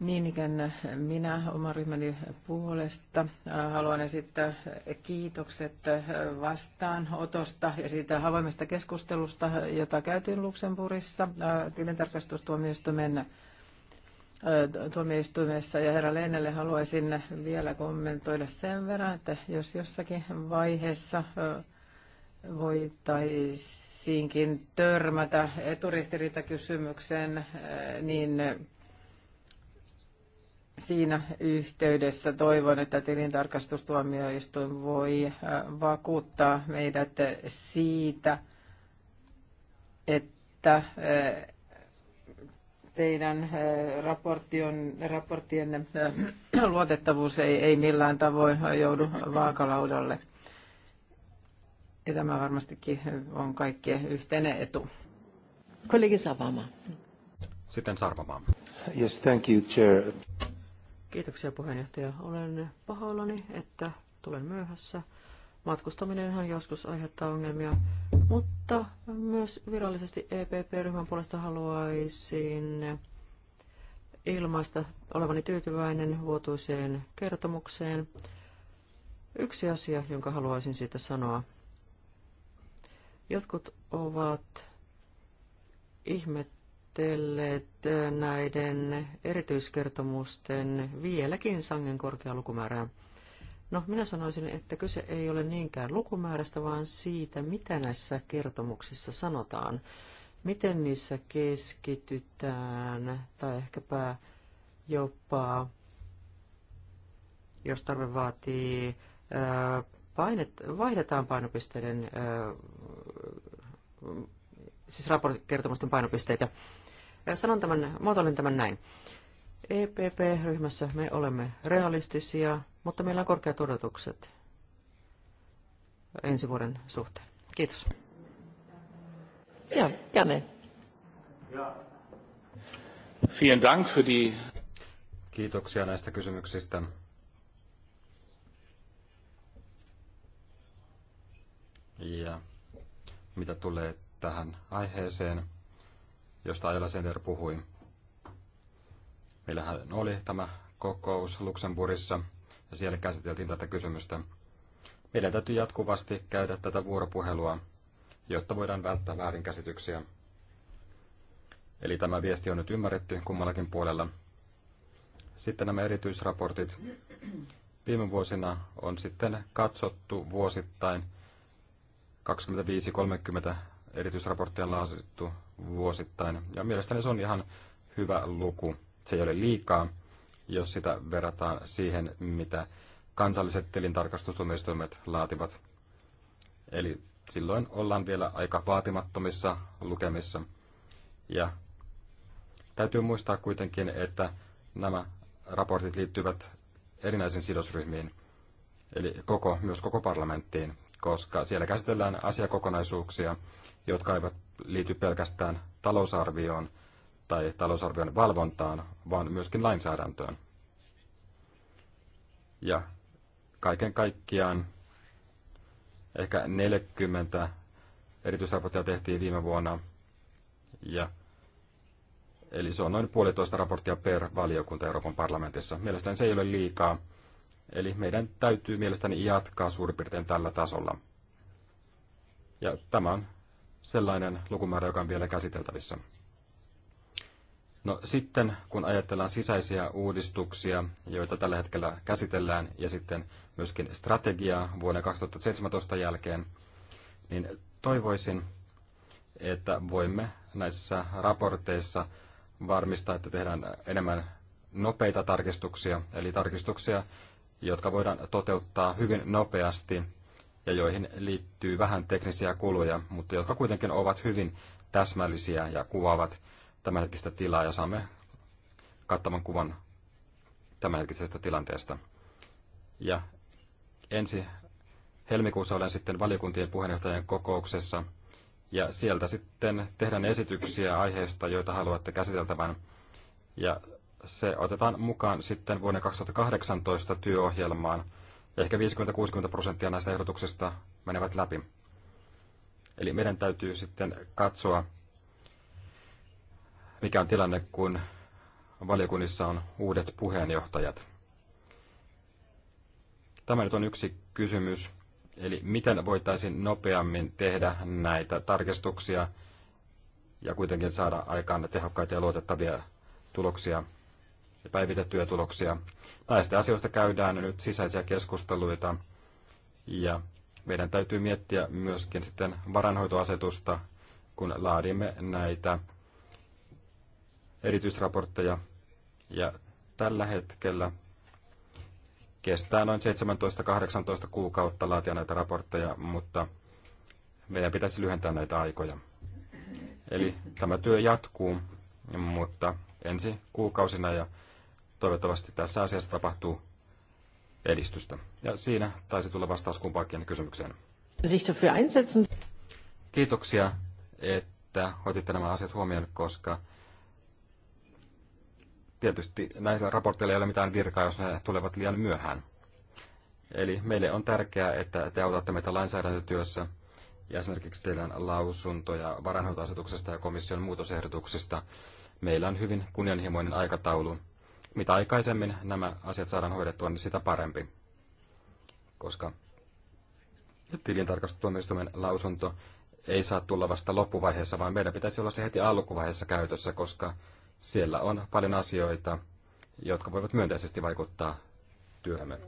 Niin ikään minä oman ryhmäni puolesta haluan esittää kiitokset vastaanotosta ja siitä havaimesta keskustelusta, jota käytiin Luxemburgissa tilintarkastustuomioistuimen tuomioistuimessa. Ja herra Leenelle haluaisin vielä kommentoida sen verran, että jos jossakin vaiheessa voitaisiinkin törmätä eturistiriitakysymykseen, niin siinä yhteydessä toivon, että tilintarkastustuomioistuin voi äh, vakuuttaa meidät siitä, että äh, teidän äh, raportion, [CLEARS THROAT] luotettavuus ei, ei millään tavoin joudu vaakalaudalle. Ja tämä varmastikin on kaikkien yhteinen etu. Kollegi Savama. Sitten Sarvamaa. Yes, thank you, Chair. Kiitoksia puheenjohtaja. Olen pahoillani, että tulen myöhässä. Matkustaminenhan joskus aiheuttaa ongelmia, mutta myös virallisesti EPP-ryhmän puolesta haluaisin ilmaista olevani tyytyväinen vuotuiseen kertomukseen. Yksi asia, jonka haluaisin siitä sanoa. Jotkut ovat ihmettä käsitelleet näiden erityiskertomusten vieläkin sangen korkea lukumäärää. No, minä sanoisin, että kyse ei ole niinkään lukumäärästä, vaan siitä, mitä näissä kertomuksissa sanotaan, miten niissä keskitytään tai ehkäpä jopa, jos tarve vaatii, painet, vaihdetaan painopisteiden, siis raporttikertomusten painopisteitä. Sanon tämän, muotoilen tämän näin. EPP-ryhmässä me olemme realistisia, mutta meillä on korkeat odotukset ensi vuoden suhteen. Kiitos. Ja, Janne. Ja. Vielen Dank für die... Kiitoksia näistä kysymyksistä. Ja mitä tulee tähän aiheeseen, josta Ajala Center puhui. Meillähän oli tämä kokous Luxemburgissa ja siellä käsiteltiin tätä kysymystä. Meidän täytyy jatkuvasti käydä tätä vuoropuhelua, jotta voidaan välttää väärinkäsityksiä. Eli tämä viesti on nyt ymmärretty kummallakin puolella. Sitten nämä erityisraportit. Viime vuosina on sitten katsottu vuosittain 25-30 erityisraportteja laasittu vuosittain. Ja mielestäni se on ihan hyvä luku. Se ei ole liikaa, jos sitä verrataan siihen, mitä kansalliset tilintarkastustuomioistuimet laativat. Eli silloin ollaan vielä aika vaatimattomissa lukemissa. Ja täytyy muistaa kuitenkin, että nämä raportit liittyvät erinäisiin sidosryhmiin, eli koko, myös koko parlamenttiin koska siellä käsitellään asiakokonaisuuksia, jotka eivät liity pelkästään talousarvioon tai talousarvion valvontaan, vaan myöskin lainsäädäntöön. Ja kaiken kaikkiaan ehkä 40 erityisraporttia tehtiin viime vuonna, ja eli se on noin puolitoista raporttia per valiokunta Euroopan parlamentissa. Mielestäni se ei ole liikaa, Eli meidän täytyy mielestäni jatkaa suurin piirtein tällä tasolla. Ja tämä on sellainen lukumäärä, joka on vielä käsiteltävissä. No sitten, kun ajatellaan sisäisiä uudistuksia, joita tällä hetkellä käsitellään, ja sitten myöskin strategiaa vuoden 2017 jälkeen, niin toivoisin, että voimme näissä raporteissa varmistaa, että tehdään enemmän nopeita tarkistuksia, eli tarkistuksia, jotka voidaan toteuttaa hyvin nopeasti ja joihin liittyy vähän teknisiä kuluja, mutta jotka kuitenkin ovat hyvin täsmällisiä ja kuvaavat tämänhetkistä tilaa ja saamme kattavan kuvan tämänhetkisestä tilanteesta. Ja ensi helmikuussa olen sitten valiokuntien puheenjohtajien kokouksessa ja sieltä sitten tehdään esityksiä aiheesta, joita haluatte käsiteltävän. Ja se otetaan mukaan sitten vuoden 2018 työohjelmaan. Ja ehkä 50-60 prosenttia näistä ehdotuksista menevät läpi. Eli meidän täytyy sitten katsoa, mikä on tilanne, kun valiokunnissa on uudet puheenjohtajat. Tämä nyt on yksi kysymys. Eli miten voitaisiin nopeammin tehdä näitä tarkistuksia ja kuitenkin saada aikaan tehokkaita ja luotettavia tuloksia ja päivitettyjä tuloksia. Näistä asioista käydään nyt sisäisiä keskusteluita ja meidän täytyy miettiä myöskin sitten varanhoitoasetusta, kun laadimme näitä erityisraportteja. Ja tällä hetkellä kestää noin 17-18 kuukautta laatia näitä raportteja, mutta meidän pitäisi lyhentää näitä aikoja. Eli tämä työ jatkuu, mutta ensi kuukausina ja toivottavasti tässä asiassa tapahtuu edistystä. Ja siinä taisi tulla vastaus kumpaakin kysymykseen. Kiitoksia, että otitte nämä asiat huomioon, koska tietysti näillä raporteilla ei ole mitään virkaa, jos ne tulevat liian myöhään. Eli meille on tärkeää, että te autatte meitä lainsäädäntötyössä ja esimerkiksi teidän lausuntoja varainhoitoasetuksesta ja komission muutosehdotuksista. Meillä on hyvin kunnianhimoinen aikataulu mitä aikaisemmin nämä asiat saadaan hoidettua, niin sitä parempi. Koska tilintarkastustuomioistuimen lausunto ei saa tulla vasta loppuvaiheessa, vaan meidän pitäisi olla se heti alkuvaiheessa käytössä, koska siellä on paljon asioita, jotka voivat myönteisesti vaikuttaa työhömme.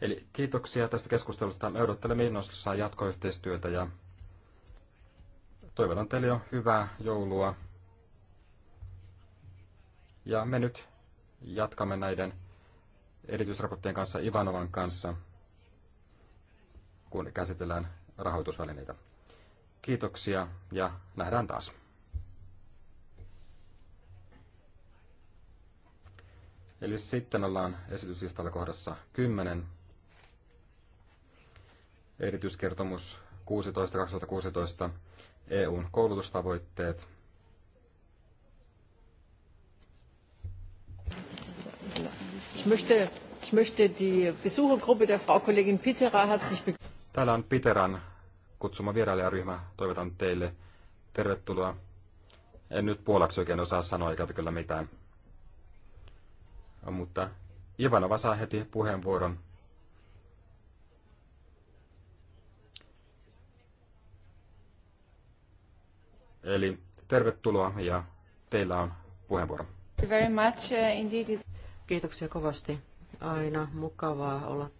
Eli kiitoksia tästä keskustelusta. Me odottelemme innossa jatkoyhteistyötä ja toivotan teille jo hyvää joulua. Ja me nyt jatkamme näiden erityisraporttien kanssa Ivanovan kanssa, kun käsitellään rahoitusvälineitä. Kiitoksia ja nähdään taas. Eli sitten ollaan esityslistalla kohdassa 10. Erityiskertomus 16.2016 EUn koulutustavoitteet – Ich möchte, die Besuchergruppe der Frau Kollegin Pitera herzlich Täällä on Piteran kutsuma vierailijaryhmä. Toivotan teille tervetuloa. En nyt puolaksi oikein osaa sanoa eikä kyllä mitään. Mutta Ivanova saa heti puheenvuoron. Eli tervetuloa ja teillä on puheenvuoro. Thank you Very much, Uh, indeed. it's... Kiitoksia kovasti. Aina mukavaa olla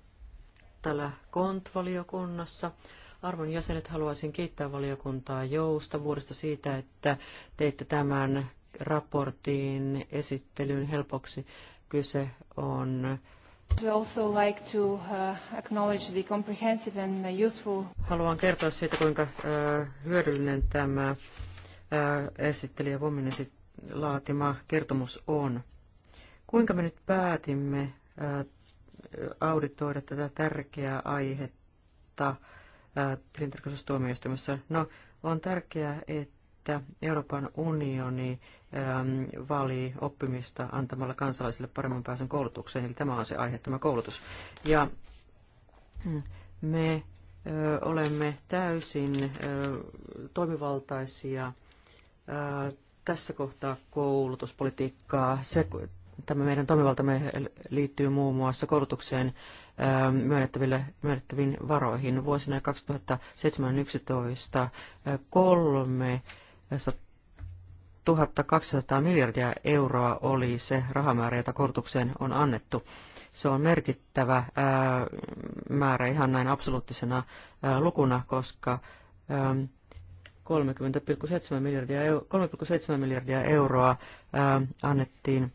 täällä KONT-valiokunnassa. Arvon jäsenet, haluaisin kiittää valiokuntaa joustavuudesta siitä, että teitte tämän raportin esittelyyn helpoksi. Kyse on uh, Haluan kertoa siitä, kuinka uh, hyödyllinen tämä uh, esittelijä Vomin laatima kertomus on. Kuinka me nyt päätimme äh, auditoida tätä tärkeää aihetta äh, tilintarkastustuomioistuimessa? No, on tärkeää, että Euroopan unioni ähm, vali oppimista antamalla kansalaisille paremman pääsyn koulutukseen, eli tämä on se aihe, tämä koulutus. Ja mm, me äh, olemme täysin toimivaltaisia tässä kohtaa koulutuspolitiikkaa. Se tämä meidän toimivaltamme liittyy muun muassa koulutukseen ähm, myönnettäville, myönnettäviin varoihin. Vuosina 2017 2011 äh, kolme 1200 miljardia euroa oli se rahamäärä, jota koulutukseen on annettu. Se on merkittävä ää, äh, määrä ihan näin absoluuttisena ää, äh, lukuna, koska 30,7 ähm, miljardia, 3,7 miljardia euroa ää, annettiin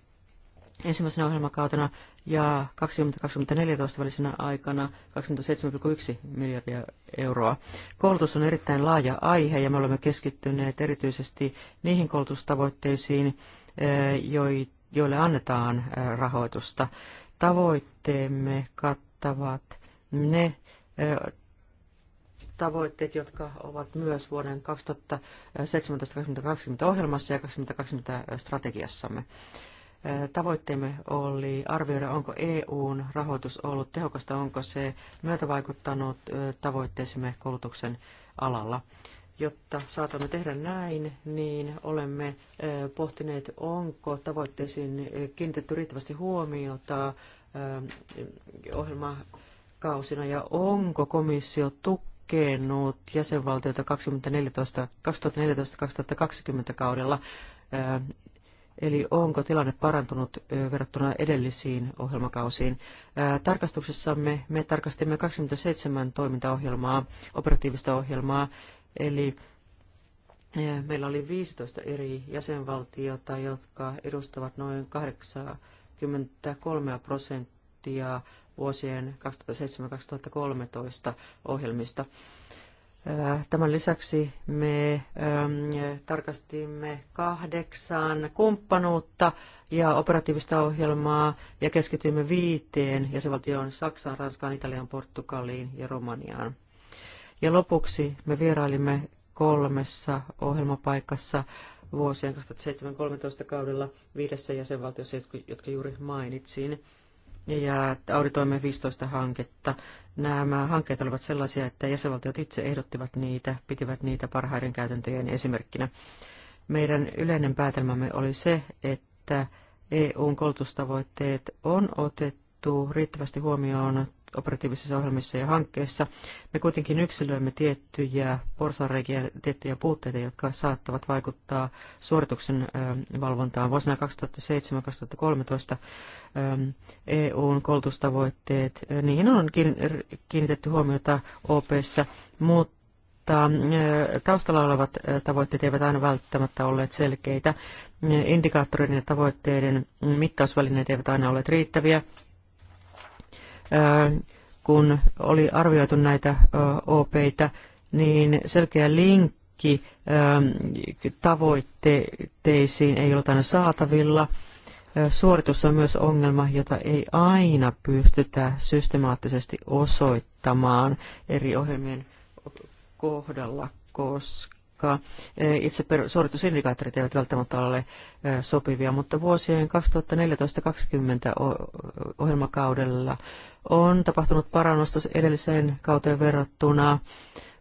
ensimmäisenä ohjelmakautena ja 2024 välisenä aikana 27,1 miljardia euroa. Koulutus on erittäin laaja aihe ja me olemme keskittyneet erityisesti niihin koulutustavoitteisiin, eh, joille annetaan eh, rahoitusta. Tavoitteemme kattavat ne eh, tavoitteet, jotka ovat myös vuoden 2017-2020 ohjelmassa ja 2020 strategiassamme. Tavoitteemme oli arvioida, onko EUn rahoitus ollut tehokasta, onko se myötävaikuttanut tavoitteisimme koulutuksen alalla. Jotta saatamme tehdä näin, niin olemme pohtineet, onko tavoitteisiin kiinnitetty riittävästi huomiota ohjelmakausina ja onko komissio tukenut jäsenvaltioita 2014-2020 kaudella Eli onko tilanne parantunut verrattuna edellisiin ohjelmakausiin? Tarkastuksessamme me tarkastimme 27 toimintaohjelmaa, operatiivista ohjelmaa, eli meillä oli 15 eri jäsenvaltiota, jotka edustavat noin 83 prosenttia vuosien 2007-2013 ohjelmista. Tämän lisäksi me tarkastimme kahdeksan kumppanuutta ja operatiivista ohjelmaa ja keskityimme viiteen jäsenvaltioon Saksaan, Ranskaan, Italiaan, Portugaliin ja Romaniaan. Ja lopuksi me vierailimme kolmessa ohjelmapaikassa vuosien 2007-2013 kaudella viidessä jäsenvaltiossa, jotka juuri mainitsin ja auditoimme 15 hanketta. Nämä hankkeet olivat sellaisia, että jäsenvaltiot itse ehdottivat niitä, pitivät niitä parhaiden käytäntöjen esimerkkinä. Meidän yleinen päätelmämme oli se, että EUn koulutustavoitteet on otettu riittävästi huomioon operatiivisissa ohjelmissa ja hankkeissa. Me kuitenkin yksilöimme tiettyjä porsareikiä, tiettyjä puutteita, jotka saattavat vaikuttaa suorituksen valvontaan. Vuosina 2007-2013 EUn koulutustavoitteet, niihin on kiinnitetty huomiota OPssa, mutta taustalla olevat tavoitteet eivät aina välttämättä olleet selkeitä. Indikaattoreiden ja tavoitteiden mittausvälineet eivät aina olleet riittäviä kun oli arvioitu näitä OPitä, niin selkeä linkki tavoitteisiin ei ollut aina saatavilla. Suoritus on myös ongelma, jota ei aina pystytä systemaattisesti osoittamaan eri ohjelmien kohdalla, koska vaikka itse suoritusindikaattorit eivät välttämättä ole sopivia, mutta vuosien 2014-2020 ohjelmakaudella on tapahtunut parannusta edelliseen kauteen verrattuna.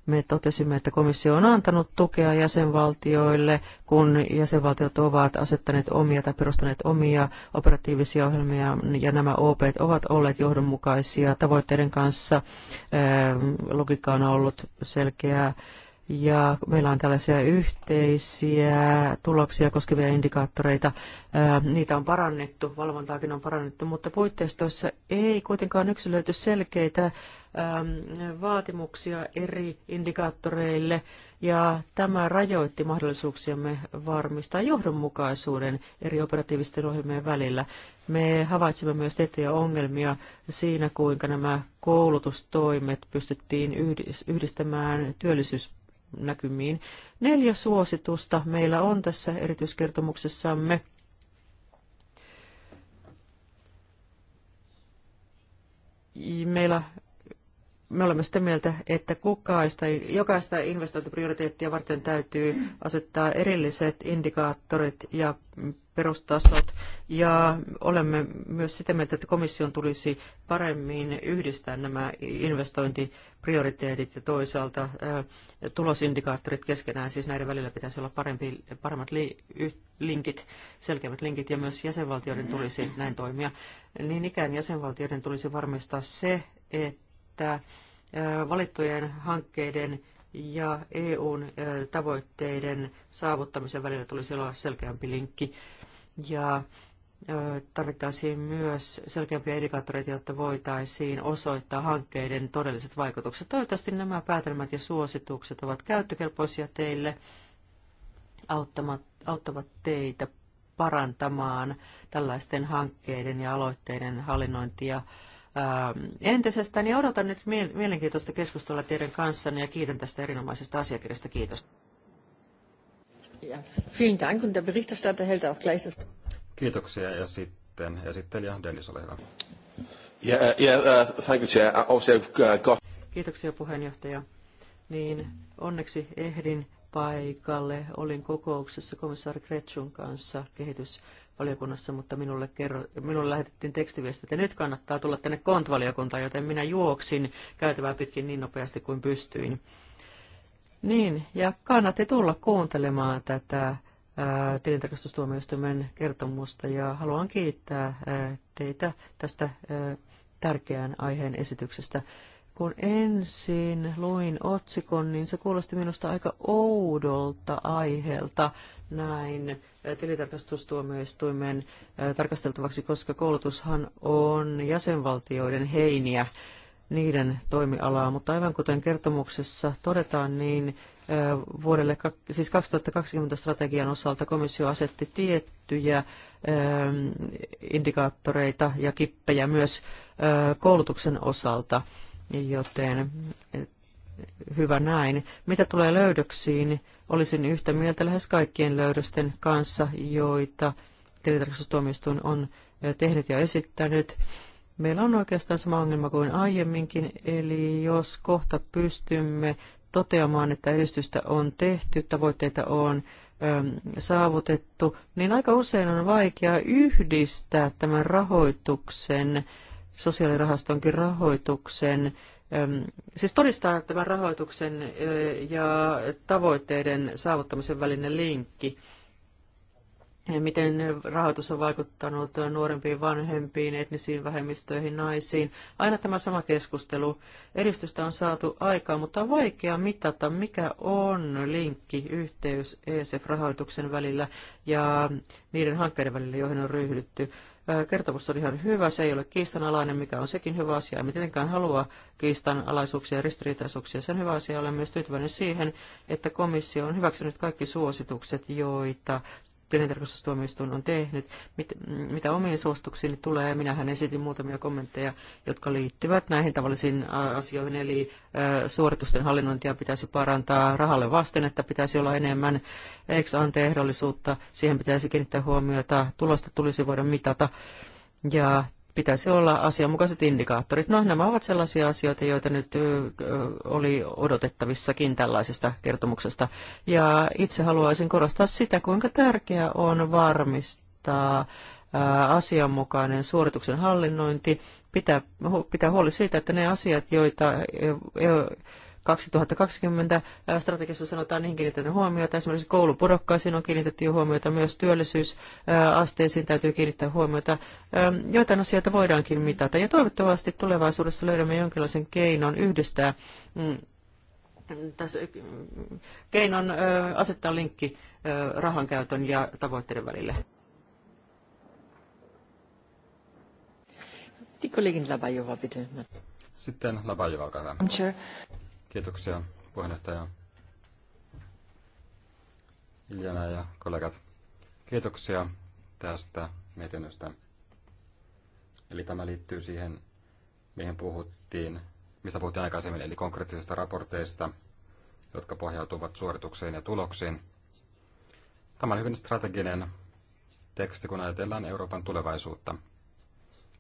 Me totesimme, että komissio on antanut tukea jäsenvaltioille, kun jäsenvaltiot ovat asettaneet omia tai perustaneet omia operatiivisia ohjelmia, ja nämä OP ovat olleet johdonmukaisia tavoitteiden kanssa. Logiikka on ollut selkeää ja meillä on tällaisia yhteisiä tuloksia koskevia indikaattoreita. Niitä on parannettu, valvontaakin on parannettu, mutta puitteistoissa ei kuitenkaan yksilöity selkeitä vaatimuksia eri indikaattoreille, ja tämä rajoitti mahdollisuuksiamme varmistaa johdonmukaisuuden eri operatiivisten ohjelmien välillä. Me havaitsimme myös tiettyjä ongelmia siinä, kuinka nämä koulutustoimet pystyttiin yhdistämään työllisyys näkymiin. Neljä suositusta meillä on tässä erityiskertomuksessamme. Meillä me olemme sitä mieltä, että kukaista, jokaista investointiprioriteettia varten täytyy asettaa erilliset indikaattorit ja perustasot. Ja olemme myös sitä mieltä, että komission tulisi paremmin yhdistää nämä investointiprioriteetit ja toisaalta äh, tulosindikaattorit keskenään. Siis näiden välillä pitäisi olla parempi, paremmat li, linkit, selkeämmät linkit ja myös jäsenvaltioiden tulisi näin toimia. Niin ikään jäsenvaltioiden tulisi varmistaa se, että että valittujen hankkeiden ja EUn tavoitteiden saavuttamisen välillä tulisi olla selkeämpi linkki. Ja tarvittaisiin myös selkeämpiä indikaattoreita, jotta voitaisiin osoittaa hankkeiden todelliset vaikutukset. Toivottavasti nämä päätelmät ja suositukset ovat käyttökelpoisia teille, auttavat teitä parantamaan tällaisten hankkeiden ja aloitteiden hallinnointia Ähm, entisestäni. Niin odotan nyt mielenkiintoista keskustelua teidän kanssanne ja kiitän tästä erinomaisesta asiakirjasta. Kiitos. Ja, vielen Dank und der Berichterstatter hält auch gleich das... Kiitoksia ja sitten esittelijä Dennis, ole hyvä. Yeah, äh, yeah, äh, uh, thank you, Chair. Uh, uh, got... Kiitoksia puheenjohtaja. Niin onneksi ehdin paikalle. Olin kokouksessa komissaari Kretschun kanssa kehitys- valiokunnassa, mutta minulle, kerro, minulle lähetettiin tekstiviesti, että nyt kannattaa tulla tänne kontvaliokuntaan, joten minä juoksin käytävää pitkin niin nopeasti kuin pystyin. Niin, ja kannatte tulla kuuntelemaan tätä tilintarkastustuomioistuimen kertomusta ja haluan kiittää ää, teitä tästä ää, tärkeän aiheen esityksestä. Kun ensin luin otsikon, niin se kuulosti minusta aika oudolta aiheelta näin tilitarkastustuomioistuimen tarkasteltavaksi, koska koulutushan on jäsenvaltioiden heiniä niiden toimialaa, mutta aivan kuten kertomuksessa todetaan, niin vuodelle siis 2020 strategian osalta komissio asetti tiettyjä indikaattoreita ja kippejä myös koulutuksen osalta joten eh, hyvä näin. Mitä tulee löydöksiin, olisin yhtä mieltä lähes kaikkien löydösten kanssa, joita tilintarkastustuomioistuin on eh, tehnyt ja esittänyt. Meillä on oikeastaan sama ongelma kuin aiemminkin, eli jos kohta pystymme toteamaan, että edistystä on tehty, tavoitteita on ehm, saavutettu, niin aika usein on vaikea yhdistää tämän rahoituksen sosiaalirahastonkin rahoituksen, ähm, siis todistaa tämän rahoituksen äh, ja tavoitteiden saavuttamisen välinen linkki. Äh, miten rahoitus on vaikuttanut nuorempiin, vanhempiin, etnisiin vähemmistöihin, naisiin. Aina tämä sama keskustelu. Edistystä on saatu aikaa, mutta on vaikea mitata, mikä on linkki, yhteys ESF-rahoituksen välillä ja niiden hankkeiden välillä, joihin on ryhdytty. Kertomus on ihan hyvä, se ei ole kiistanalainen, mikä on sekin hyvä asia. Emme tietenkään halua kiistanalaisuuksia ja ristiriitaisuuksia. Sen hyvä asia olen myös tyytyväinen siihen, että komissio on hyväksynyt kaikki suositukset, joita tilintarkastustuomioistuin on tehnyt. Mit, mitä omiin suostuksiin tulee, minähän esitin muutamia kommentteja, jotka liittyvät näihin tavallisiin asioihin, eli suoritusten hallinnointia pitäisi parantaa, rahalle että pitäisi olla enemmän, ex ante ehdollisuutta, siihen pitäisi kiinnittää huomiota, tulosta tulisi voida mitata, ja pitäisi olla asianmukaiset indikaattorit. No, nämä ovat sellaisia asioita, joita nyt oli odotettavissakin tällaisesta kertomuksesta. Ja itse haluaisin korostaa sitä, kuinka tärkeää on varmistaa asianmukainen suorituksen hallinnointi, pitää, pitää huoli siitä, että ne asiat, joita 2020 strategiassa sanotaan niin kiinnitetty huomiota. Esimerkiksi koulupudokkaisiin on kiinnitetty jo huomiota, myös työllisyysasteisiin täytyy kiinnittää huomiota. Ähm, joitain asioita voidaankin mitata ja toivottavasti tulevaisuudessa löydämme jonkinlaisen keinon yhdistää mm, tässä mm, keinon asettaa linkki rahankäytön ja tavoitteiden välille. Die Kollegin Labajova, bitte. Sitten Labajova, olkaa hyvä. Kiitoksia puheenjohtaja Iljana ja kollegat. Kiitoksia tästä mietinnöstä. Eli tämä liittyy siihen, mihin puhuttiin, mistä puhuttiin aikaisemmin, eli konkreettisista raporteista, jotka pohjautuvat suoritukseen ja tuloksiin. Tämä on hyvin strateginen teksti, kun ajatellaan Euroopan tulevaisuutta.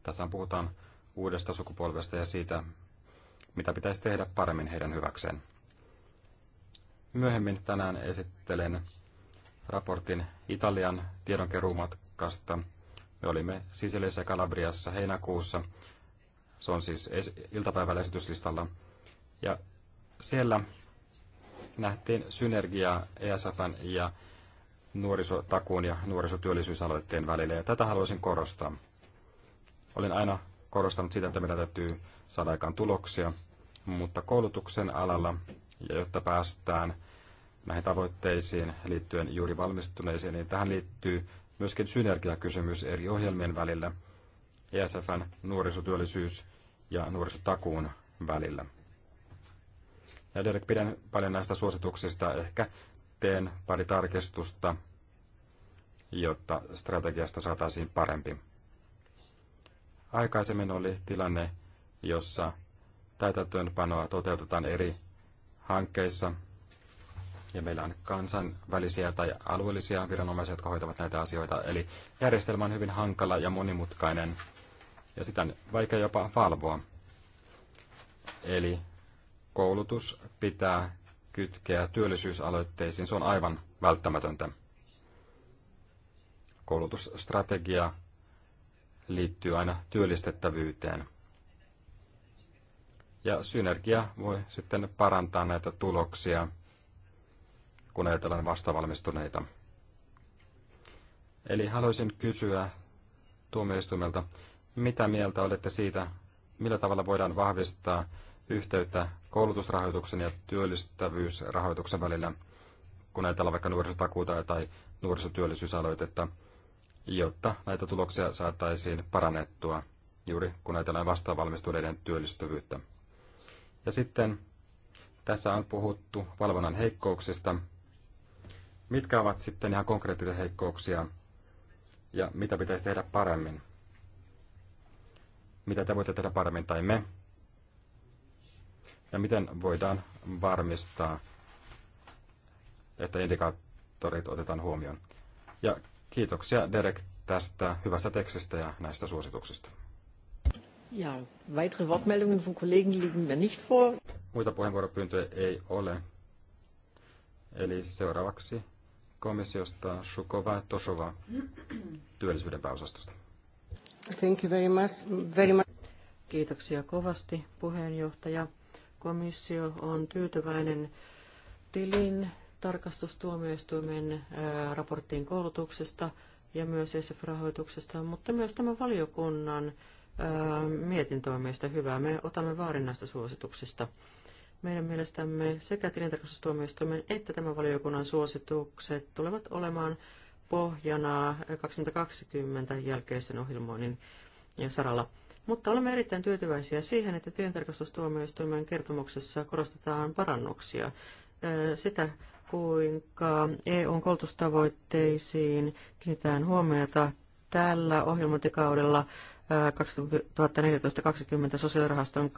Tässä puhutaan uudesta sukupolvesta ja siitä, mitä pitäisi tehdä paremmin heidän hyväkseen. Myöhemmin tänään esittelen raportin Italian tiedonkeruumatkasta. Me olimme Sisilissä ja Kalabriassa heinäkuussa. Se on siis iltapäivällä esityslistalla. Ja siellä nähtiin synergiaa ESFn ja nuorisotakuun ja nuorisotyöllisyysaloitteen välillä, ja tätä haluaisin korostaa. Olen aina korostanut sitä, että meidän täytyy saada aikaan tuloksia, mutta koulutuksen alalla, ja jotta päästään näihin tavoitteisiin liittyen juuri valmistuneisiin, niin tähän liittyy myöskin synergiakysymys eri ohjelmien välillä, ESFn nuorisotyöllisyys ja nuorisotakuun välillä. Ja Derek, pidän paljon näistä suosituksista. Ehkä teen pari tarkistusta, jotta strategiasta saataisiin parempi. Aikaisemmin oli tilanne, jossa täytäntöönpanoa toteutetaan eri hankkeissa. Ja meillä on kansainvälisiä tai alueellisia viranomaisia, jotka hoitavat näitä asioita. Eli järjestelmä on hyvin hankala ja monimutkainen, ja sitä on vaikea jopa valvoa. Eli koulutus pitää kytkeä työllisyysaloitteisiin, se on aivan välttämätöntä. Koulutusstrategia liittyy aina työllistettävyyteen – ja synergia voi sitten parantaa näitä tuloksia, kun ajatellaan vastavalmistuneita. Eli haluaisin kysyä tuomioistuimelta, mitä mieltä olette siitä, millä tavalla voidaan vahvistaa yhteyttä koulutusrahoituksen ja työllistävyysrahoituksen välillä, kun ajatellaan vaikka nuorisotakuuta tai nuorisotyöllisyysaloitetta, jotta näitä tuloksia saataisiin parannettua juuri kun ajatellaan vastavalmistuneiden työllistyvyyttä. Ja sitten tässä on puhuttu valvonnan heikkouksista. Mitkä ovat sitten ihan konkreettisia heikkouksia ja mitä pitäisi tehdä paremmin? Mitä te voitte tehdä paremmin tai me? Ja miten voidaan varmistaa, että indikaattorit otetaan huomioon? Ja kiitoksia Derek tästä hyvästä tekstistä ja näistä suosituksista. Ja, weitere Wortmeldungen von Kollegen liegen mir nicht vor. Muita puheenvuoropyyntöjä ei ole. Eli seuraavaksi komissiosta Shukova Tosova työllisyyden pääosastosta. Thank you very much. Very much. Kiitoksia kovasti puheenjohtaja. Komissio on tyytyväinen tilin tarkastustuomioistuimen raporttiin koulutuksesta ja myös ESF-rahoituksesta, mutta myös tämän valiokunnan mietintö on meistä hyvää. Me otamme vaarin näistä suosituksista. Meidän mielestämme sekä tilintarkastustuomioistuimen että tämän valiokunnan suositukset tulevat olemaan pohjana 2020 jälkeisen ohjelmoinnin saralla. Mutta olemme erittäin tyytyväisiä siihen, että tilintarkastustuomioistuimen kertomuksessa korostetaan parannuksia. Sitä, kuinka EUn koulutustavoitteisiin kiinnitään huomiota tällä ohjelmointikaudella 2014-2020 sosiaalirahaston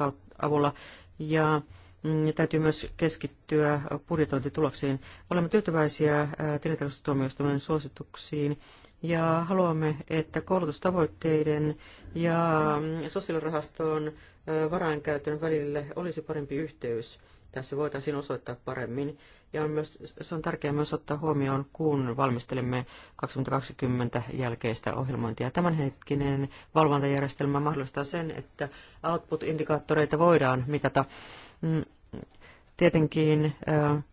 avulla ja mm, täytyy myös keskittyä budjetointituloksiin. Olemme tyytyväisiä äh, tilintarkastustuomioistuimen suosituksiin ja haluamme, että koulutustavoitteiden ja mm, sosiaalirahaston äh, varainkäytön välille olisi parempi yhteys tässä voitaisiin osoittaa paremmin. Ja on myös, se on tärkeää myös ottaa huomioon, kun valmistelemme 2020 jälkeistä ohjelmointia. Tämänhetkinen valvontajärjestelmä mahdollistaa sen, että output-indikaattoreita voidaan mitata. Mm, tietenkin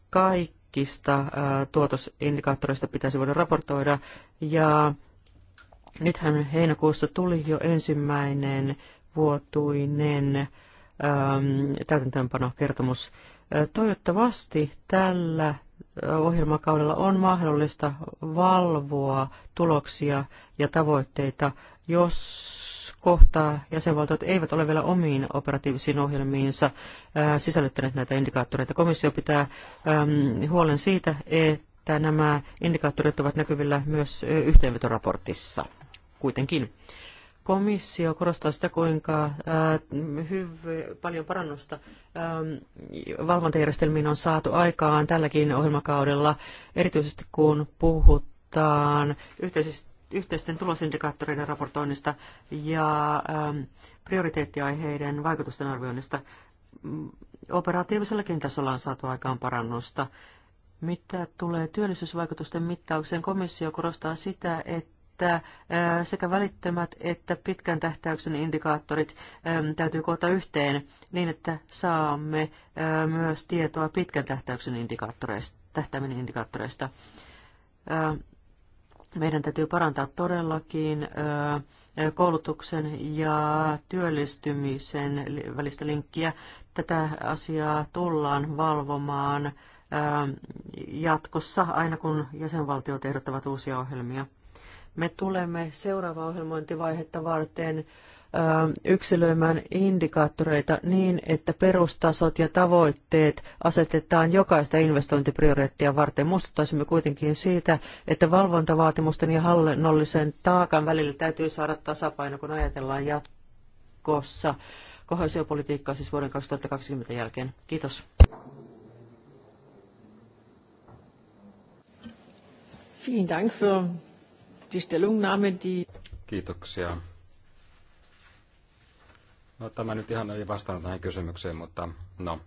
kaikista tuotosindikaattoreista pitäisi voida raportoida. Ja nythän heinäkuussa tuli jo ensimmäinen vuotuinen Ähm, täytäntöönpanokertomus. Toivottavasti tällä ohjelmakaudella on mahdollista valvoa tuloksia ja tavoitteita, jos kohtaa jäsenvaltiot eivät ole vielä omiin operatiivisiin ohjelmiinsa sisällyttäneet näitä indikaattoreita. Komissio pitää ähm, huolen siitä, että nämä indikaattorit ovat näkyvillä myös yhteenvetoraportissa kuitenkin. Komissio korostaa sitä, kuinka äh, paljon parannusta ähm, valvontajärjestelmiin on saatu aikaan tälläkin ohjelmakaudella, erityisesti kun puhutaan yhteisten tulosindikaattoreiden raportoinnista ja ähm, prioriteettiaiheiden vaikutusten arvioinnista. Operatiivisellakin tasolla on saatu aikaan parannusta. Mitä tulee työllisyysvaikutusten mittaukseen, komissio korostaa sitä, että että sekä välittömät että pitkän tähtäyksen indikaattorit täytyy koota yhteen niin, että saamme myös tietoa pitkän tähtäyksen indikaattoreista, tähtäimen indikaattoreista. Meidän täytyy parantaa todellakin koulutuksen ja työllistymisen välistä linkkiä. Tätä asiaa tullaan valvomaan jatkossa, aina kun jäsenvaltiot ehdottavat uusia ohjelmia. Me tulemme seuraavaa ohjelmointivaihetta varten yksilöimään indikaattoreita niin, että perustasot ja tavoitteet asetetaan jokaista investointiprioriteettia varten. Muistuttaisimme kuitenkin siitä, että valvontavaatimusten ja hallinnollisen taakan välillä täytyy saada tasapaino, kun ajatellaan jatkossa kohesiopolitiikkaa siis vuoden 2020 jälkeen. Kiitos. Vielen Dank für die Stellungnahme, die... Kiitoksia. No tämä nyt ihan ei vastannut tähän kysymykseen, mutta no.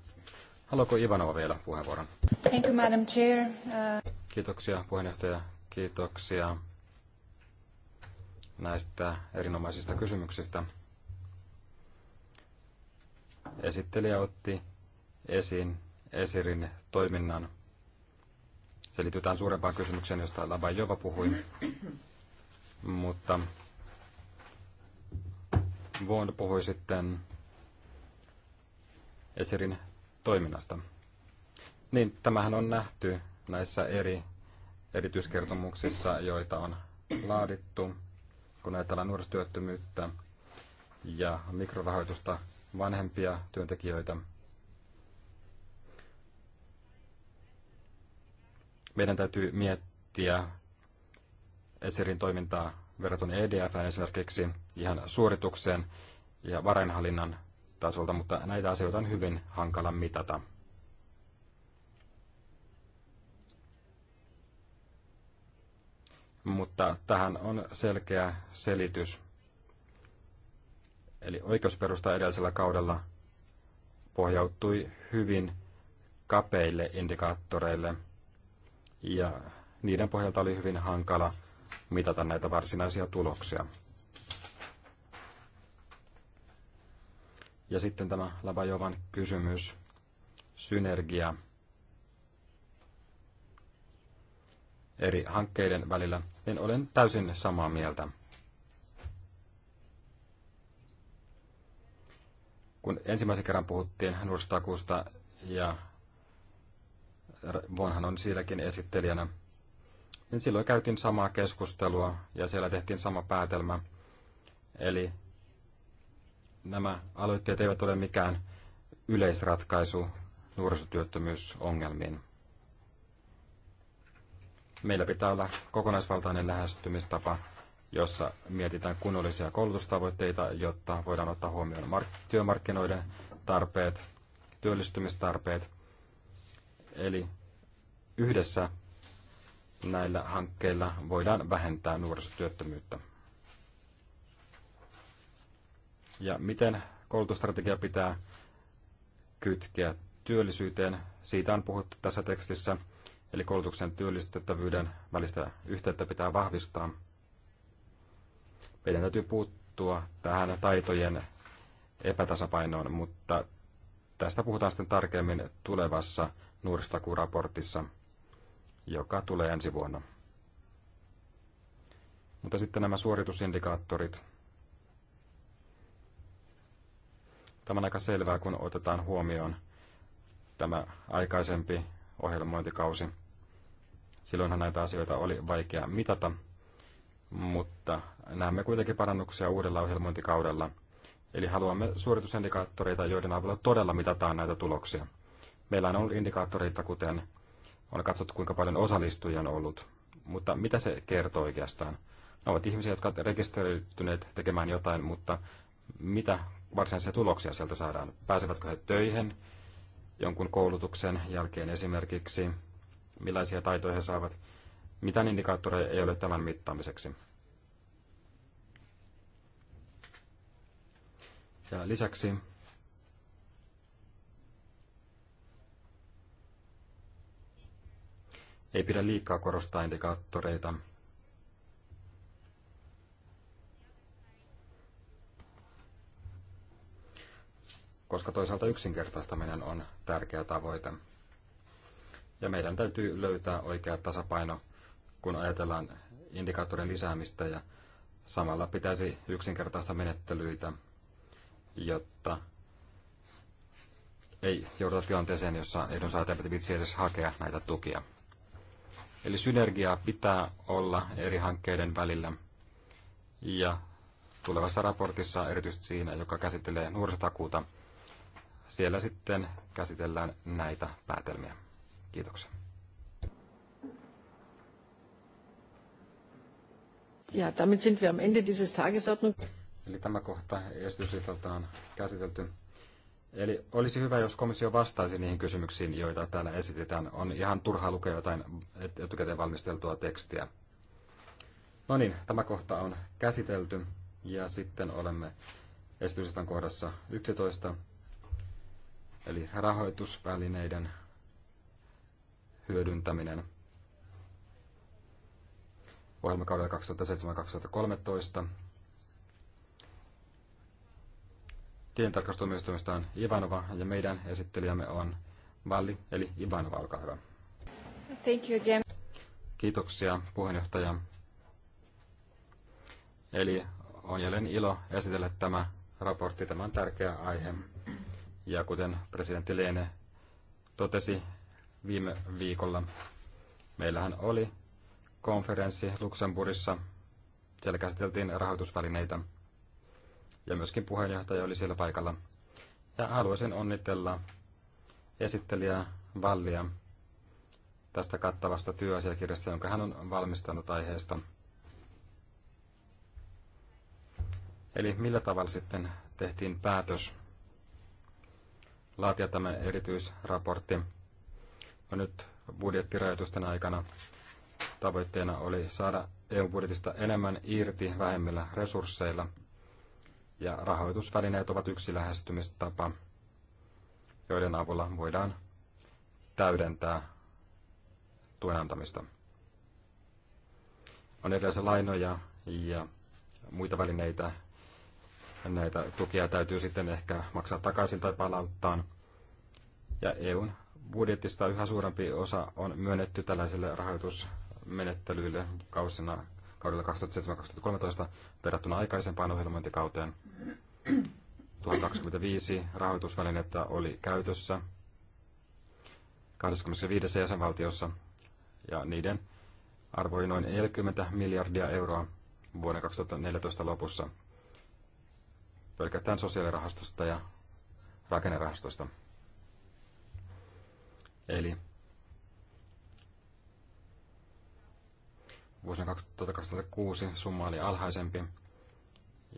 Haluatko Ivanova vielä puheenvuoron? Thank you, Madam Chair. Uh... Kiitoksia puheenjohtaja, kiitoksia näistä erinomaisista kysymyksistä. Esittelijä otti esiin Esirin toiminnan. Se liittyy tähän suurempaan kysymykseen, josta Labajova puhui mutta Bond puhui sitten Esirin toiminnasta. Niin, tämähän on nähty näissä eri erityiskertomuksissa, joita on laadittu, kun ajatellaan nuorisotyöttömyyttä ja mikrorahoitusta vanhempia työntekijöitä. Meidän täytyy miettiä Esirin toimintaa verrattuna EDF esimerkiksi ihan suoritukseen ja varainhallinnan tasolta, mutta näitä asioita on hyvin hankala mitata. Mutta tähän on selkeä selitys. Eli oikeusperusta edellisellä kaudella pohjautui hyvin kapeille indikaattoreille ja niiden pohjalta oli hyvin hankala mitata näitä varsinaisia tuloksia. Ja sitten tämä Labajovan kysymys, synergia eri hankkeiden välillä, niin olen täysin samaa mieltä. Kun ensimmäisen kerran puhuttiin Nurstakusta ja Vonhan on sielläkin esittelijänä, niin silloin käytiin samaa keskustelua ja siellä tehtiin sama päätelmä. Eli nämä aloitteet eivät ole mikään yleisratkaisu nuorisotyöttömyysongelmiin. Meillä pitää olla kokonaisvaltainen lähestymistapa, jossa mietitään kunnollisia koulutustavoitteita, jotta voidaan ottaa huomioon työmarkkinoiden tarpeet, työllistymistarpeet. Eli yhdessä näillä hankkeilla voidaan vähentää nuorisotyöttömyyttä. Ja miten koulutusstrategia pitää kytkeä työllisyyteen? Siitä on puhuttu tässä tekstissä, eli koulutuksen työllistettävyyden välistä yhteyttä pitää vahvistaa. Meidän täytyy puuttua tähän taitojen epätasapainoon, mutta tästä puhutaan sitten tarkemmin tulevassa nuorisotakuraportissa – joka tulee ensi vuonna. Mutta sitten nämä suoritusindikaattorit. Tämä on aika selvää, kun otetaan huomioon tämä aikaisempi ohjelmointikausi. Silloinhan näitä asioita oli vaikea mitata, mutta näemme kuitenkin parannuksia uudella ohjelmointikaudella. Eli haluamme suoritusindikaattoreita, joiden avulla todella mitataan näitä tuloksia. Meillä on ollut indikaattoreita, kuten on katsottu, kuinka paljon osallistujia on ollut. Mutta mitä se kertoo oikeastaan? Ne ovat ihmisiä, jotka ovat rekisteröityneet tekemään jotain, mutta mitä varsinaisia tuloksia sieltä saadaan? Pääsevätkö he töihin jonkun koulutuksen jälkeen esimerkiksi? Millaisia taitoja he saavat? Mitä indikaattoreja ei ole tämän mittaamiseksi. Ja lisäksi Ei pidä liikaa korostaa indikaattoreita. Koska toisaalta yksinkertaistaminen on tärkeä tavoite. Ja meidän täytyy löytää oikea tasapaino, kun ajatellaan indikaattorin lisäämistä ja samalla pitäisi yksinkertaista menettelyitä, jotta ei jouduta tilanteeseen, jossa ehdonsaataja piti itse edes hakea näitä tukia. Eli synergiaa pitää olla eri hankkeiden välillä. Ja tulevassa raportissa, erityisesti siinä, joka käsittelee nuorisotakuuta, siellä sitten käsitellään näitä päätelmiä. Kiitoksia. Ja, damit sind wir am Ende dieses Tagesordnung. Eli tämä kohta esityslistalta on käsitelty. Eli olisi hyvä, jos komissio vastaisi niihin kysymyksiin, joita täällä esitetään. On ihan turha lukea jotain etukäteen valmisteltua tekstiä. No niin, tämä kohta on käsitelty ja sitten olemme esityslistan kohdassa 11, eli rahoitusvälineiden hyödyntäminen ohjelmakaudella 2007-2013. tilintarkastustuomioistuimesta on Ivanova ja meidän esittelijämme on Valli, eli Ivanova, olkaa hyvä. Thank you again. Kiitoksia puheenjohtaja. Eli on jälleen ilo esitellä tämä raportti. Tämä on tärkeä aihe. Ja kuten presidentti Leene totesi viime viikolla, meillähän oli konferenssi Luxemburgissa. Siellä käsiteltiin rahoitusvälineitä ja myöskin puheenjohtaja oli siellä paikalla. Ja haluaisin onnitella esittelijää Vallia tästä kattavasta työasiakirjasta, jonka hän on valmistanut aiheesta. Eli millä tavalla sitten tehtiin päätös laatia tämä erityisraportti. No nyt budjettirajoitusten aikana tavoitteena oli saada EU-budjetista enemmän irti vähemmillä resursseilla – ja rahoitusvälineet ovat yksi lähestymistapa, joiden avulla voidaan täydentää tuen antamista. On erilaisia lainoja ja muita välineitä. Näitä tukia täytyy sitten ehkä maksaa takaisin tai palauttaa. Ja EUn budjettista yhä suurempi osa on myönnetty tällaisille rahoitusmenettelyille kausina kaudella 2007-2013 verrattuna aikaisempaan ohjelmointikauteen. 1025 rahoitusvälinettä oli käytössä 25 jäsenvaltiossa ja niiden arvo oli noin 40 miljardia euroa vuoden 2014 lopussa pelkästään sosiaalirahastosta ja rakennerahastosta. Eli vuosina 2006 summa oli alhaisempi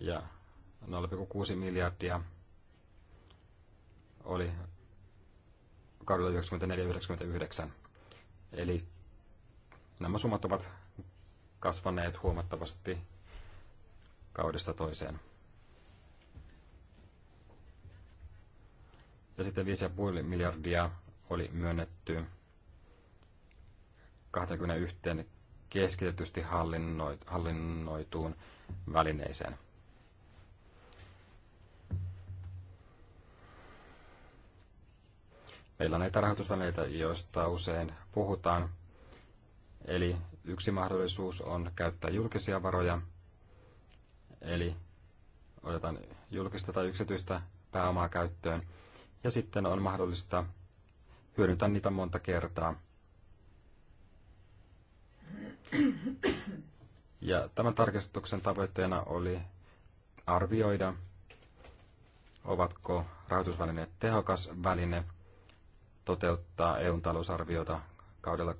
ja 0,6 miljardia oli kaudella 1994-1999. Eli nämä summat ovat kasvaneet huomattavasti kaudesta toiseen. Ja sitten 5,5 miljardia oli myönnetty 21 keskitetysti hallinnoituun välineeseen. Meillä on näitä rahoitusvälineitä, joista usein puhutaan. Eli yksi mahdollisuus on käyttää julkisia varoja, eli otetaan julkista tai yksityistä pääomaa käyttöön. Ja sitten on mahdollista hyödyntää niitä monta kertaa – ja tämän tarkistuksen tavoitteena oli arvioida, ovatko rahoitusvälineet tehokas väline toteuttaa EUn talousarviota kaudella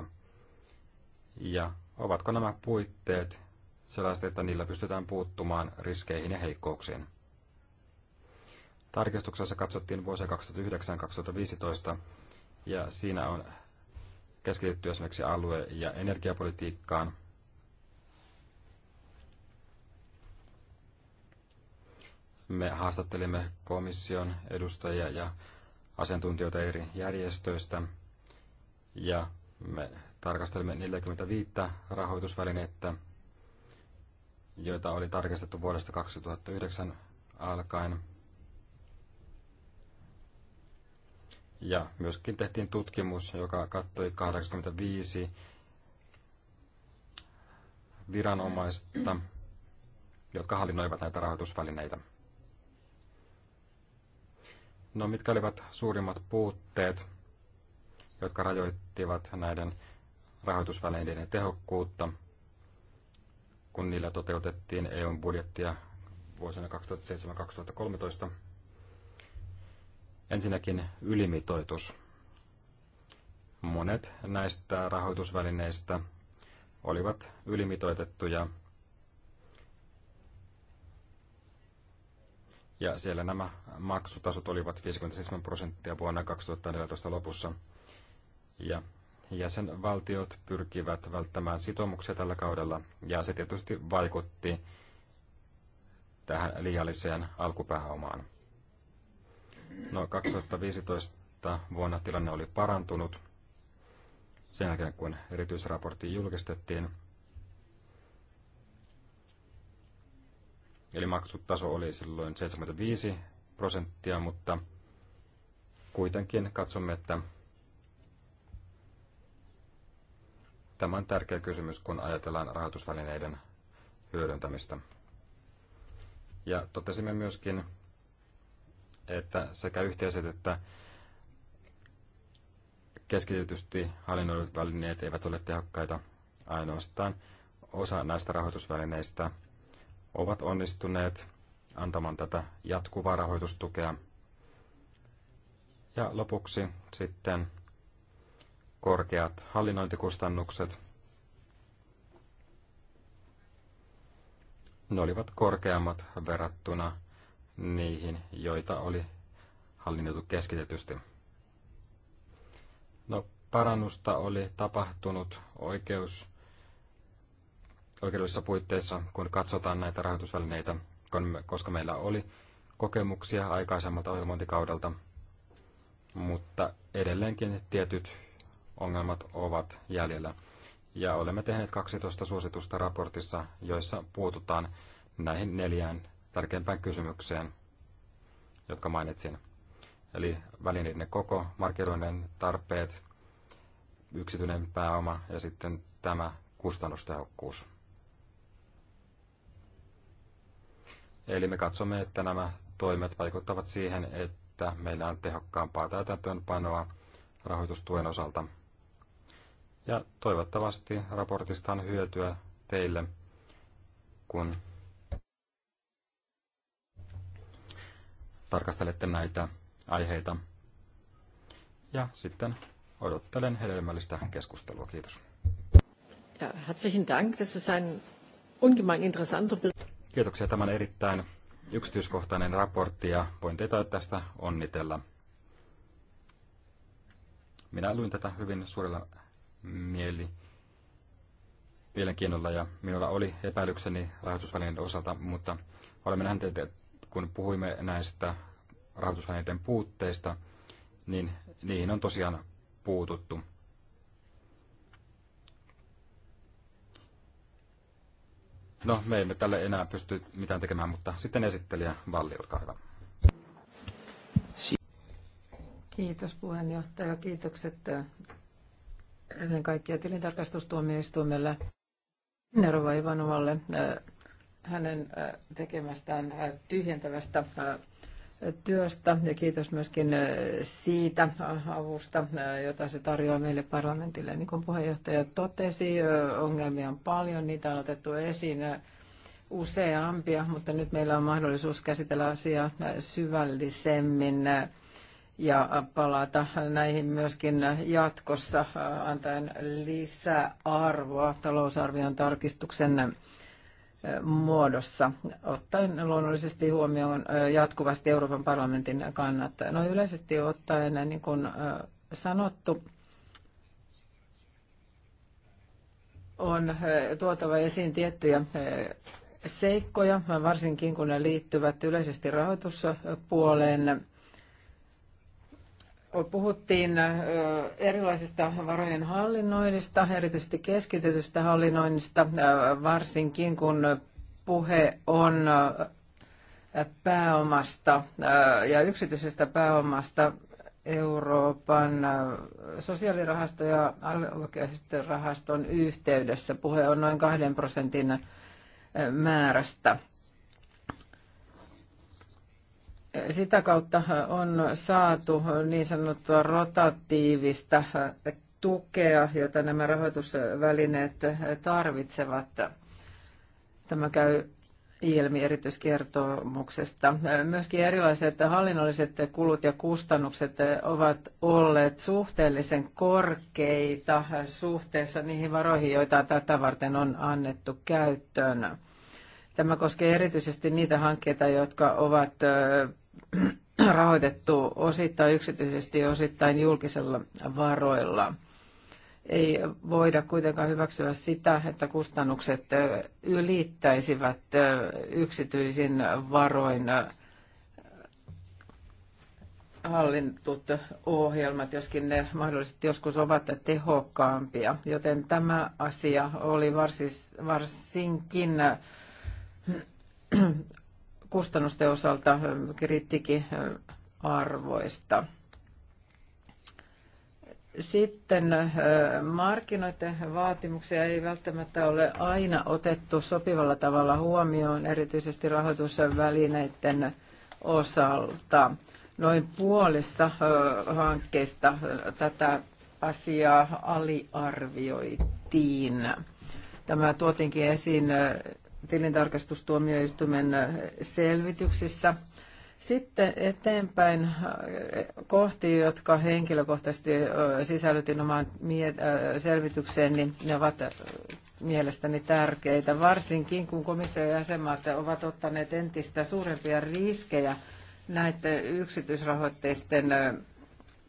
2007-2013 ja ovatko nämä puitteet sellaiset, että niillä pystytään puuttumaan riskeihin ja heikkouksiin. Tarkistuksessa katsottiin vuosia 2009-2015 ja siinä on keskitytty esimerkiksi alue- ja energiapolitiikkaan. Me haastattelimme komission edustajia ja asiantuntijoita eri järjestöistä ja me tarkastelimme 45 rahoitusvälinettä, joita oli tarkistettu vuodesta 2009 alkaen Ja myöskin tehtiin tutkimus, joka kattoi 85 viranomaista, jotka hallinnoivat näitä rahoitusvälineitä. No mitkä olivat suurimmat puutteet, jotka rajoittivat näiden rahoitusvälineiden tehokkuutta, kun niillä toteutettiin EUn budjettia vuosina 2007-2013? Ensinnäkin ylimitoitus. Monet näistä rahoitusvälineistä olivat ylimitoitettuja ja siellä nämä maksutasot olivat 57 prosenttia vuonna 2014 lopussa. Ja jäsenvaltiot pyrkivät välttämään sitoumuksia tällä kaudella, ja se tietysti vaikutti tähän liialliseen alkupääomaan. No 2015 vuonna tilanne oli parantunut sen jälkeen, kun erityisraportti julkistettiin. Eli maksutaso oli silloin 75 prosenttia, mutta kuitenkin katsomme, että tämä on tärkeä kysymys, kun ajatellaan rahoitusvälineiden hyödyntämistä. Ja totesimme myöskin, että sekä yhteiset että keskitytysti hallinnoidut välineet eivät ole tehokkaita ainoastaan. Osa näistä rahoitusvälineistä ovat onnistuneet antamaan tätä jatkuvaa rahoitustukea. Ja lopuksi sitten korkeat hallinnointikustannukset. Ne olivat korkeammat verrattuna niihin, joita oli hallinnettu keskitetysti. No, parannusta oli tapahtunut oikeus, oikeudellisissa puitteissa, kun katsotaan näitä rahoitusvälineitä, koska meillä oli kokemuksia aikaisemmalta ohjelmointikaudelta, mutta edelleenkin tietyt ongelmat ovat jäljellä. Ja olemme tehneet 12 suositusta raportissa, joissa puututaan näihin neljään tärkeimpään kysymykseen, jotka mainitsin. Eli välineiden koko, markkinoiden tarpeet, yksityinen pääoma ja sitten tämä kustannustehokkuus. Eli me katsomme, että nämä toimet vaikuttavat siihen, että meillä on tehokkaampaa täytäntöönpanoa rahoitustuen osalta. Ja toivottavasti raportista on hyötyä teille, kun tarkastelette näitä aiheita. Ja sitten odottelen hedelmällistä keskustelua. Kiitos. Ja, herzlichen Dank. Das ist ein ungemein interessanter Kiitoksia tämän erittäin yksityiskohtainen raportti ja voin teitä tästä onnitella. Minä luin tätä hyvin suurella mieli mielenkiinnolla ja minulla oli epäilykseni rahoitusvälineiden osalta, mutta olemme nähneet, että kun puhuimme näistä rahoitusaineiden puutteista, niin niihin on tosiaan puututtu. No, me emme tälle enää pysty mitään tekemään, mutta sitten esittelijä Valli, olkaa hyvä. Kiitos puheenjohtaja. Kiitokset äh, ennen kaikkea tilintarkastustuomioistuimelle Nerova Ivanovalle äh, hänen äh, tekemästään äh, tyhjentävästä äh, työstä ja kiitos myöskin siitä avusta, jota se tarjoaa meille parlamentille. Niin kuin puheenjohtaja totesi, ongelmia on paljon, niitä on otettu esiin useampia, mutta nyt meillä on mahdollisuus käsitellä asiaa syvällisemmin ja palata näihin myöskin jatkossa antaen lisäarvoa talousarvion tarkistuksen muodossa, ottaen luonnollisesti huomioon jatkuvasti Euroopan parlamentin kannat. No yleisesti ottaen, niin kuin sanottu, on tuotava esiin tiettyjä seikkoja, varsinkin kun ne liittyvät yleisesti rahoituspuoleen puhuttiin erilaisista varojen hallinnoinnista, erityisesti keskitetystä hallinnoinnista, varsinkin kun puhe on pääomasta ja yksityisestä pääomasta Euroopan sosiaalirahasto ja rahaston yhteydessä. Puhe on noin kahden prosentin määrästä sitä kautta on saatu niin sanottua rotatiivista tukea, jota nämä rahoitusvälineet tarvitsevat. Tämä käy ilmi erityiskertomuksesta. Myöskin erilaiset hallinnolliset kulut ja kustannukset ovat olleet suhteellisen korkeita suhteessa niihin varoihin, joita tätä varten on annettu käyttöön. Tämä koskee erityisesti niitä hankkeita, jotka ovat rahoitettu osittain yksityisesti ja osittain julkisella varoilla. Ei voida kuitenkaan hyväksyä sitä, että kustannukset ylittäisivät yksityisin varoin hallintut ohjelmat, joskin ne mahdollisesti joskus ovat tehokkaampia. Joten tämä asia oli varsinkin kustannusten osalta kritiikin arvoista. Sitten markkinoiden vaatimuksia ei välttämättä ole aina otettu sopivalla tavalla huomioon, erityisesti rahoitusvälineiden osalta. Noin puolessa hankkeista tätä asiaa aliarvioitiin. Tämä tuotiinkin esiin tilintarkastustuomioistuimen äh, selvityksissä. Sitten eteenpäin äh, kohti, jotka henkilökohtaisesti äh, sisällytin omaan selvitykseen, niin ne ovat mielestäni tärkeitä, varsinkin kun komissio ja jäsenmaat ovat ottaneet entistä suurempia riskejä näiden yksityisrahoitteisten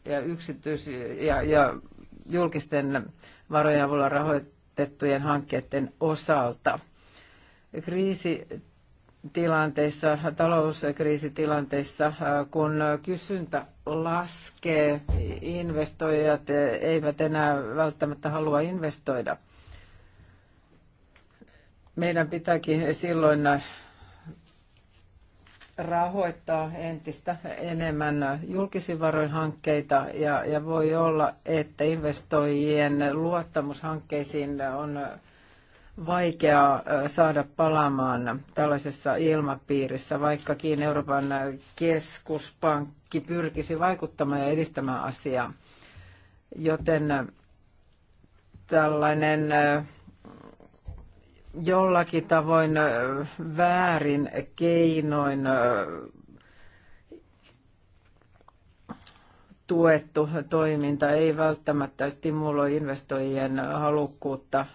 ja, yksityis- ja, ja julkisten varojen avulla rahoitettujen hankkeiden osalta kriisitilanteissa, talouskriisitilanteissa, kun kysyntä laskee, investoijat eivät enää välttämättä halua investoida. Meidän pitääkin silloin rahoittaa entistä enemmän julkisin varoin hankkeita ja, ja voi olla, että investoijien luottamus hankkeisiin on vaikea saada palaamaan tällaisessa ilmapiirissä, vaikkakin Euroopan keskuspankki pyrkisi vaikuttamaan ja edistämään asiaa. Joten tällainen jollakin tavoin väärin keinoin tuettu toiminta ei välttämättä stimuloi investoijien halukkuutta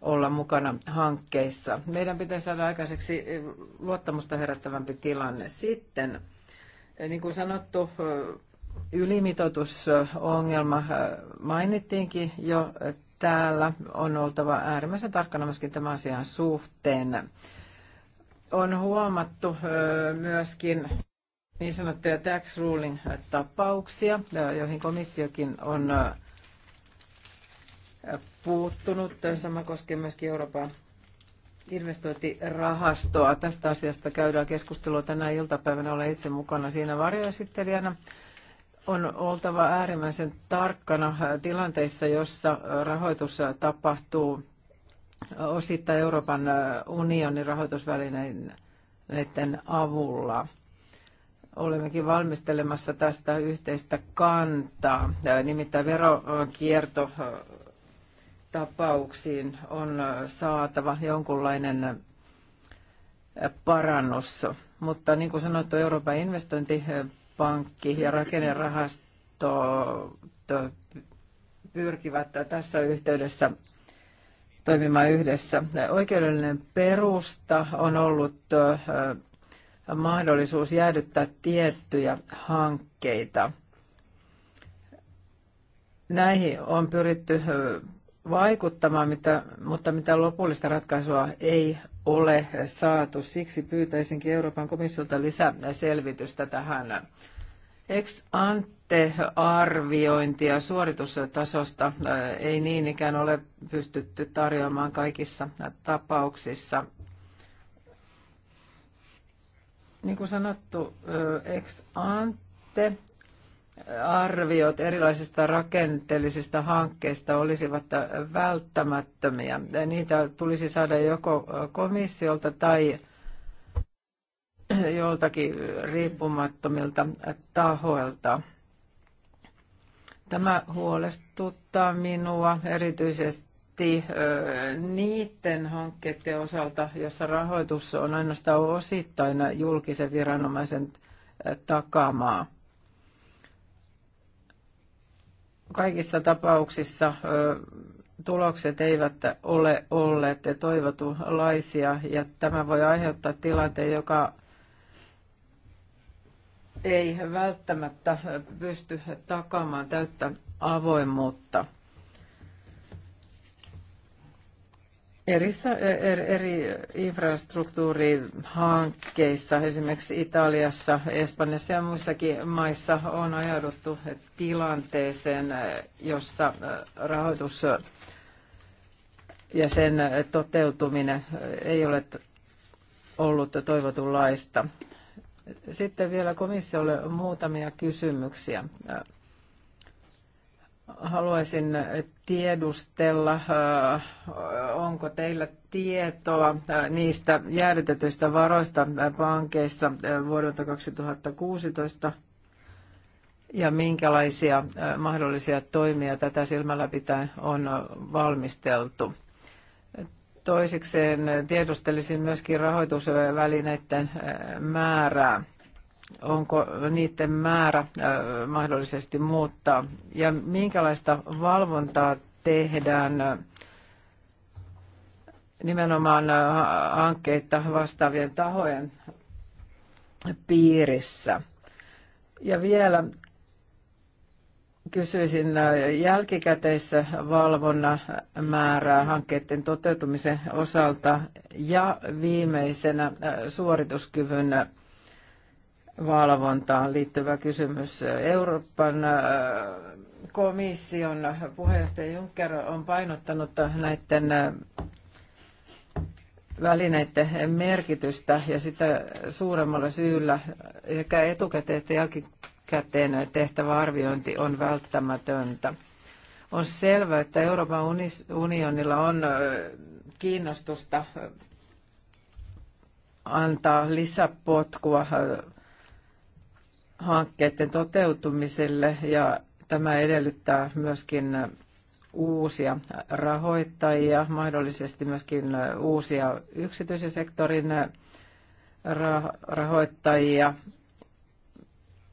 olla mukana hankkeissa. Meidän pitää saada aikaiseksi eh, luottamusta herättävämpi tilanne. Sitten, eh, niin kuin sanottu, eh, ylimitoitusongelma mainittiinkin jo täällä. On oltava äärimmäisen tarkkana myöskin tämän asian suhteen. On huomattu myöskin niin sanottuja tax ruling-tapauksia, joihin komissiokin on puuttunut. Sama koskee myöskin Euroopan investointirahastoa. Tästä asiasta käydään keskustelua tänä iltapäivänä. Olen itse mukana siinä varjoesittelijänä. On oltava äärimmäisen tarkkana tilanteissa, jossa rahoitus tapahtuu osittain Euroopan unionin rahoitusvälineiden avulla. Olemmekin valmistelemassa tästä yhteistä kantaa, nimittäin verokierto tapauksiin on saatava jonkunlainen parannus. Mutta niin kuin sanottu, Euroopan investointipankki ja rakennerahasto pyrkivät tässä yhteydessä toimimaan yhdessä. Oikeudellinen perusta on ollut mahdollisuus jäädyttää tiettyjä hankkeita. Näihin on pyritty vaikuttamaan, mitä, mutta mitä lopullista ratkaisua ei ole saatu. Siksi pyytäisinkin Euroopan komissiolta lisäselvitystä tähän ex ante arviointia suoritustasosta äh, ei niin ikään ole pystytty tarjoamaan kaikissa tapauksissa. Niin kuin sanottu, äh, ex ante arviot erilaisista rakenteellisista hankkeista olisivat välttämättömiä. Niitä tulisi saada joko komissiolta tai joltakin riippumattomilta tahoilta. Tämä huolestuttaa minua erityisesti niiden hankkeiden osalta, jossa rahoitus on ainoastaan osittain julkisen viranomaisen takamaa. kaikissa tapauksissa tulokset eivät ole olleet toivotulaisia ja tämä voi aiheuttaa tilanteen, joka ei välttämättä pysty takaamaan täyttä avoimuutta. eri, e- er- eri infrastruktuurihankkeissa, esimerkiksi Italiassa, Espanjassa ja muissakin maissa on ajauduttu tilanteeseen, jossa e, rahoitus ja sen toteutuminen ei ole ollut toivotunlaista. Sitten vielä komissiolle muutamia kysymyksiä haluaisin tiedustella, äh, onko teillä tietoa äh, niistä jäädytetyistä varoista äh, pankeissa vuodelta 2016 ja minkälaisia mahdollisia toimia tätä silmällä pitäen on valmisteltu. Toisekseen tiedustelisin myöskin rahoitusvälineiden määrää onko niiden määrä mahdollisesti muuttaa ja minkälaista valvontaa tehdään nimenomaan hankkeita vastaavien tahojen piirissä. Ja vielä kysyisin jälkikäteissä valvonnan määrää hankkeiden toteutumisen osalta ja viimeisenä suorituskyvyn valvontaan liittyvä kysymys. Euroopan äh, komission puheenjohtaja Juncker on painottanut näiden äh, välineiden merkitystä ja sitä suuremmalla syyllä sekä etukäteen että jälkikäteen tehtävä arviointi on välttämätöntä. On selvää, että Euroopan unionilla on äh, kiinnostusta antaa lisäpotkua hankkeiden toteutumiselle ja tämä edellyttää myöskin uusia rahoittajia, mahdollisesti myöskin uusia yksityisen sektorin rahoittajia.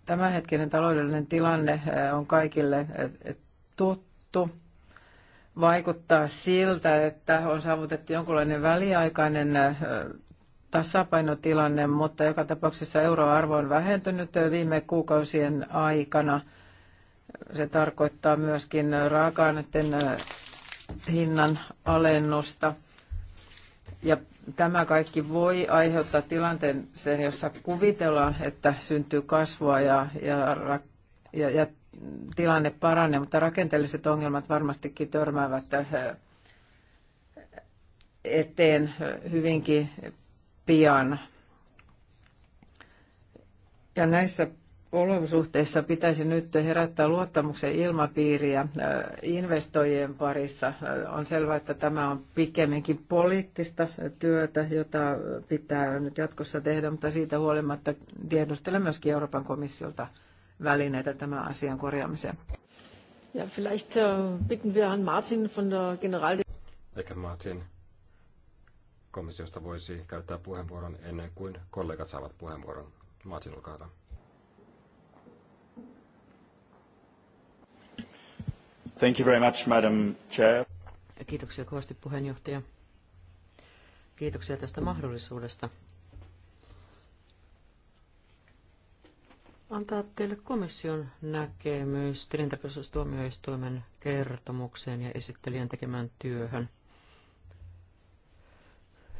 Tämänhetkinen taloudellinen tilanne eh, on kaikille eh, tuttu. Vaikuttaa siltä, että on saavutettu jonkinlainen väliaikainen eh, tasapainotilanne, mutta joka tapauksessa euroarvo on vähentynyt viime kuukausien aikana. Se tarkoittaa myöskin raaka-aineiden hinnan alennusta. Ja tämä kaikki voi aiheuttaa tilanteen, sen jossa kuvitellaan, että syntyy kasvua ja, ja, ja, ja tilanne paranee, mutta rakenteelliset ongelmat varmastikin törmäävät eh, eteen hyvinkin pian. Ja näissä olosuhteissa pitäisi nyt herättää luottamuksen ilmapiiriä investoijien parissa. On selvää, että tämä on pikemminkin poliittista työtä, jota pitää nyt jatkossa tehdä, mutta siitä huolimatta tiedustelen myöskin Euroopan komissiolta välineitä tämän asian korjaamiseen. Ja vielleicht äh, bitten wir Herrn Martin von der General... Ehkä Martin komissiosta voisi käyttää puheenvuoron ennen kuin kollegat saavat puheenvuoron. Martin, olkaa hyvä. Thank you very much, Madam Chair. Kiitoksia kovasti puheenjohtaja. Kiitoksia tästä mahdollisuudesta antaa teille komission näkemys tilintarkastustuomioistuimen kertomukseen ja esittelijän tekemään työhön –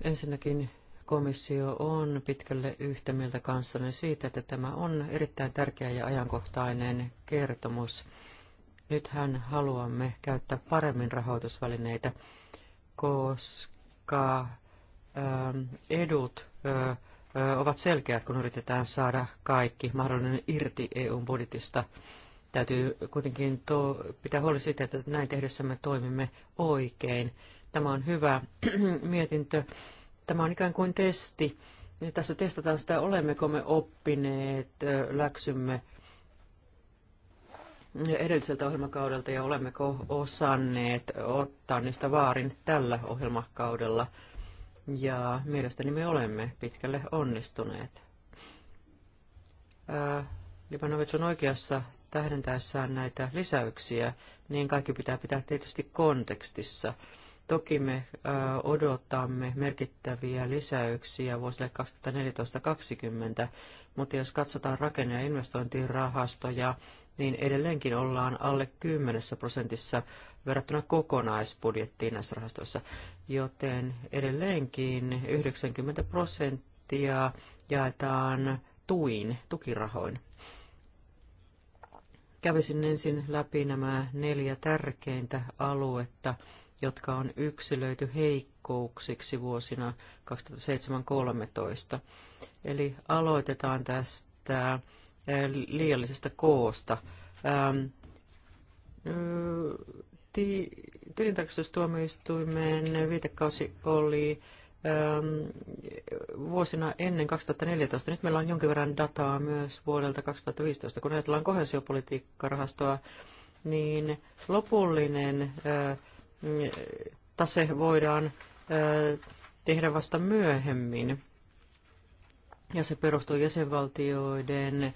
Ensinnäkin komissio on pitkälle yhtä mieltä kanssanne siitä, että tämä on erittäin tärkeä ja ajankohtainen kertomus. Nythän haluamme käyttää paremmin rahoitusvälineitä, koska ähm, edut ovat selkeät, kun yritetään saada kaikki mahdollinen irti EUn budjetista. Täytyy kuitenkin pitää huoli siitä, että näin tehdessämme toimimme oikein Tämä on hyvä [CLEARS THROAT] mietintö. Tämä on ikään kuin testi. Tässä testataan sitä, olemmeko me oppineet läksymme edelliseltä ohjelmakaudelta ja olemmeko osanneet ottaa niistä vaarin tällä ohjelmakaudella. Ja mielestäni me olemme pitkälle onnistuneet. Ää, Libanovic on oikeassa tähdentäessään näitä lisäyksiä, niin kaikki pitää pitää tietysti kontekstissa – Toki me odotamme merkittäviä lisäyksiä vuosille 2014-2020, mutta jos katsotaan rakenne- ja investointirahastoja, niin edelleenkin ollaan alle 10 prosentissa verrattuna kokonaisbudjettiin näissä rahastoissa, joten edelleenkin 90 prosenttia jaetaan tuin, tukirahoin. Kävisin ensin läpi nämä neljä tärkeintä aluetta, jotka on yksilöity heikkouksiksi vuosina 2007-2013. Eli aloitetaan tästä liiallisesta koosta. Tilintarkastustuomioistuimen viitekausi oli vuosina ennen 2014. Nyt meillä on jonkin verran dataa myös vuodelta 2015. Kun ajatellaan kohesiopolitiikkarahastoa, niin lopullinen tase voidaan tehdä vasta myöhemmin. Ja se perustuu jäsenvaltioiden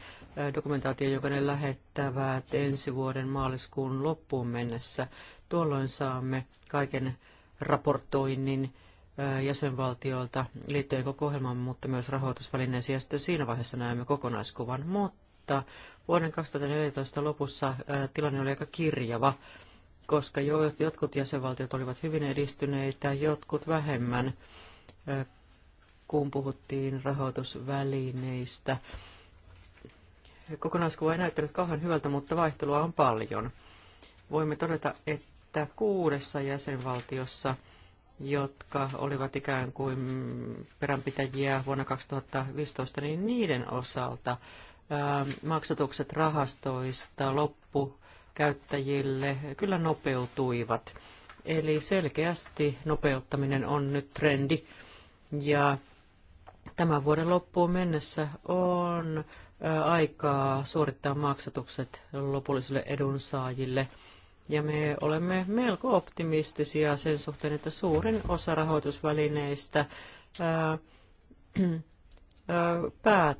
dokumentaatioon, joka ne lähettävät ensi vuoden maaliskuun loppuun mennessä. Tuolloin saamme kaiken raportoinnin jäsenvaltioilta liittyen koko ohjelman, mutta myös rahoitusvälineisiin. Ja sitten siinä vaiheessa näemme kokonaiskuvan. Mutta vuoden 2014 lopussa tilanne oli aika kirjava koska jotkut jäsenvaltiot olivat hyvin edistyneitä, jotkut vähemmän, kun puhuttiin rahoitusvälineistä. Kokonaiskuva ei näyttänyt kauhean hyvältä, mutta vaihtelua on paljon. Voimme todeta, että kuudessa jäsenvaltiossa, jotka olivat ikään kuin peränpitäjiä vuonna 2015, niin niiden osalta maksatukset rahastoista loppu käyttäjille kyllä nopeutuivat. Eli selkeästi nopeuttaminen on nyt trendi. Ja tämän vuoden loppuun mennessä on aikaa suorittaa maksatukset lopullisille edunsaajille. Ja me olemme melko optimistisia sen suhteen, että suurin osa rahoitusvälineistä ää, ää, päät,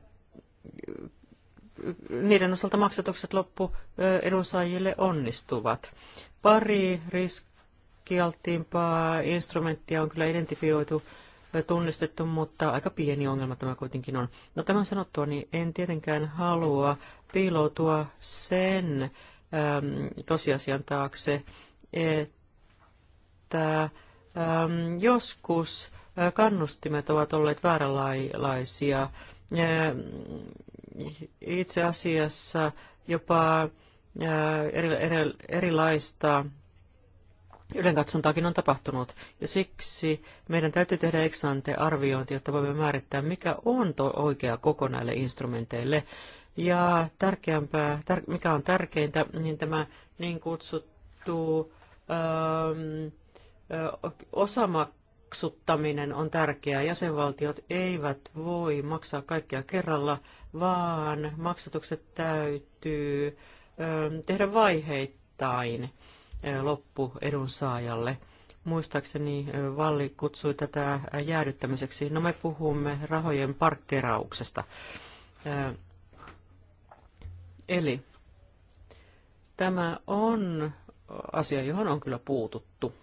niiden osalta maksatukset loppu edunsaajille onnistuvat. Pari riskialtiimpaa instrumenttia on kyllä identifioitu tunnistettu, mutta aika pieni ongelma tämä kuitenkin on. No tämän sanottua, niin en tietenkään halua piiloutua sen äm, tosiasian taakse, että äm, joskus kannustimet ovat olleet vääränlaisia itse asiassa jopa erilaista ylenkatsontaakin on tapahtunut, ja siksi meidän täytyy tehdä eksante arviointi, jotta voimme määrittää, mikä on tuo oikea koko näille instrumenteille. Ja tärkeämpää, tär, mikä on tärkeintä, niin tämä niin kutsuttu ähm, osamaksuttaminen on tärkeää. Jäsenvaltiot eivät voi maksaa kaikkea kerralla, vaan maksatukset täytyy tehdä vaiheittain loppu edunsaajalle. Muistaakseni Valli kutsui tätä jäädyttämiseksi. No me puhumme rahojen parkkerauksesta. Eli tämä on asia, johon on kyllä puututtu.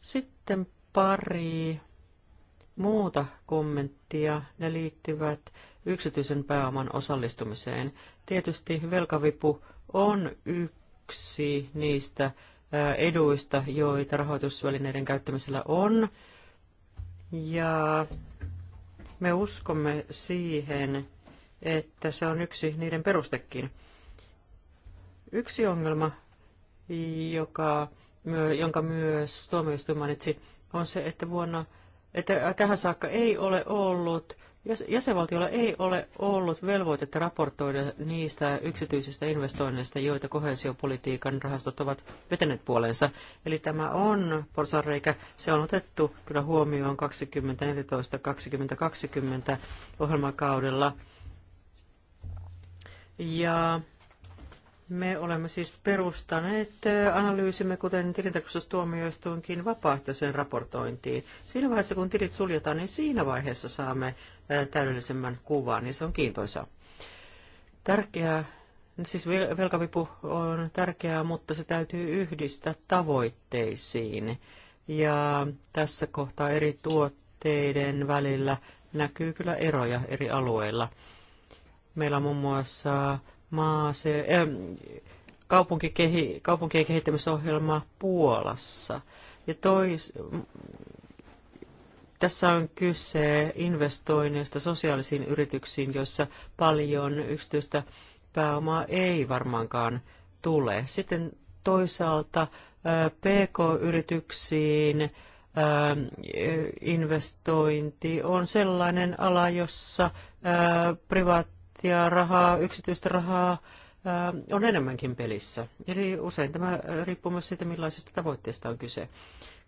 Sitten pari muuta kommenttia. Ne liittyvät yksityisen pääoman osallistumiseen. Tietysti velkavipu on yksi niistä eduista, joita rahoitusvälineiden käyttämisellä on. Ja me uskomme siihen, että se on yksi niiden perustekin. Yksi ongelma, joka, jonka myös tuomioistuin mainitsi, on se, että vuonna että tähän saakka ei ole ollut, jäsenvaltiolla ei ole ollut velvoitetta raportoida niistä yksityisistä investoinneista, joita kohesiopolitiikan rahastot ovat vetäneet puoleensa. Eli tämä on porsareikä, se on otettu kyllä huomioon 2014-2020 ohjelmakaudella. Ja me olemme siis perustaneet äh, analyysimme, kuten tilintarkastustuomioistuinkin, vapaaehtoiseen raportointiin. Siinä vaiheessa, kun tilit suljetaan, niin siinä vaiheessa saamme äh, täydellisemmän kuvan, niin se on kiintoisa. Tärkeää, siis velkavipu on tärkeää, mutta se täytyy yhdistää tavoitteisiin. Ja tässä kohtaa eri tuotteiden välillä näkyy kyllä eroja eri alueilla. Meillä on muun muassa maase, äh, kaupunkikehi, kaupunkien kehittämisohjelma Puolassa. Ja tois, tässä on kyse investoinneista sosiaalisiin yrityksiin, joissa paljon yksityistä pääomaa ei varmaankaan tule. Sitten toisaalta PK-yrityksiin investointi on sellainen ala, jossa privaat prosenttia rahaa, yksityistä rahaa on enemmänkin pelissä. Eli usein tämä riippuu myös siitä, millaisista tavoitteista on kyse.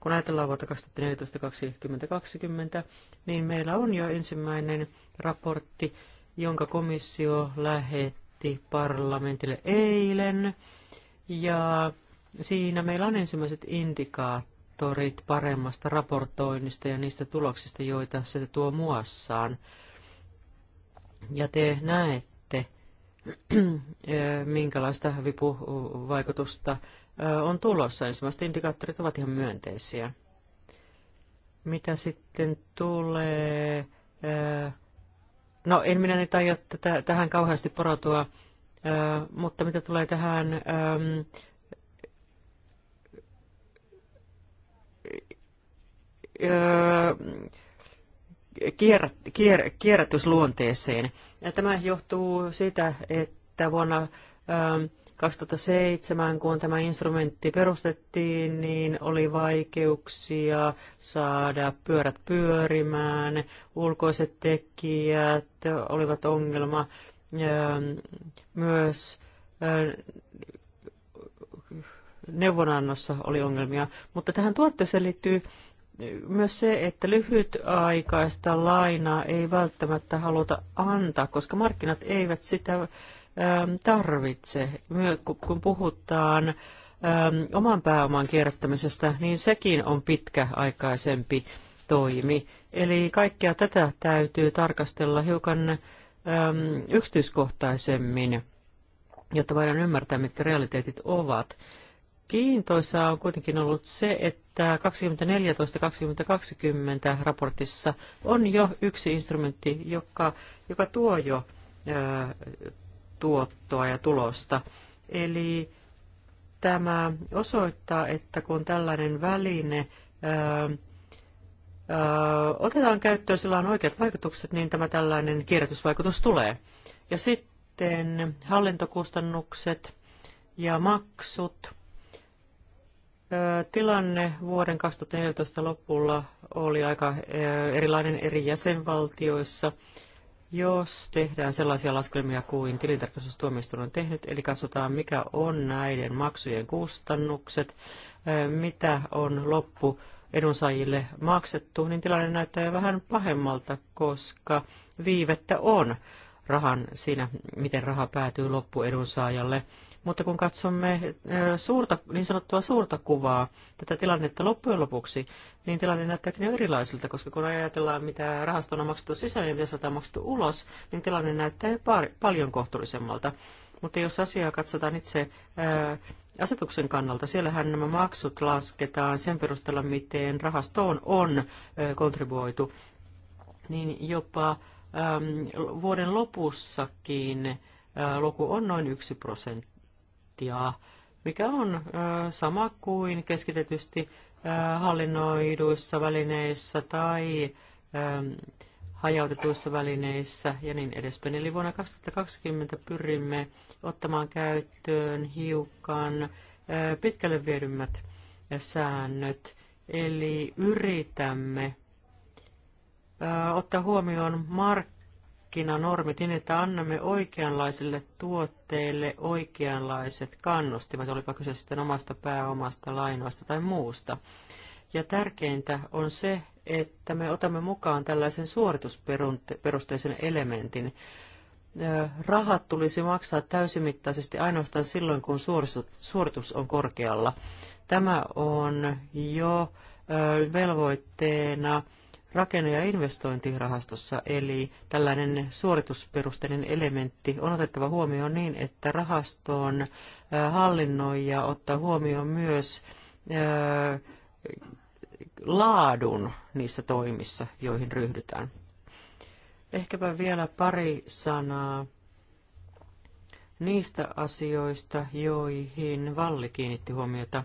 Kun ajatellaan vuotta 2014-2020, niin meillä on jo ensimmäinen raportti, jonka komissio lähetti parlamentille eilen. Ja siinä meillä on ensimmäiset indikaattorit paremmasta raportoinnista ja niistä tuloksista, joita se tuo muassaan ja te näette, [CLEARS THROAT] minkälaista vipuvaikutusta on tulossa. Ensimmäiset indikaattorit ovat ihan myönteisiä. Mitä sitten tulee... No, en minä nyt aio tähän kauheasti porotua, mutta mitä tulee tähän kier, kier, kierrätysluonteeseen. Ja tämä johtuu siitä, että vuonna 2007, ähm, kun tämä instrumentti perustettiin, niin oli vaikeuksia saada pyörät pyörimään, ulkoiset tekijät olivat ongelma, ähm, myös äh, neuvonannossa oli ongelmia, mutta tähän tuotteeseen liittyy myös se, että lyhytaikaista lainaa ei välttämättä haluta antaa, koska markkinat eivät sitä ähm, tarvitse. Kun puhutaan ähm, oman pääoman kierrättämisestä, niin sekin on pitkäaikaisempi toimi. Eli kaikkea tätä täytyy tarkastella hiukan ähm, yksityiskohtaisemmin, jotta voidaan ymmärtää, mitkä realiteetit ovat. Kiintoisaa on kuitenkin ollut se, että 2014-2020 raportissa on jo yksi instrumentti, joka, joka tuo jo ää, tuottoa ja tulosta. Eli tämä osoittaa, että kun tällainen väline ää, otetaan käyttöön, sillä on oikeat vaikutukset, niin tämä tällainen kierrätysvaikutus tulee. Ja sitten hallintokustannukset ja maksut. Tilanne vuoden 2014 lopulla oli aika erilainen eri jäsenvaltioissa. Jos tehdään sellaisia laskelmia kuin tilintarkastustuomioistuin on tehnyt, eli katsotaan mikä on näiden maksujen kustannukset, mitä on loppu edunsaajille maksettu, niin tilanne näyttää vähän pahemmalta, koska viivettä on rahan siinä, miten raha päätyy loppuedunsaajalle. edunsaajalle mutta kun katsomme suurta, niin sanottua suurta kuvaa tätä tilannetta loppujen lopuksi, niin tilanne näyttääkin jo erilaiselta, koska kun ajatellaan, mitä rahastona on maksettu sisään ja mitä sieltä on maksettu ulos, niin tilanne näyttää jo par- paljon kohtuullisemmalta. Mutta jos asiaa katsotaan itse ää, asetuksen kannalta, siellähän nämä maksut lasketaan sen perusteella, miten rahastoon on ää, kontribuoitu, niin jopa ää, vuoden lopussakin ää, luku on noin 1 prosentti prosenttia, mikä on sama kuin keskitetysti hallinnoiduissa välineissä tai hajautetuissa välineissä ja niin edespäin. Eli vuonna 2020 pyrimme ottamaan käyttöön hiukan pitkälle viedymmät säännöt, eli yritämme ottaa huomioon mark markkinanormit niin, että annamme oikeanlaisille tuotteille oikeanlaiset kannustimet, olipa kyse sitten omasta pääomasta, lainoista tai muusta. Ja tärkeintä on se, että me otamme mukaan tällaisen suoritusperusteisen elementin. Rahat tulisi maksaa täysimittaisesti ainoastaan silloin, kun suoritus on korkealla. Tämä on jo velvoitteena rakenne- ja investointirahastossa, eli tällainen suoritusperusteinen elementti on otettava huomioon niin, että rahastoon hallinnoi ja ottaa huomioon myös laadun niissä toimissa, joihin ryhdytään. Ehkäpä vielä pari sanaa niistä asioista, joihin Valli kiinnitti huomiota.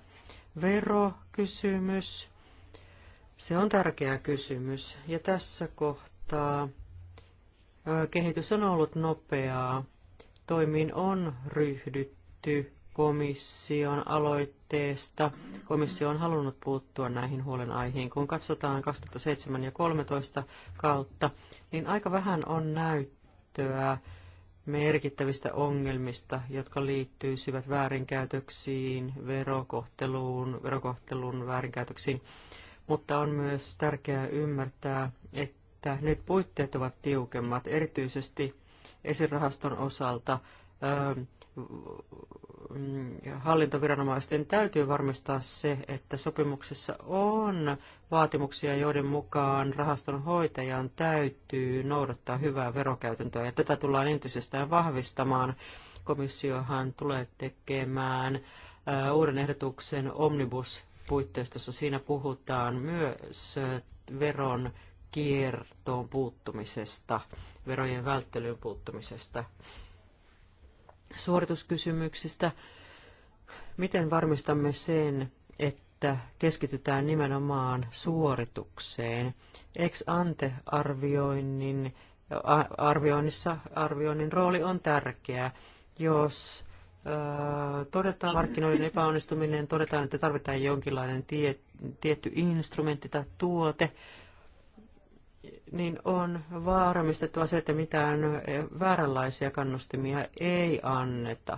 Verokysymys se on tärkeä kysymys ja tässä kohtaa kehitys on ollut nopeaa. Toimiin on ryhdytty komission aloitteesta. Komissio on halunnut puuttua näihin huolenaiheihin. Kun katsotaan 2007 ja 2013 kautta, niin aika vähän on näyttöä merkittävistä ongelmista, jotka liittyisivät väärinkäytöksiin, verokohteluun, verokohtelun väärinkäytöksiin mutta on myös tärkeää ymmärtää, että nyt puitteet ovat tiukemmat, erityisesti esirahaston osalta. Ähm, hallintoviranomaisten täytyy varmistaa se, että sopimuksessa on vaatimuksia, joiden mukaan rahaston hoitajan täytyy noudattaa hyvää verokäytäntöä, ja tätä tullaan entisestään vahvistamaan. Komissiohan tulee tekemään äh, uuden ehdotuksen omnibus puitteistossa siinä puhutaan myös veron kiertoon puuttumisesta, verojen välttelyyn puuttumisesta, suorituskysymyksistä. Miten varmistamme sen, että keskitytään nimenomaan suoritukseen? Ex ante arvioinnin arvioinnissa arvioinnin rooli on tärkeä. Jos todetaan markkinoiden epäonnistuminen, todetaan, että tarvitaan jonkinlainen tie, tietty instrumentti tai tuote, niin on varmistettava se, että mitään vääränlaisia kannustimia ei anneta.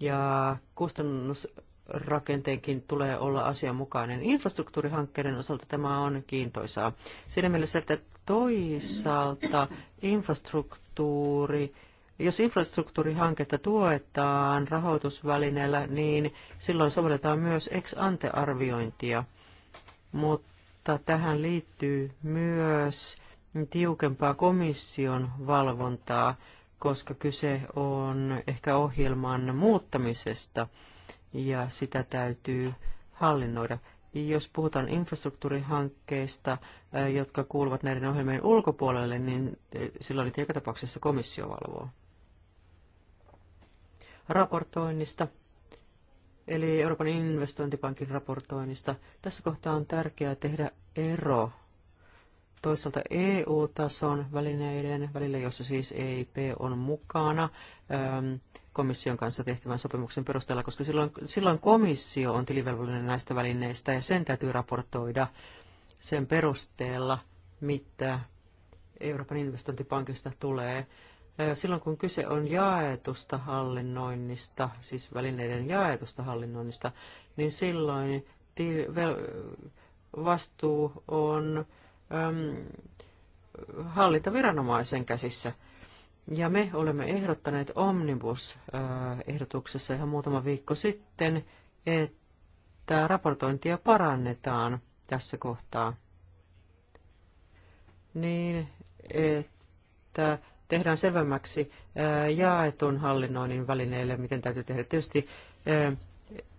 Ja kustannusrakenteenkin tulee olla asianmukainen. Infrastruktuurihankkeiden osalta tämä on kiintoisaa. Siinä mielessä, että toisaalta infrastruktuuri jos infrastruktuurihanketta tuetaan rahoitusvälineellä, niin silloin sovelletaan myös ex-ante-arviointia, mutta tähän liittyy myös tiukempaa komission valvontaa, koska kyse on ehkä ohjelman muuttamisesta ja sitä täytyy hallinnoida. Jos puhutaan infrastruktuurihankkeista, eh, jotka kuuluvat näiden ohjelmien ulkopuolelle, niin eh, silloin niitä joka tapauksessa komissio valvoo raportoinnista, eli Euroopan investointipankin raportoinnista. Tässä kohtaa on tärkeää tehdä ero toisaalta EU-tason välineiden välillä, jossa siis EIP on mukana ähm, komission kanssa tehtävän sopimuksen perusteella, koska silloin, silloin komissio on tilivelvollinen näistä välineistä ja sen täytyy raportoida sen perusteella, mitä Euroopan investointipankista tulee silloin kun kyse on jaetusta hallinnoinnista, siis välineiden jaetusta hallinnoinnista, niin silloin vastuu on äm, hallintaviranomaisen käsissä. Ja me olemme ehdottaneet Omnibus-ehdotuksessa ihan muutama viikko sitten, että raportointia parannetaan tässä kohtaa niin, että tehdään selvemmäksi jaetun hallinnoinnin välineille, miten täytyy tehdä. Tietysti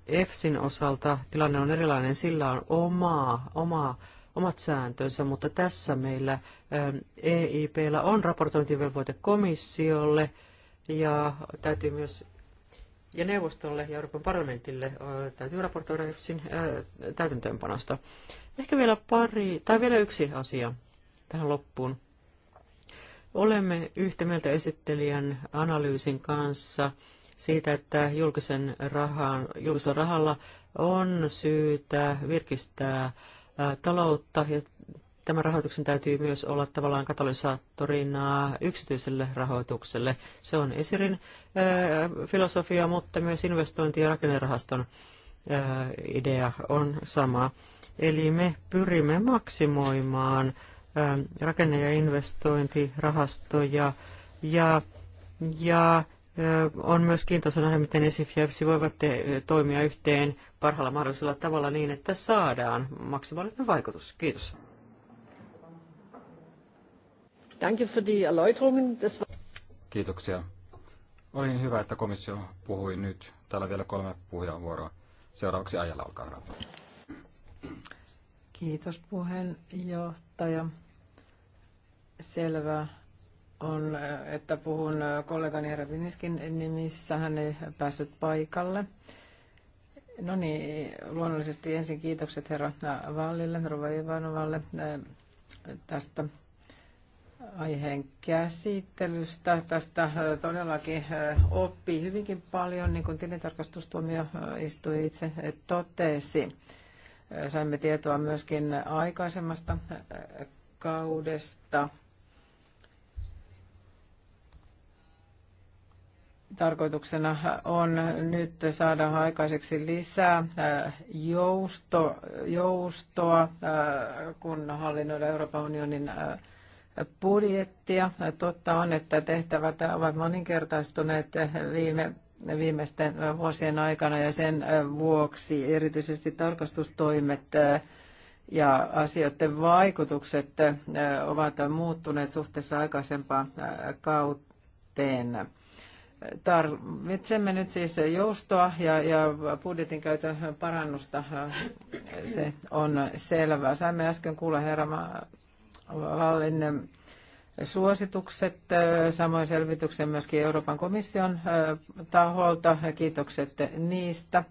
EFSin osalta tilanne on erilainen, sillä on oma oma omat sääntönsä, mutta tässä meillä EIPllä on raportointivelvoite komissiolle ja täytyy myös ja neuvostolle ja Euroopan parlamentille täytyy raportoida EFSin täytäntöönpanosta. Ehkä vielä pari, tai vielä yksi asia tähän loppuun. Olemme yhtä mieltä esittelijän analyysin kanssa siitä, että julkisen rahan, julkisella rahalla on syytä virkistää taloutta ja tämän rahoituksen täytyy myös olla tavallaan katalysaattorina yksityiselle rahoitukselle. Se on Esirin filosofia, mutta myös investointi- ja rakennerahaston idea on sama. Eli me pyrimme maksimoimaan rakenne- ja investointirahastoja ja, ja on myös kiintoisa nähdä, miten ESIF ja EFSI voivat toimia yhteen parhaalla mahdollisella tavalla niin, että saadaan maksimaalinen vaikutus. Kiitos. Danke für die Erläuterungen. Kiitoksia. Oli hyvä, että komissio puhui nyt. Täällä on vielä kolme puheenvuoroa. Seuraavaksi Ajalla, olkaa hyvä. Kiitos puheenjohtaja. Selvä on, että puhun kollegani Viniskin nimissä. Hän ei päässyt paikalle. No niin, luonnollisesti ensin kiitokset herra Vallille, herra Ivanovalle eh, tästä aiheen käsittelystä. Tästä eh, todellakin eh, oppii hyvinkin paljon, niin kuin tilintarkastustuomioistuin itse totesi. Saimme tietoa myöskin aikaisemmasta kaudesta. Tarkoituksena on nyt saada aikaiseksi lisää äh, jousto, joustoa, äh, kun hallinnoidaan Euroopan unionin äh, budjettia. Totta on, että tehtävät ovat moninkertaistuneet viime viimeisten vuosien aikana ja sen vuoksi erityisesti tarkastustoimet ja asioiden vaikutukset ovat muuttuneet suhteessa aikaisempaan kauteen. Tarvitsemme nyt siis joustoa ja, ja budjetin käytön parannusta, se on selvää. Saimme äsken kuulla herra Vallin suositukset, äh, samoin selvityksen myöskin Euroopan komission äh, taholta. Kiitokset niistä.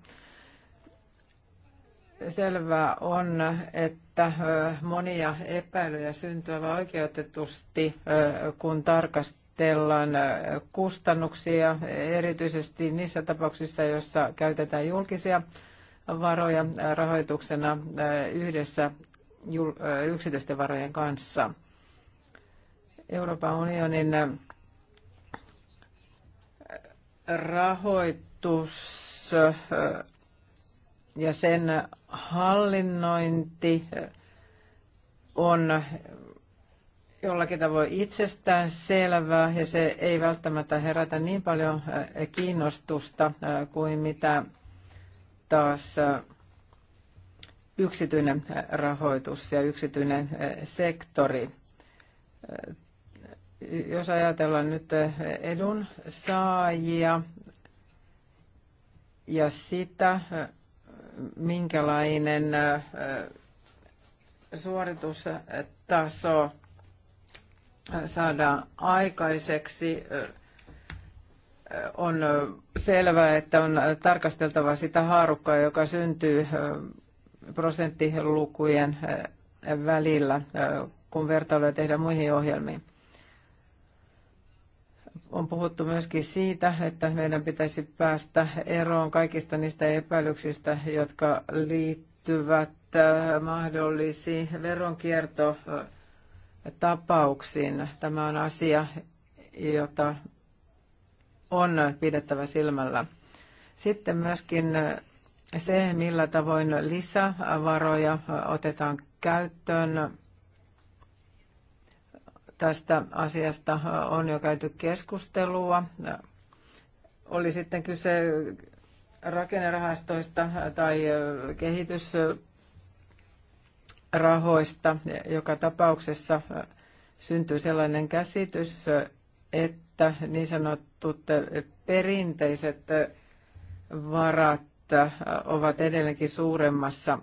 Selvää on, että äh, monia epäilyjä syntyy oikeutetusti, kun tarkastellaan kustannuksia, erityisesti niissä tapauksissa, joissa käytetään julkisia varoja rahoituksena yhdessä yksityisten varojen kanssa. Euroopan unionin äh, rahoitus äh, ja sen hallinnointi äh, on jollakin tavoin itsestään selvää ja se ei välttämättä herätä niin paljon kiinnostusta kuin mitä taas yksityinen rahoitus ja yksityinen sektori jos ajatellaan nyt edun saajia ja sitä, minkälainen suoritustaso saadaan aikaiseksi, on selvää, että on tarkasteltava sitä haarukkaa, joka syntyy prosenttilukujen välillä, kun vertailuja tehdään muihin ohjelmiin. On puhuttu myöskin siitä, että meidän pitäisi päästä eroon kaikista niistä epäilyksistä, jotka liittyvät äh, mahdollisiin veronkiertotapauksiin. Tämä on asia, jota on pidettävä silmällä. Sitten myöskin se, millä tavoin lisävaroja otetaan käyttöön Tästä asiasta on jo käyty keskustelua. Oli sitten kyse rakennerahastoista tai kehitysrahoista. Joka tapauksessa syntyy sellainen käsitys, että niin sanotut perinteiset varat ovat edelleenkin suuremmassa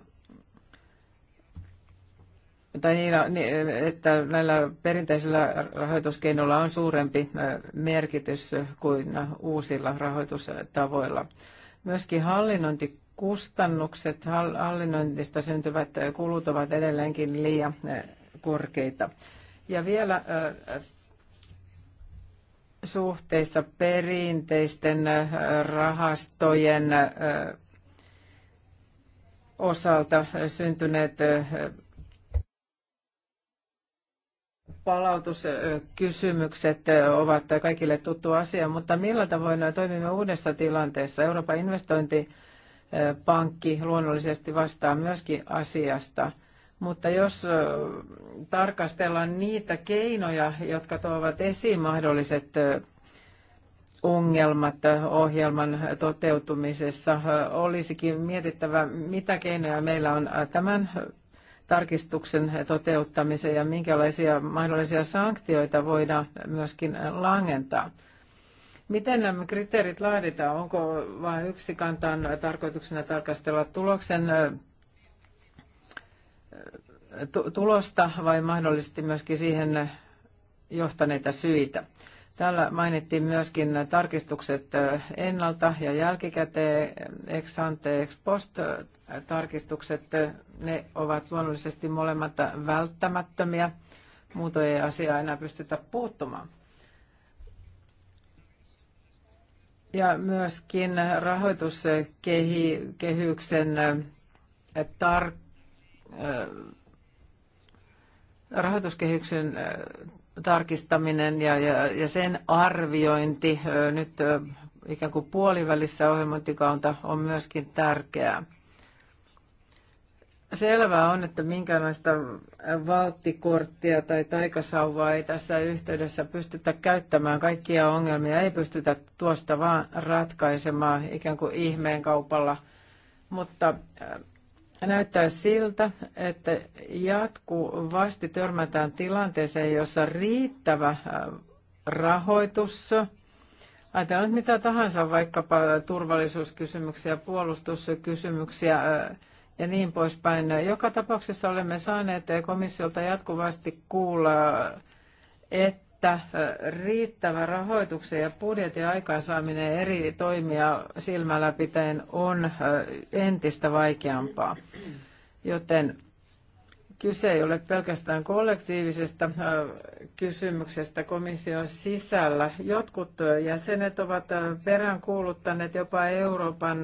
tai niin, no, niin, että näillä perinteisillä rahoituskeinoilla on suurempi merkitys kuin uusilla rahoitustavoilla. Myöskin hallinnointikustannukset, hallinnointista syntyvät kulut ovat edelleenkin liian korkeita. Ja vielä suhteessa perinteisten rahastojen osalta syntyneet palautuskysymykset ovat kaikille tuttu asia, mutta millä tavoin toimimme uudessa tilanteessa? Euroopan investointipankki luonnollisesti vastaa myöskin asiasta. Mutta jos tarkastellaan niitä keinoja, jotka tuovat esiin mahdolliset ongelmat ohjelman toteutumisessa, olisikin mietittävä, mitä keinoja meillä on tämän tarkistuksen toteuttamiseen ja minkälaisia mahdollisia sanktioita voidaan myöskin langentaa. Miten nämä kriteerit laaditaan? Onko vain yksi kantaan tarkoituksena tarkastella tuloksen tulosta vai mahdollisesti myöskin siihen johtaneita syitä? Täällä mainittiin myöskin tarkistukset äh, ennalta ja jälkikäteen, ex ante, ex post äh, tarkistukset. Ne ovat luonnollisesti molemmat välttämättömiä. Muutoin ei asiaa enää pystytä puuttumaan. Ja myöskin rahoituskehyksen äh, tar- rahoituskehyksen tarkistaminen ja, ja, ja sen arviointi nyt ikään kuin puolivälissä ohjelmointikaunta on myöskin tärkeää. Selvää on, että minkälaista valttikorttia tai taikasauvaa ei tässä yhteydessä pystytä käyttämään. Kaikkia ongelmia ei pystytä tuosta vaan ratkaisemaan ikään kuin ihmeen kaupalla. Mutta näyttää siltä, että jatkuvasti törmätään tilanteeseen, jossa riittävä äh, rahoitus, ajatellaan mitä tahansa, vaikkapa turvallisuuskysymyksiä, puolustuskysymyksiä äh, ja niin poispäin. Joka tapauksessa olemme saaneet komissiolta jatkuvasti kuulla, että että riittävä rahoituksen ja budjetin aikaansaaminen eri toimia silmällä pitäen on entistä vaikeampaa. Joten kyse ei ole pelkästään kollektiivisesta kysymyksestä komission sisällä. Jotkut jäsenet ovat peräänkuuluttaneet jopa Euroopan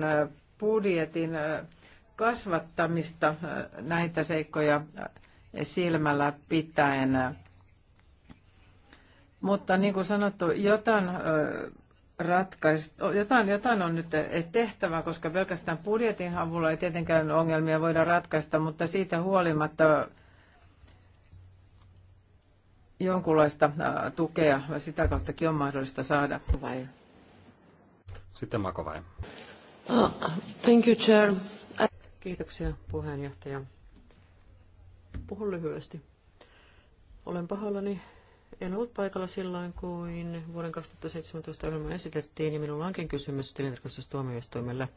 budjetin kasvattamista näitä seikkoja silmällä pitäen. Mutta niin kuin sanottu, jotain ratkaista, jotain, jotain on nyt tehtävä, koska pelkästään budjetin avulla ei tietenkään ongelmia voida ratkaista, mutta siitä huolimatta jonkunlaista tukea sitä kauttakin on mahdollista saada. Vai? Sitten Mako vai? Ah, thank you, Chair. Kiitoksia puheenjohtaja. Puhun lyhyesti. Olen pahoillani en ollut paikalla silloin, kun vuoden 2017 ohjelma esitettiin, ja minulla onkin kysymys tilintarkastustuomioistuimelle.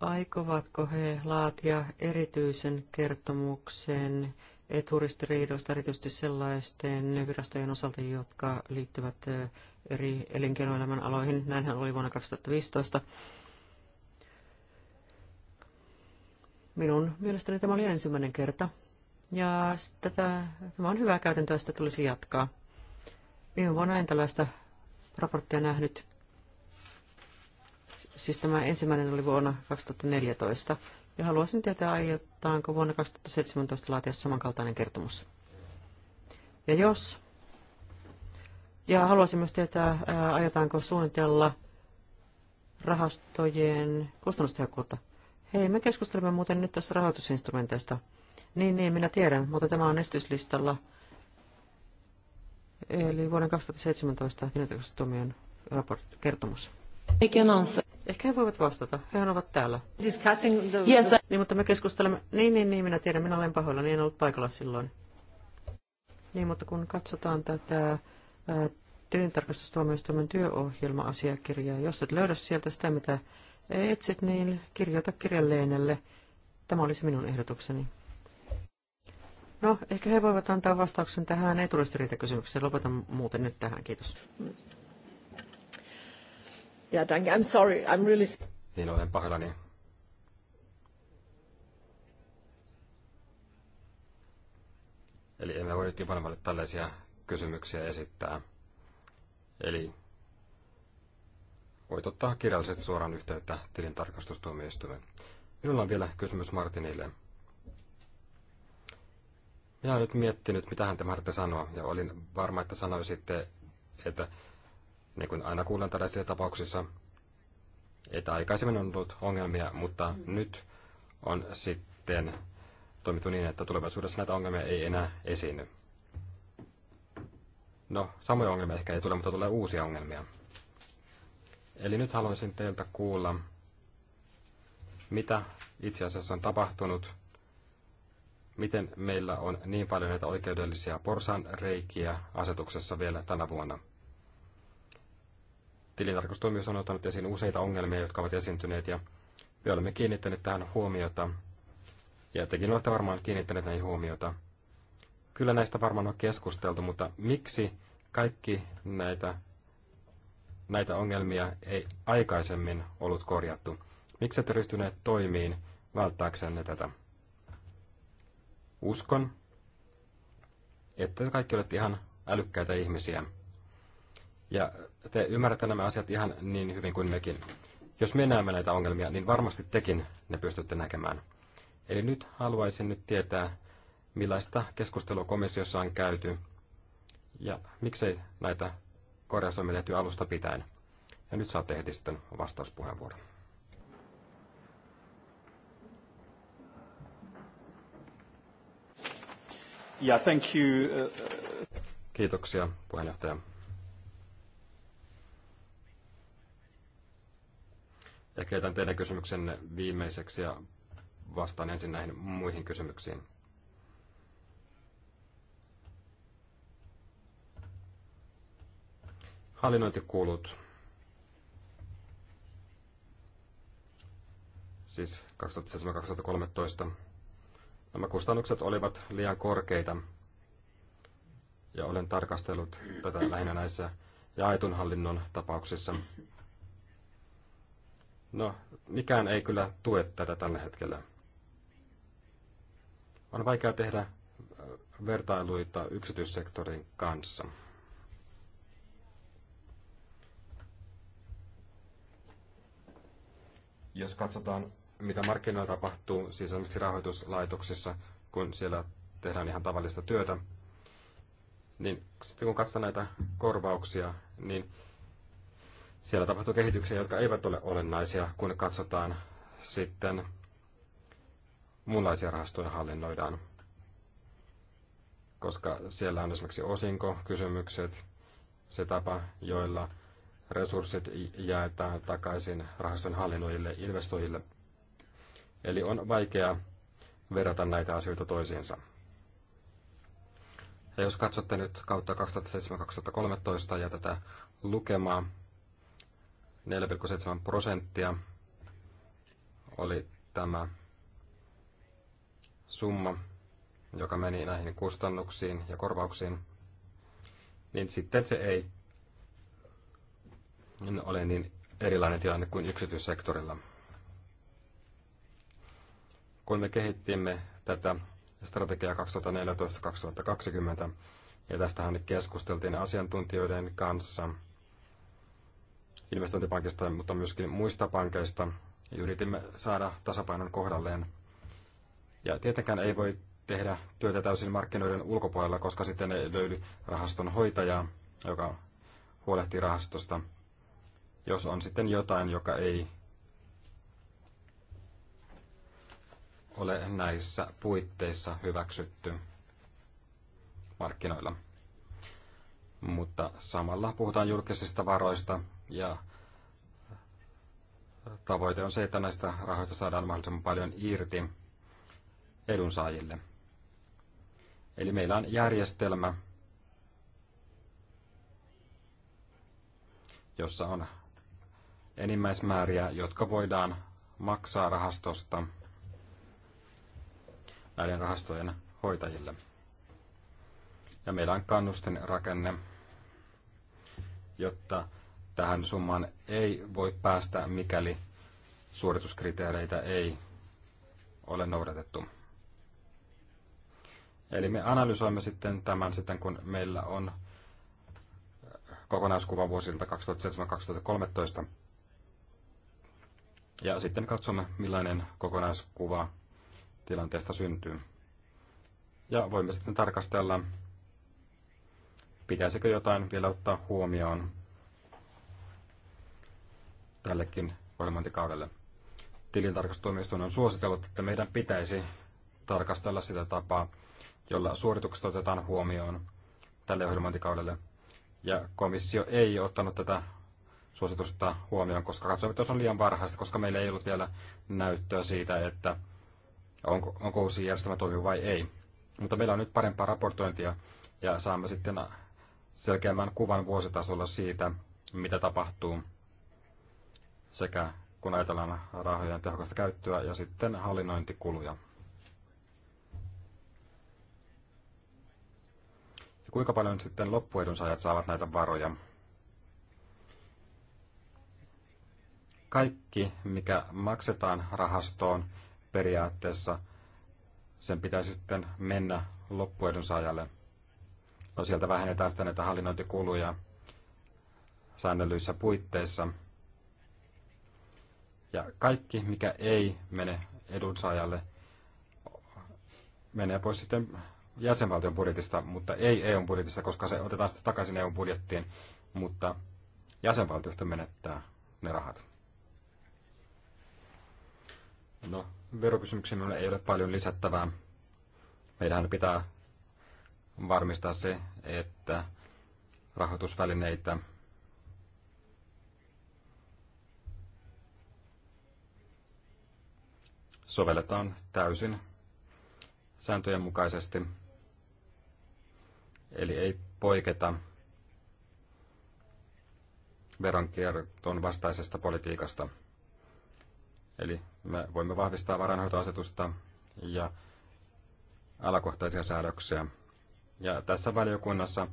Aikovatko he laatia erityisen kertomuksen eturistiriidoista, erityisesti sellaisten virastojen osalta, jotka liittyvät eri elinkeinoelämän aloihin? Näinhän oli vuonna 2015. Minun mielestäni tämä oli ensimmäinen kerta, ja tätä, tämä on hyvä käytäntöä, sitä tulisi jatkaa. Viime vuonna en tällaista raporttia nähnyt. Siis tämä ensimmäinen oli vuonna 2014. Ja haluaisin tietää, aiotaanko vuonna 2017 laatia samankaltainen kertomus. Ja jos... Ja haluaisin myös tietää, aiotaanko suunnitella rahastojen kustannustehokkuutta. Hei, me keskustelemme muuten nyt tässä rahoitusinstrumenteista. Niin, niin, minä tiedän, mutta tämä on estyslistalla. Eli vuoden 2017 tuomion raport kertomus. Ehkä he voivat vastata. Hehän ovat täällä. Discussing the... yes, I... Niin, mutta me keskustelemme... Niin, niin, niin, minä tiedän. Minä olen pahoilla, niin en ollut paikalla silloin. Niin, mutta kun katsotaan tätä ää, tilintarkastustuomioistuimen työohjelma-asiakirjaa, jos et löydä sieltä sitä, mitä etsit, niin kirjoita kirjalleenelle. Tämä olisi minun ehdotukseni. No, ehkä he voivat antaa vastauksen tähän eturistiriitakysymykseen. Lopetan muuten nyt tähän. Kiitos. Yeah, you. I'm sorry. I'm really... Niin, olen pahoillani. Eli emme voi Ivanoville tällaisia kysymyksiä esittää. Eli voit ottaa kirjalliset suoraan yhteyttä tilintarkastustuomioistuimeen. Minulla on vielä kysymys Martinille. Minä olen nyt miettinyt, mitä hän tämä harjoittaa sanoa, ja olin varma, että sanoi sitten, että niin kuin aina kuulen tällaisissa tapauksissa, että aikaisemmin on ollut ongelmia, mutta mm. nyt on sitten toimittu niin, että tulevaisuudessa näitä ongelmia ei enää esiinny. No, samoja ongelmia ehkä ei tule, mutta tulee uusia ongelmia. Eli nyt haluaisin teiltä kuulla, mitä itse asiassa on tapahtunut miten meillä on niin paljon näitä oikeudellisia porsanreikiä asetuksessa vielä tänä vuonna. Tilintarkastustoimius on ottanut esiin useita ongelmia, jotka ovat esiintyneet ja me olemme kiinnittäneet tähän huomiota ja tekin olette varmaan kiinnittäneet näihin huomiota. Kyllä näistä varmaan on keskusteltu, mutta miksi kaikki näitä, näitä ongelmia ei aikaisemmin ollut korjattu? Miksi ette ryhtyneet toimiin välttääksenne tätä? Uskon, että kaikki olette ihan älykkäitä ihmisiä. Ja te ymmärrätte nämä asiat ihan niin hyvin kuin mekin. Jos me näemme näitä ongelmia, niin varmasti tekin ne pystytte näkemään. Eli nyt haluaisin nyt tietää, millaista keskustelua komissiossa on käyty ja miksei näitä korjausomia tehty alusta pitäen. Ja nyt saatte heti sitten vastauspuheenvuoron. Yeah, thank you. Uh, uh. Kiitoksia, puheenjohtaja. Ehkä jätän teidän kysymyksenne viimeiseksi ja vastaan ensin näihin muihin kysymyksiin. Hallinnointikulut. Siis 2007-2013. Nämä kustannukset olivat liian korkeita ja olen tarkastellut tätä lähinnä näissä jaetun hallinnon tapauksissa. No, mikään ei kyllä tue tätä tällä hetkellä. On vaikea tehdä vertailuita yksityissektorin kanssa. Jos katsotaan mitä markkinoilla tapahtuu, siis esimerkiksi rahoituslaitoksissa, kun siellä tehdään ihan tavallista työtä, niin sitten kun katsotaan näitä korvauksia, niin siellä tapahtuu kehityksiä, jotka eivät ole olennaisia, kun katsotaan sitten muunlaisia rahastoja hallinnoidaan. Koska siellä on esimerkiksi osinkokysymykset, se tapa, joilla resurssit jaetaan takaisin rahaston hallinnoijille, investoijille – Eli on vaikea verrata näitä asioita toisiinsa. Ja jos katsotte nyt kautta 2007-2013 ja tätä lukemaa, 4,7 prosenttia oli tämä summa, joka meni näihin kustannuksiin ja korvauksiin, niin sitten se ei ole niin erilainen tilanne kuin yksityissektorilla kun me kehittimme tätä strategiaa 2014-2020, ja tästähän keskusteltiin asiantuntijoiden kanssa investointipankista, mutta myöskin muista pankeista, ja yritimme saada tasapainon kohdalleen. Ja tietenkään ei voi tehdä työtä täysin markkinoiden ulkopuolella, koska sitten ei löydy rahaston hoitajaa, joka huolehtii rahastosta, jos on sitten jotain, joka ei ole näissä puitteissa hyväksytty markkinoilla. Mutta samalla puhutaan julkisista varoista ja tavoite on se, että näistä rahoista saadaan mahdollisimman paljon irti edunsaajille. Eli meillä on järjestelmä, jossa on enimmäismääriä, jotka voidaan maksaa rahastosta – näiden rahastojen hoitajille. Ja meillä on rakenne, jotta tähän summaan ei voi päästä, mikäli suorituskriteereitä ei ole noudatettu. Eli me analysoimme sitten tämän sitten, kun meillä on kokonaiskuva vuosilta 2007-2013. Ja sitten katsomme, millainen kokonaiskuva tilanteesta syntyy. Ja voimme sitten tarkastella, pitäisikö jotain vielä ottaa huomioon tällekin ohjelmointikaudelle. Tilintarkastustuomioistuin on suositellut, että meidän pitäisi tarkastella sitä tapaa, jolla suoritukset otetaan huomioon tälle ohjelmointikaudelle. Ja komissio ei ottanut tätä suositusta huomioon, koska katsoimme, että se on liian varhaista, koska meillä ei ollut vielä näyttöä siitä, että onko, onko uusi järjestelmä toimiva vai ei. Mutta meillä on nyt parempaa raportointia ja saamme sitten selkeämmän kuvan vuositasolla siitä, mitä tapahtuu sekä kun ajatellaan rahojen tehokasta käyttöä ja sitten hallinnointikuluja. Ja kuinka paljon sitten loppuedunsaajat saavat näitä varoja? Kaikki, mikä maksetaan rahastoon, periaatteessa sen pitäisi sitten mennä saajalle. No sieltä vähennetään sitten näitä hallinnointikuluja säännöllyissä puitteissa. Ja kaikki, mikä ei mene edunsaajalle, menee pois sitten jäsenvaltion budjetista, mutta ei EUn budjetista, koska se otetaan sitten takaisin EUn budjettiin, mutta jäsenvaltiosta menettää ne rahat. No, verokysymyksiin ei ole paljon lisättävää. Meidän pitää varmistaa se, että rahoitusvälineitä sovelletaan täysin sääntöjen mukaisesti. Eli ei poiketa veronkierton vastaisesta politiikasta. Eli me voimme vahvistaa varainhoitoasetusta ja alakohtaisia säädöksiä. Ja tässä valiokunnassa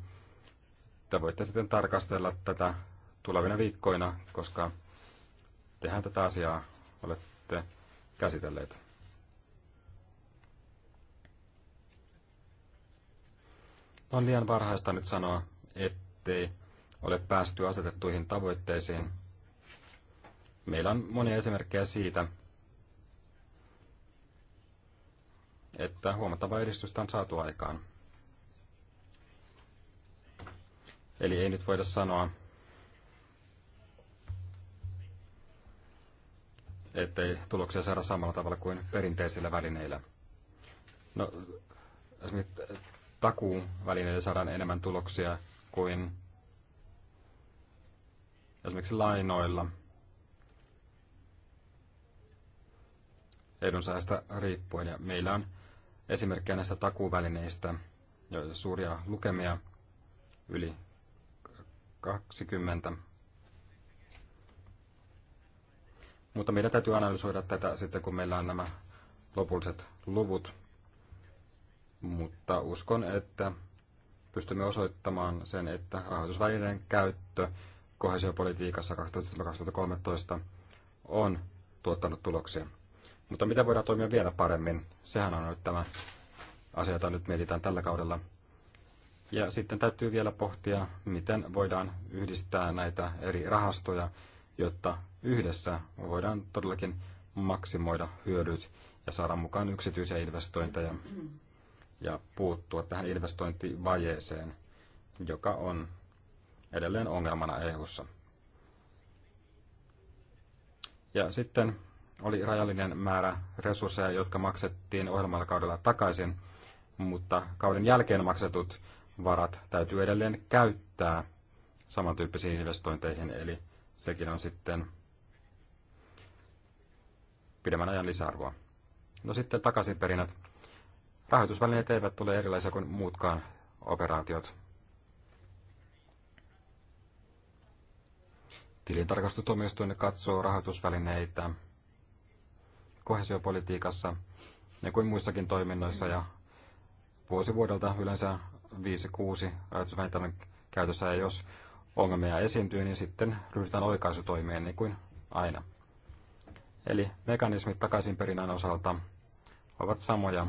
te voitte sitten tarkastella tätä tulevina viikkoina, koska tehän tätä asiaa olette käsitelleet. On liian varhaista nyt sanoa, ettei ole päästy asetettuihin tavoitteisiin. Meillä on monia esimerkkejä siitä, että huomattavaa edistystä on saatu aikaan. Eli ei nyt voida sanoa, ettei tuloksia saada samalla tavalla kuin perinteisillä välineillä. No, esimerkiksi takuuvälineillä saadaan enemmän tuloksia kuin esimerkiksi lainoilla. Edunsaajasta riippuen. Ja meillä on esimerkkejä näistä takuuvälineistä, suuria lukemia, yli 20. Mutta meidän täytyy analysoida tätä sitten, kun meillä on nämä lopulliset luvut. Mutta uskon, että pystymme osoittamaan sen, että rahoitusvälineen käyttö kohesiopolitiikassa 2013 on tuottanut tuloksia. Mutta mitä voidaan toimia vielä paremmin? Sehän on nyt tämä asia, jota nyt mietitään tällä kaudella. Ja sitten täytyy vielä pohtia, miten voidaan yhdistää näitä eri rahastoja, jotta yhdessä voidaan todellakin maksimoida hyödyt ja saada mukaan yksityisiä investointeja ja puuttua tähän investointivajeeseen, joka on edelleen ongelmana EU:ssa. Ja sitten oli rajallinen määrä resursseja, jotka maksettiin ohjelmalla kaudella takaisin, mutta kauden jälkeen maksetut varat täytyy edelleen käyttää samantyyppisiin investointeihin, eli sekin on sitten pidemmän ajan lisäarvoa. No sitten takaisinperinnät. Rahoitusvälineet eivät tule erilaisia kuin muutkaan operaatiot. Tilintarkastustuomioistuin katsoo rahoitusvälineitä kohesiopolitiikassa ja niin kuin muissakin toiminnoissa ja vuosi vuodelta yleensä 5-6 rajoitusvähintäinen käytössä ja jos ongelmia esiintyy, niin sitten ryhdytään oikaisutoimeen niin kuin aina. Eli mekanismit takaisinperinnän osalta ovat samoja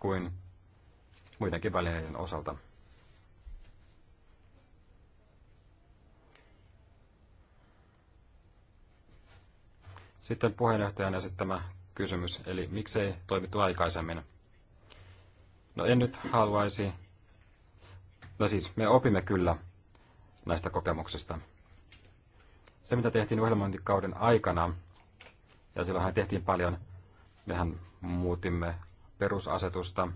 kuin muidenkin välineiden osalta. Sitten puheenjohtajan esittämä kysymys, eli miksei toimittu aikaisemmin? No en nyt haluaisi, no siis me opimme kyllä näistä kokemuksista. Se mitä tehtiin ohjelmointikauden aikana, ja silloinhan tehtiin paljon, mehän muutimme perusasetusta,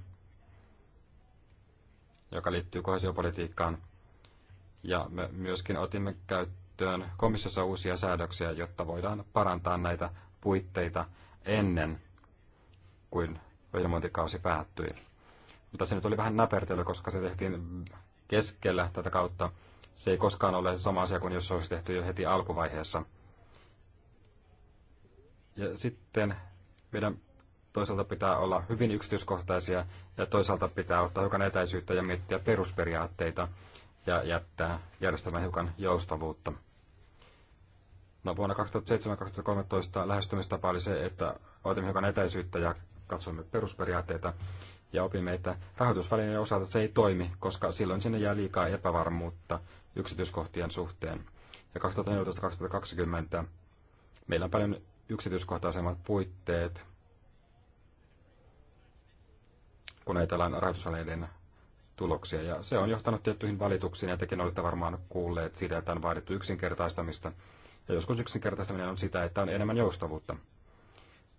joka liittyy kohesiopolitiikkaan, ja me myöskin otimme käyttöön käyttöön komissiossa uusia säädöksiä, jotta voidaan parantaa näitä puitteita ennen kuin ilmointikausi päättyi. Mutta se nyt oli vähän näpertely, koska se tehtiin keskellä tätä kautta. Se ei koskaan ole sama asia kuin jos se olisi tehty jo heti alkuvaiheessa. Ja sitten meidän toisaalta pitää olla hyvin yksityiskohtaisia ja toisaalta pitää ottaa hiukan etäisyyttä ja miettiä perusperiaatteita ja jättää järjestelmän hiukan joustavuutta. No, vuonna 2007-2013 lähestymistapa oli se, että otimme hiukan etäisyyttä ja katsoimme perusperiaatteita ja opimme, että rahoitusvälineen osalta se ei toimi, koska silloin sinne jää liikaa epävarmuutta yksityiskohtien suhteen. Ja 2014-2020 meillä on paljon yksityiskohtaisemmat puitteet, kun ajatellaan rahoitusvälineiden tuloksia. Ja se on johtanut tiettyihin valituksiin, ja tekin olette varmaan kuulleet siitä, että on vaadittu yksinkertaistamista. Ja joskus yksinkertaistaminen on sitä, että on enemmän joustavuutta.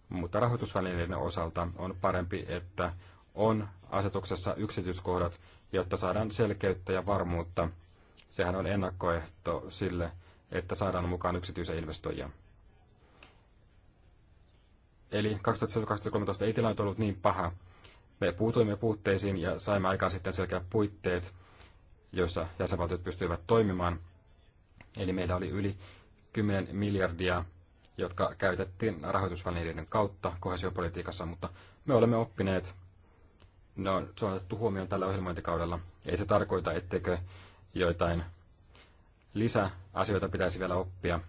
Mutta rahoitusvälineiden osalta on parempi, että on asetuksessa yksityiskohdat, jotta saadaan selkeyttä ja varmuutta. Sehän on ennakkoehto sille, että saadaan mukaan yksityisiä investoijia. Eli 2013 ei tilanne ollut niin paha. Me puutuimme puutteisiin ja saimme aikaan sitten selkeät puitteet, joissa jäsenvaltiot pystyivät toimimaan. Eli meillä oli yli 10 miljardia, jotka käytettiin rahoitusvälineiden kautta kohesiopolitiikassa, mutta me olemme oppineet, no se on otettu huomioon tällä ohjelmointikaudella. Ei se tarkoita, etteikö joitain lisäasioita pitäisi vielä oppia,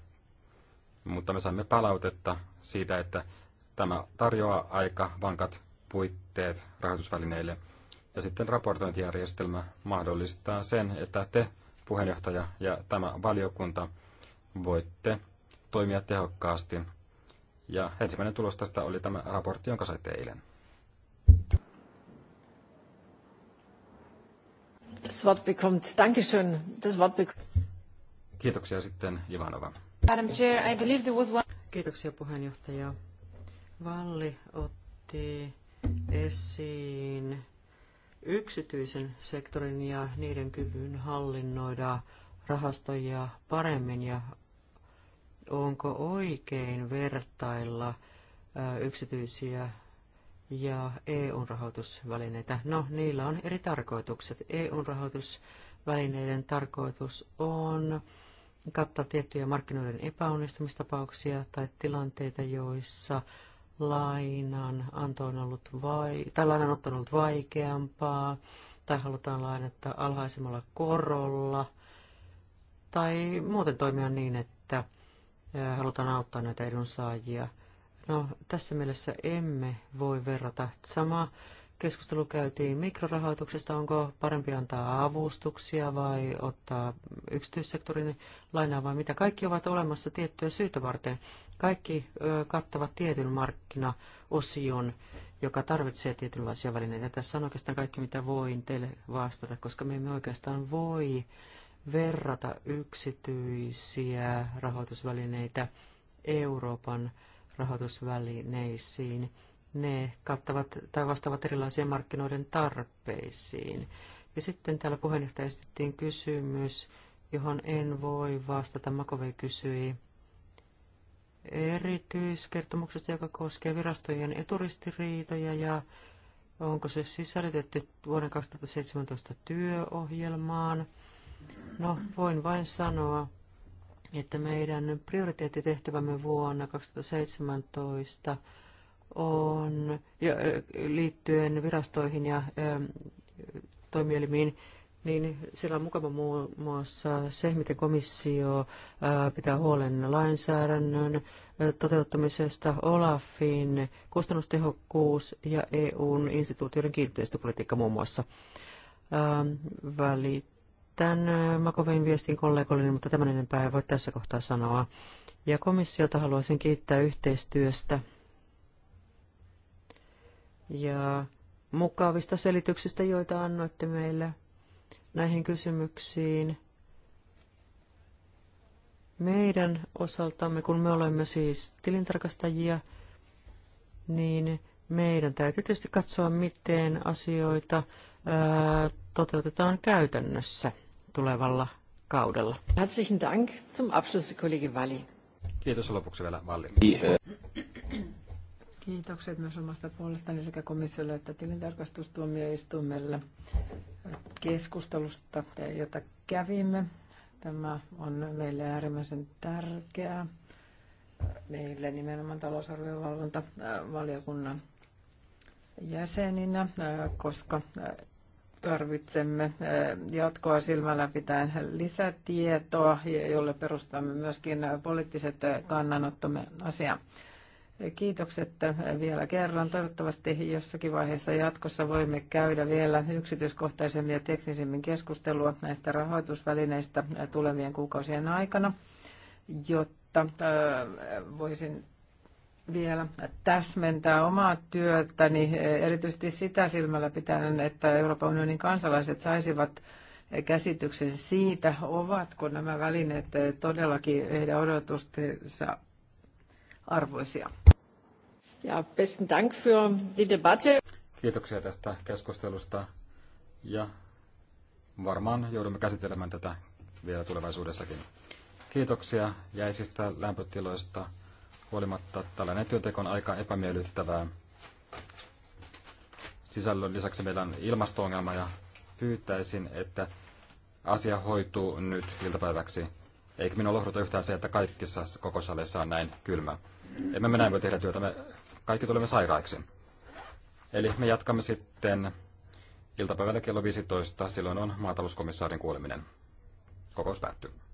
mutta me saimme palautetta siitä, että tämä tarjoaa aika vankat puitteet rahoitusvälineille. Ja sitten raportointijärjestelmä mahdollistaa sen, että te, puheenjohtaja ja tämä valiokunta – voitte toimia tehokkaasti. Ja ensimmäinen tulos tästä oli tämä raportti, jonka saitte eilen. Das Wort bekommt. Dankeschön. Das Wort Kiitoksia sitten Ivanova. Madam Chair, I believe there was one... Kiitoksia puheenjohtaja. Valli otti esiin yksityisen sektorin ja niiden kyvyn hallinnoida rahastoja paremmin ja onko oikein vertailla yksityisiä ja EU-rahoitusvälineitä. No, niillä on eri tarkoitukset. EU-rahoitusvälineiden tarkoitus on kattaa tiettyjä markkinoiden epäonnistumistapauksia tai tilanteita, joissa lainan anto on ollut vai, tai lainan on ollut vaikeampaa, tai halutaan lainetta alhaisemmalla korolla, tai muuten toimia niin, että halutaan auttaa näitä edunsaajia. No, tässä mielessä emme voi verrata. Sama keskustelu käytiin mikrorahoituksesta, onko parempi antaa avustuksia vai ottaa yksityissektorin lainaa vai mitä. Kaikki ovat olemassa tiettyä syytä varten. Kaikki kattavat tietyn markkinaosion, joka tarvitsee tietynlaisia välineitä. Tässä on oikeastaan kaikki, mitä voin teille vastata, koska me emme oikeastaan voi verrata yksityisiä rahoitusvälineitä Euroopan rahoitusvälineisiin. Ne kattavat tai vastaavat erilaisia markkinoiden tarpeisiin. Ja sitten täällä puheenjohtaja esitettiin kysymys, johon en voi vastata. Makove kysyi erityiskertomuksesta, joka koskee virastojen eturistiriitoja ja onko se sisällytetty vuoden 2017 työohjelmaan. No, voin vain sanoa, että meidän prioriteettitehtävämme vuonna 2017 on ja, liittyen virastoihin ja toimielimiin, niin siellä on mukava muun muassa se, miten komissio pitää huolen lainsäädännön toteuttamisesta, OLAFin kustannustehokkuus ja EUn instituutioiden kiinteistöpolitiikka muun muassa. Välit tämän Makovein viestin kollegoille, mutta tämän enempää en voi tässä kohtaa sanoa. Ja komissiota haluaisin kiittää yhteistyöstä ja mukavista selityksistä, joita annoitte meille näihin kysymyksiin. Meidän osaltamme, kun me olemme siis tilintarkastajia, niin meidän täytyy tietysti katsoa, miten asioita toteutetaan käytännössä tulevalla kaudella. Herzlichen Dank zum Abschluss, Kiitos lopuksi vielä Valli. Kiitokset myös omasta puolestani sekä komissiolle että tilintarkastustuomioistuimelle keskustelusta, jota kävimme. Tämä on meille äärimmäisen tärkeää. Meille nimenomaan talousarviovalvontavaliokunnan jäseninä, koska tarvitsemme jatkoa silmällä pitäen lisätietoa, jolle perustamme myöskin poliittiset kannanottomme asiaan. Kiitokset vielä kerran. Toivottavasti jossakin vaiheessa jatkossa voimme käydä vielä yksityiskohtaisemmin ja teknisemmin keskustelua näistä rahoitusvälineistä tulevien kuukausien aikana, jotta voisin vielä täsmentää omaa työtäni, erityisesti sitä silmällä pitäen, että Euroopan unionin kansalaiset saisivat käsityksen siitä, ovatko nämä välineet todellakin heidän odotustensa arvoisia. Ja besten Dank für die Debatte. Kiitoksia tästä keskustelusta ja varmaan joudumme käsittelemään tätä vielä tulevaisuudessakin. Kiitoksia jäisistä lämpötiloista huolimatta tällainen työnteko on aika epämiellyttävää. Sisällön lisäksi meillä on ilmastoongelma ja pyytäisin, että asia hoituu nyt iltapäiväksi. Eikä minua lohduta yhtään se, että kaikissa koko salissa on näin kylmä. Emme me näin voi tehdä työtä, me kaikki tulemme sairaiksi. Eli me jatkamme sitten iltapäivällä kello 15, silloin on maatalouskomissaarin kuoleminen. Kokous päättyy.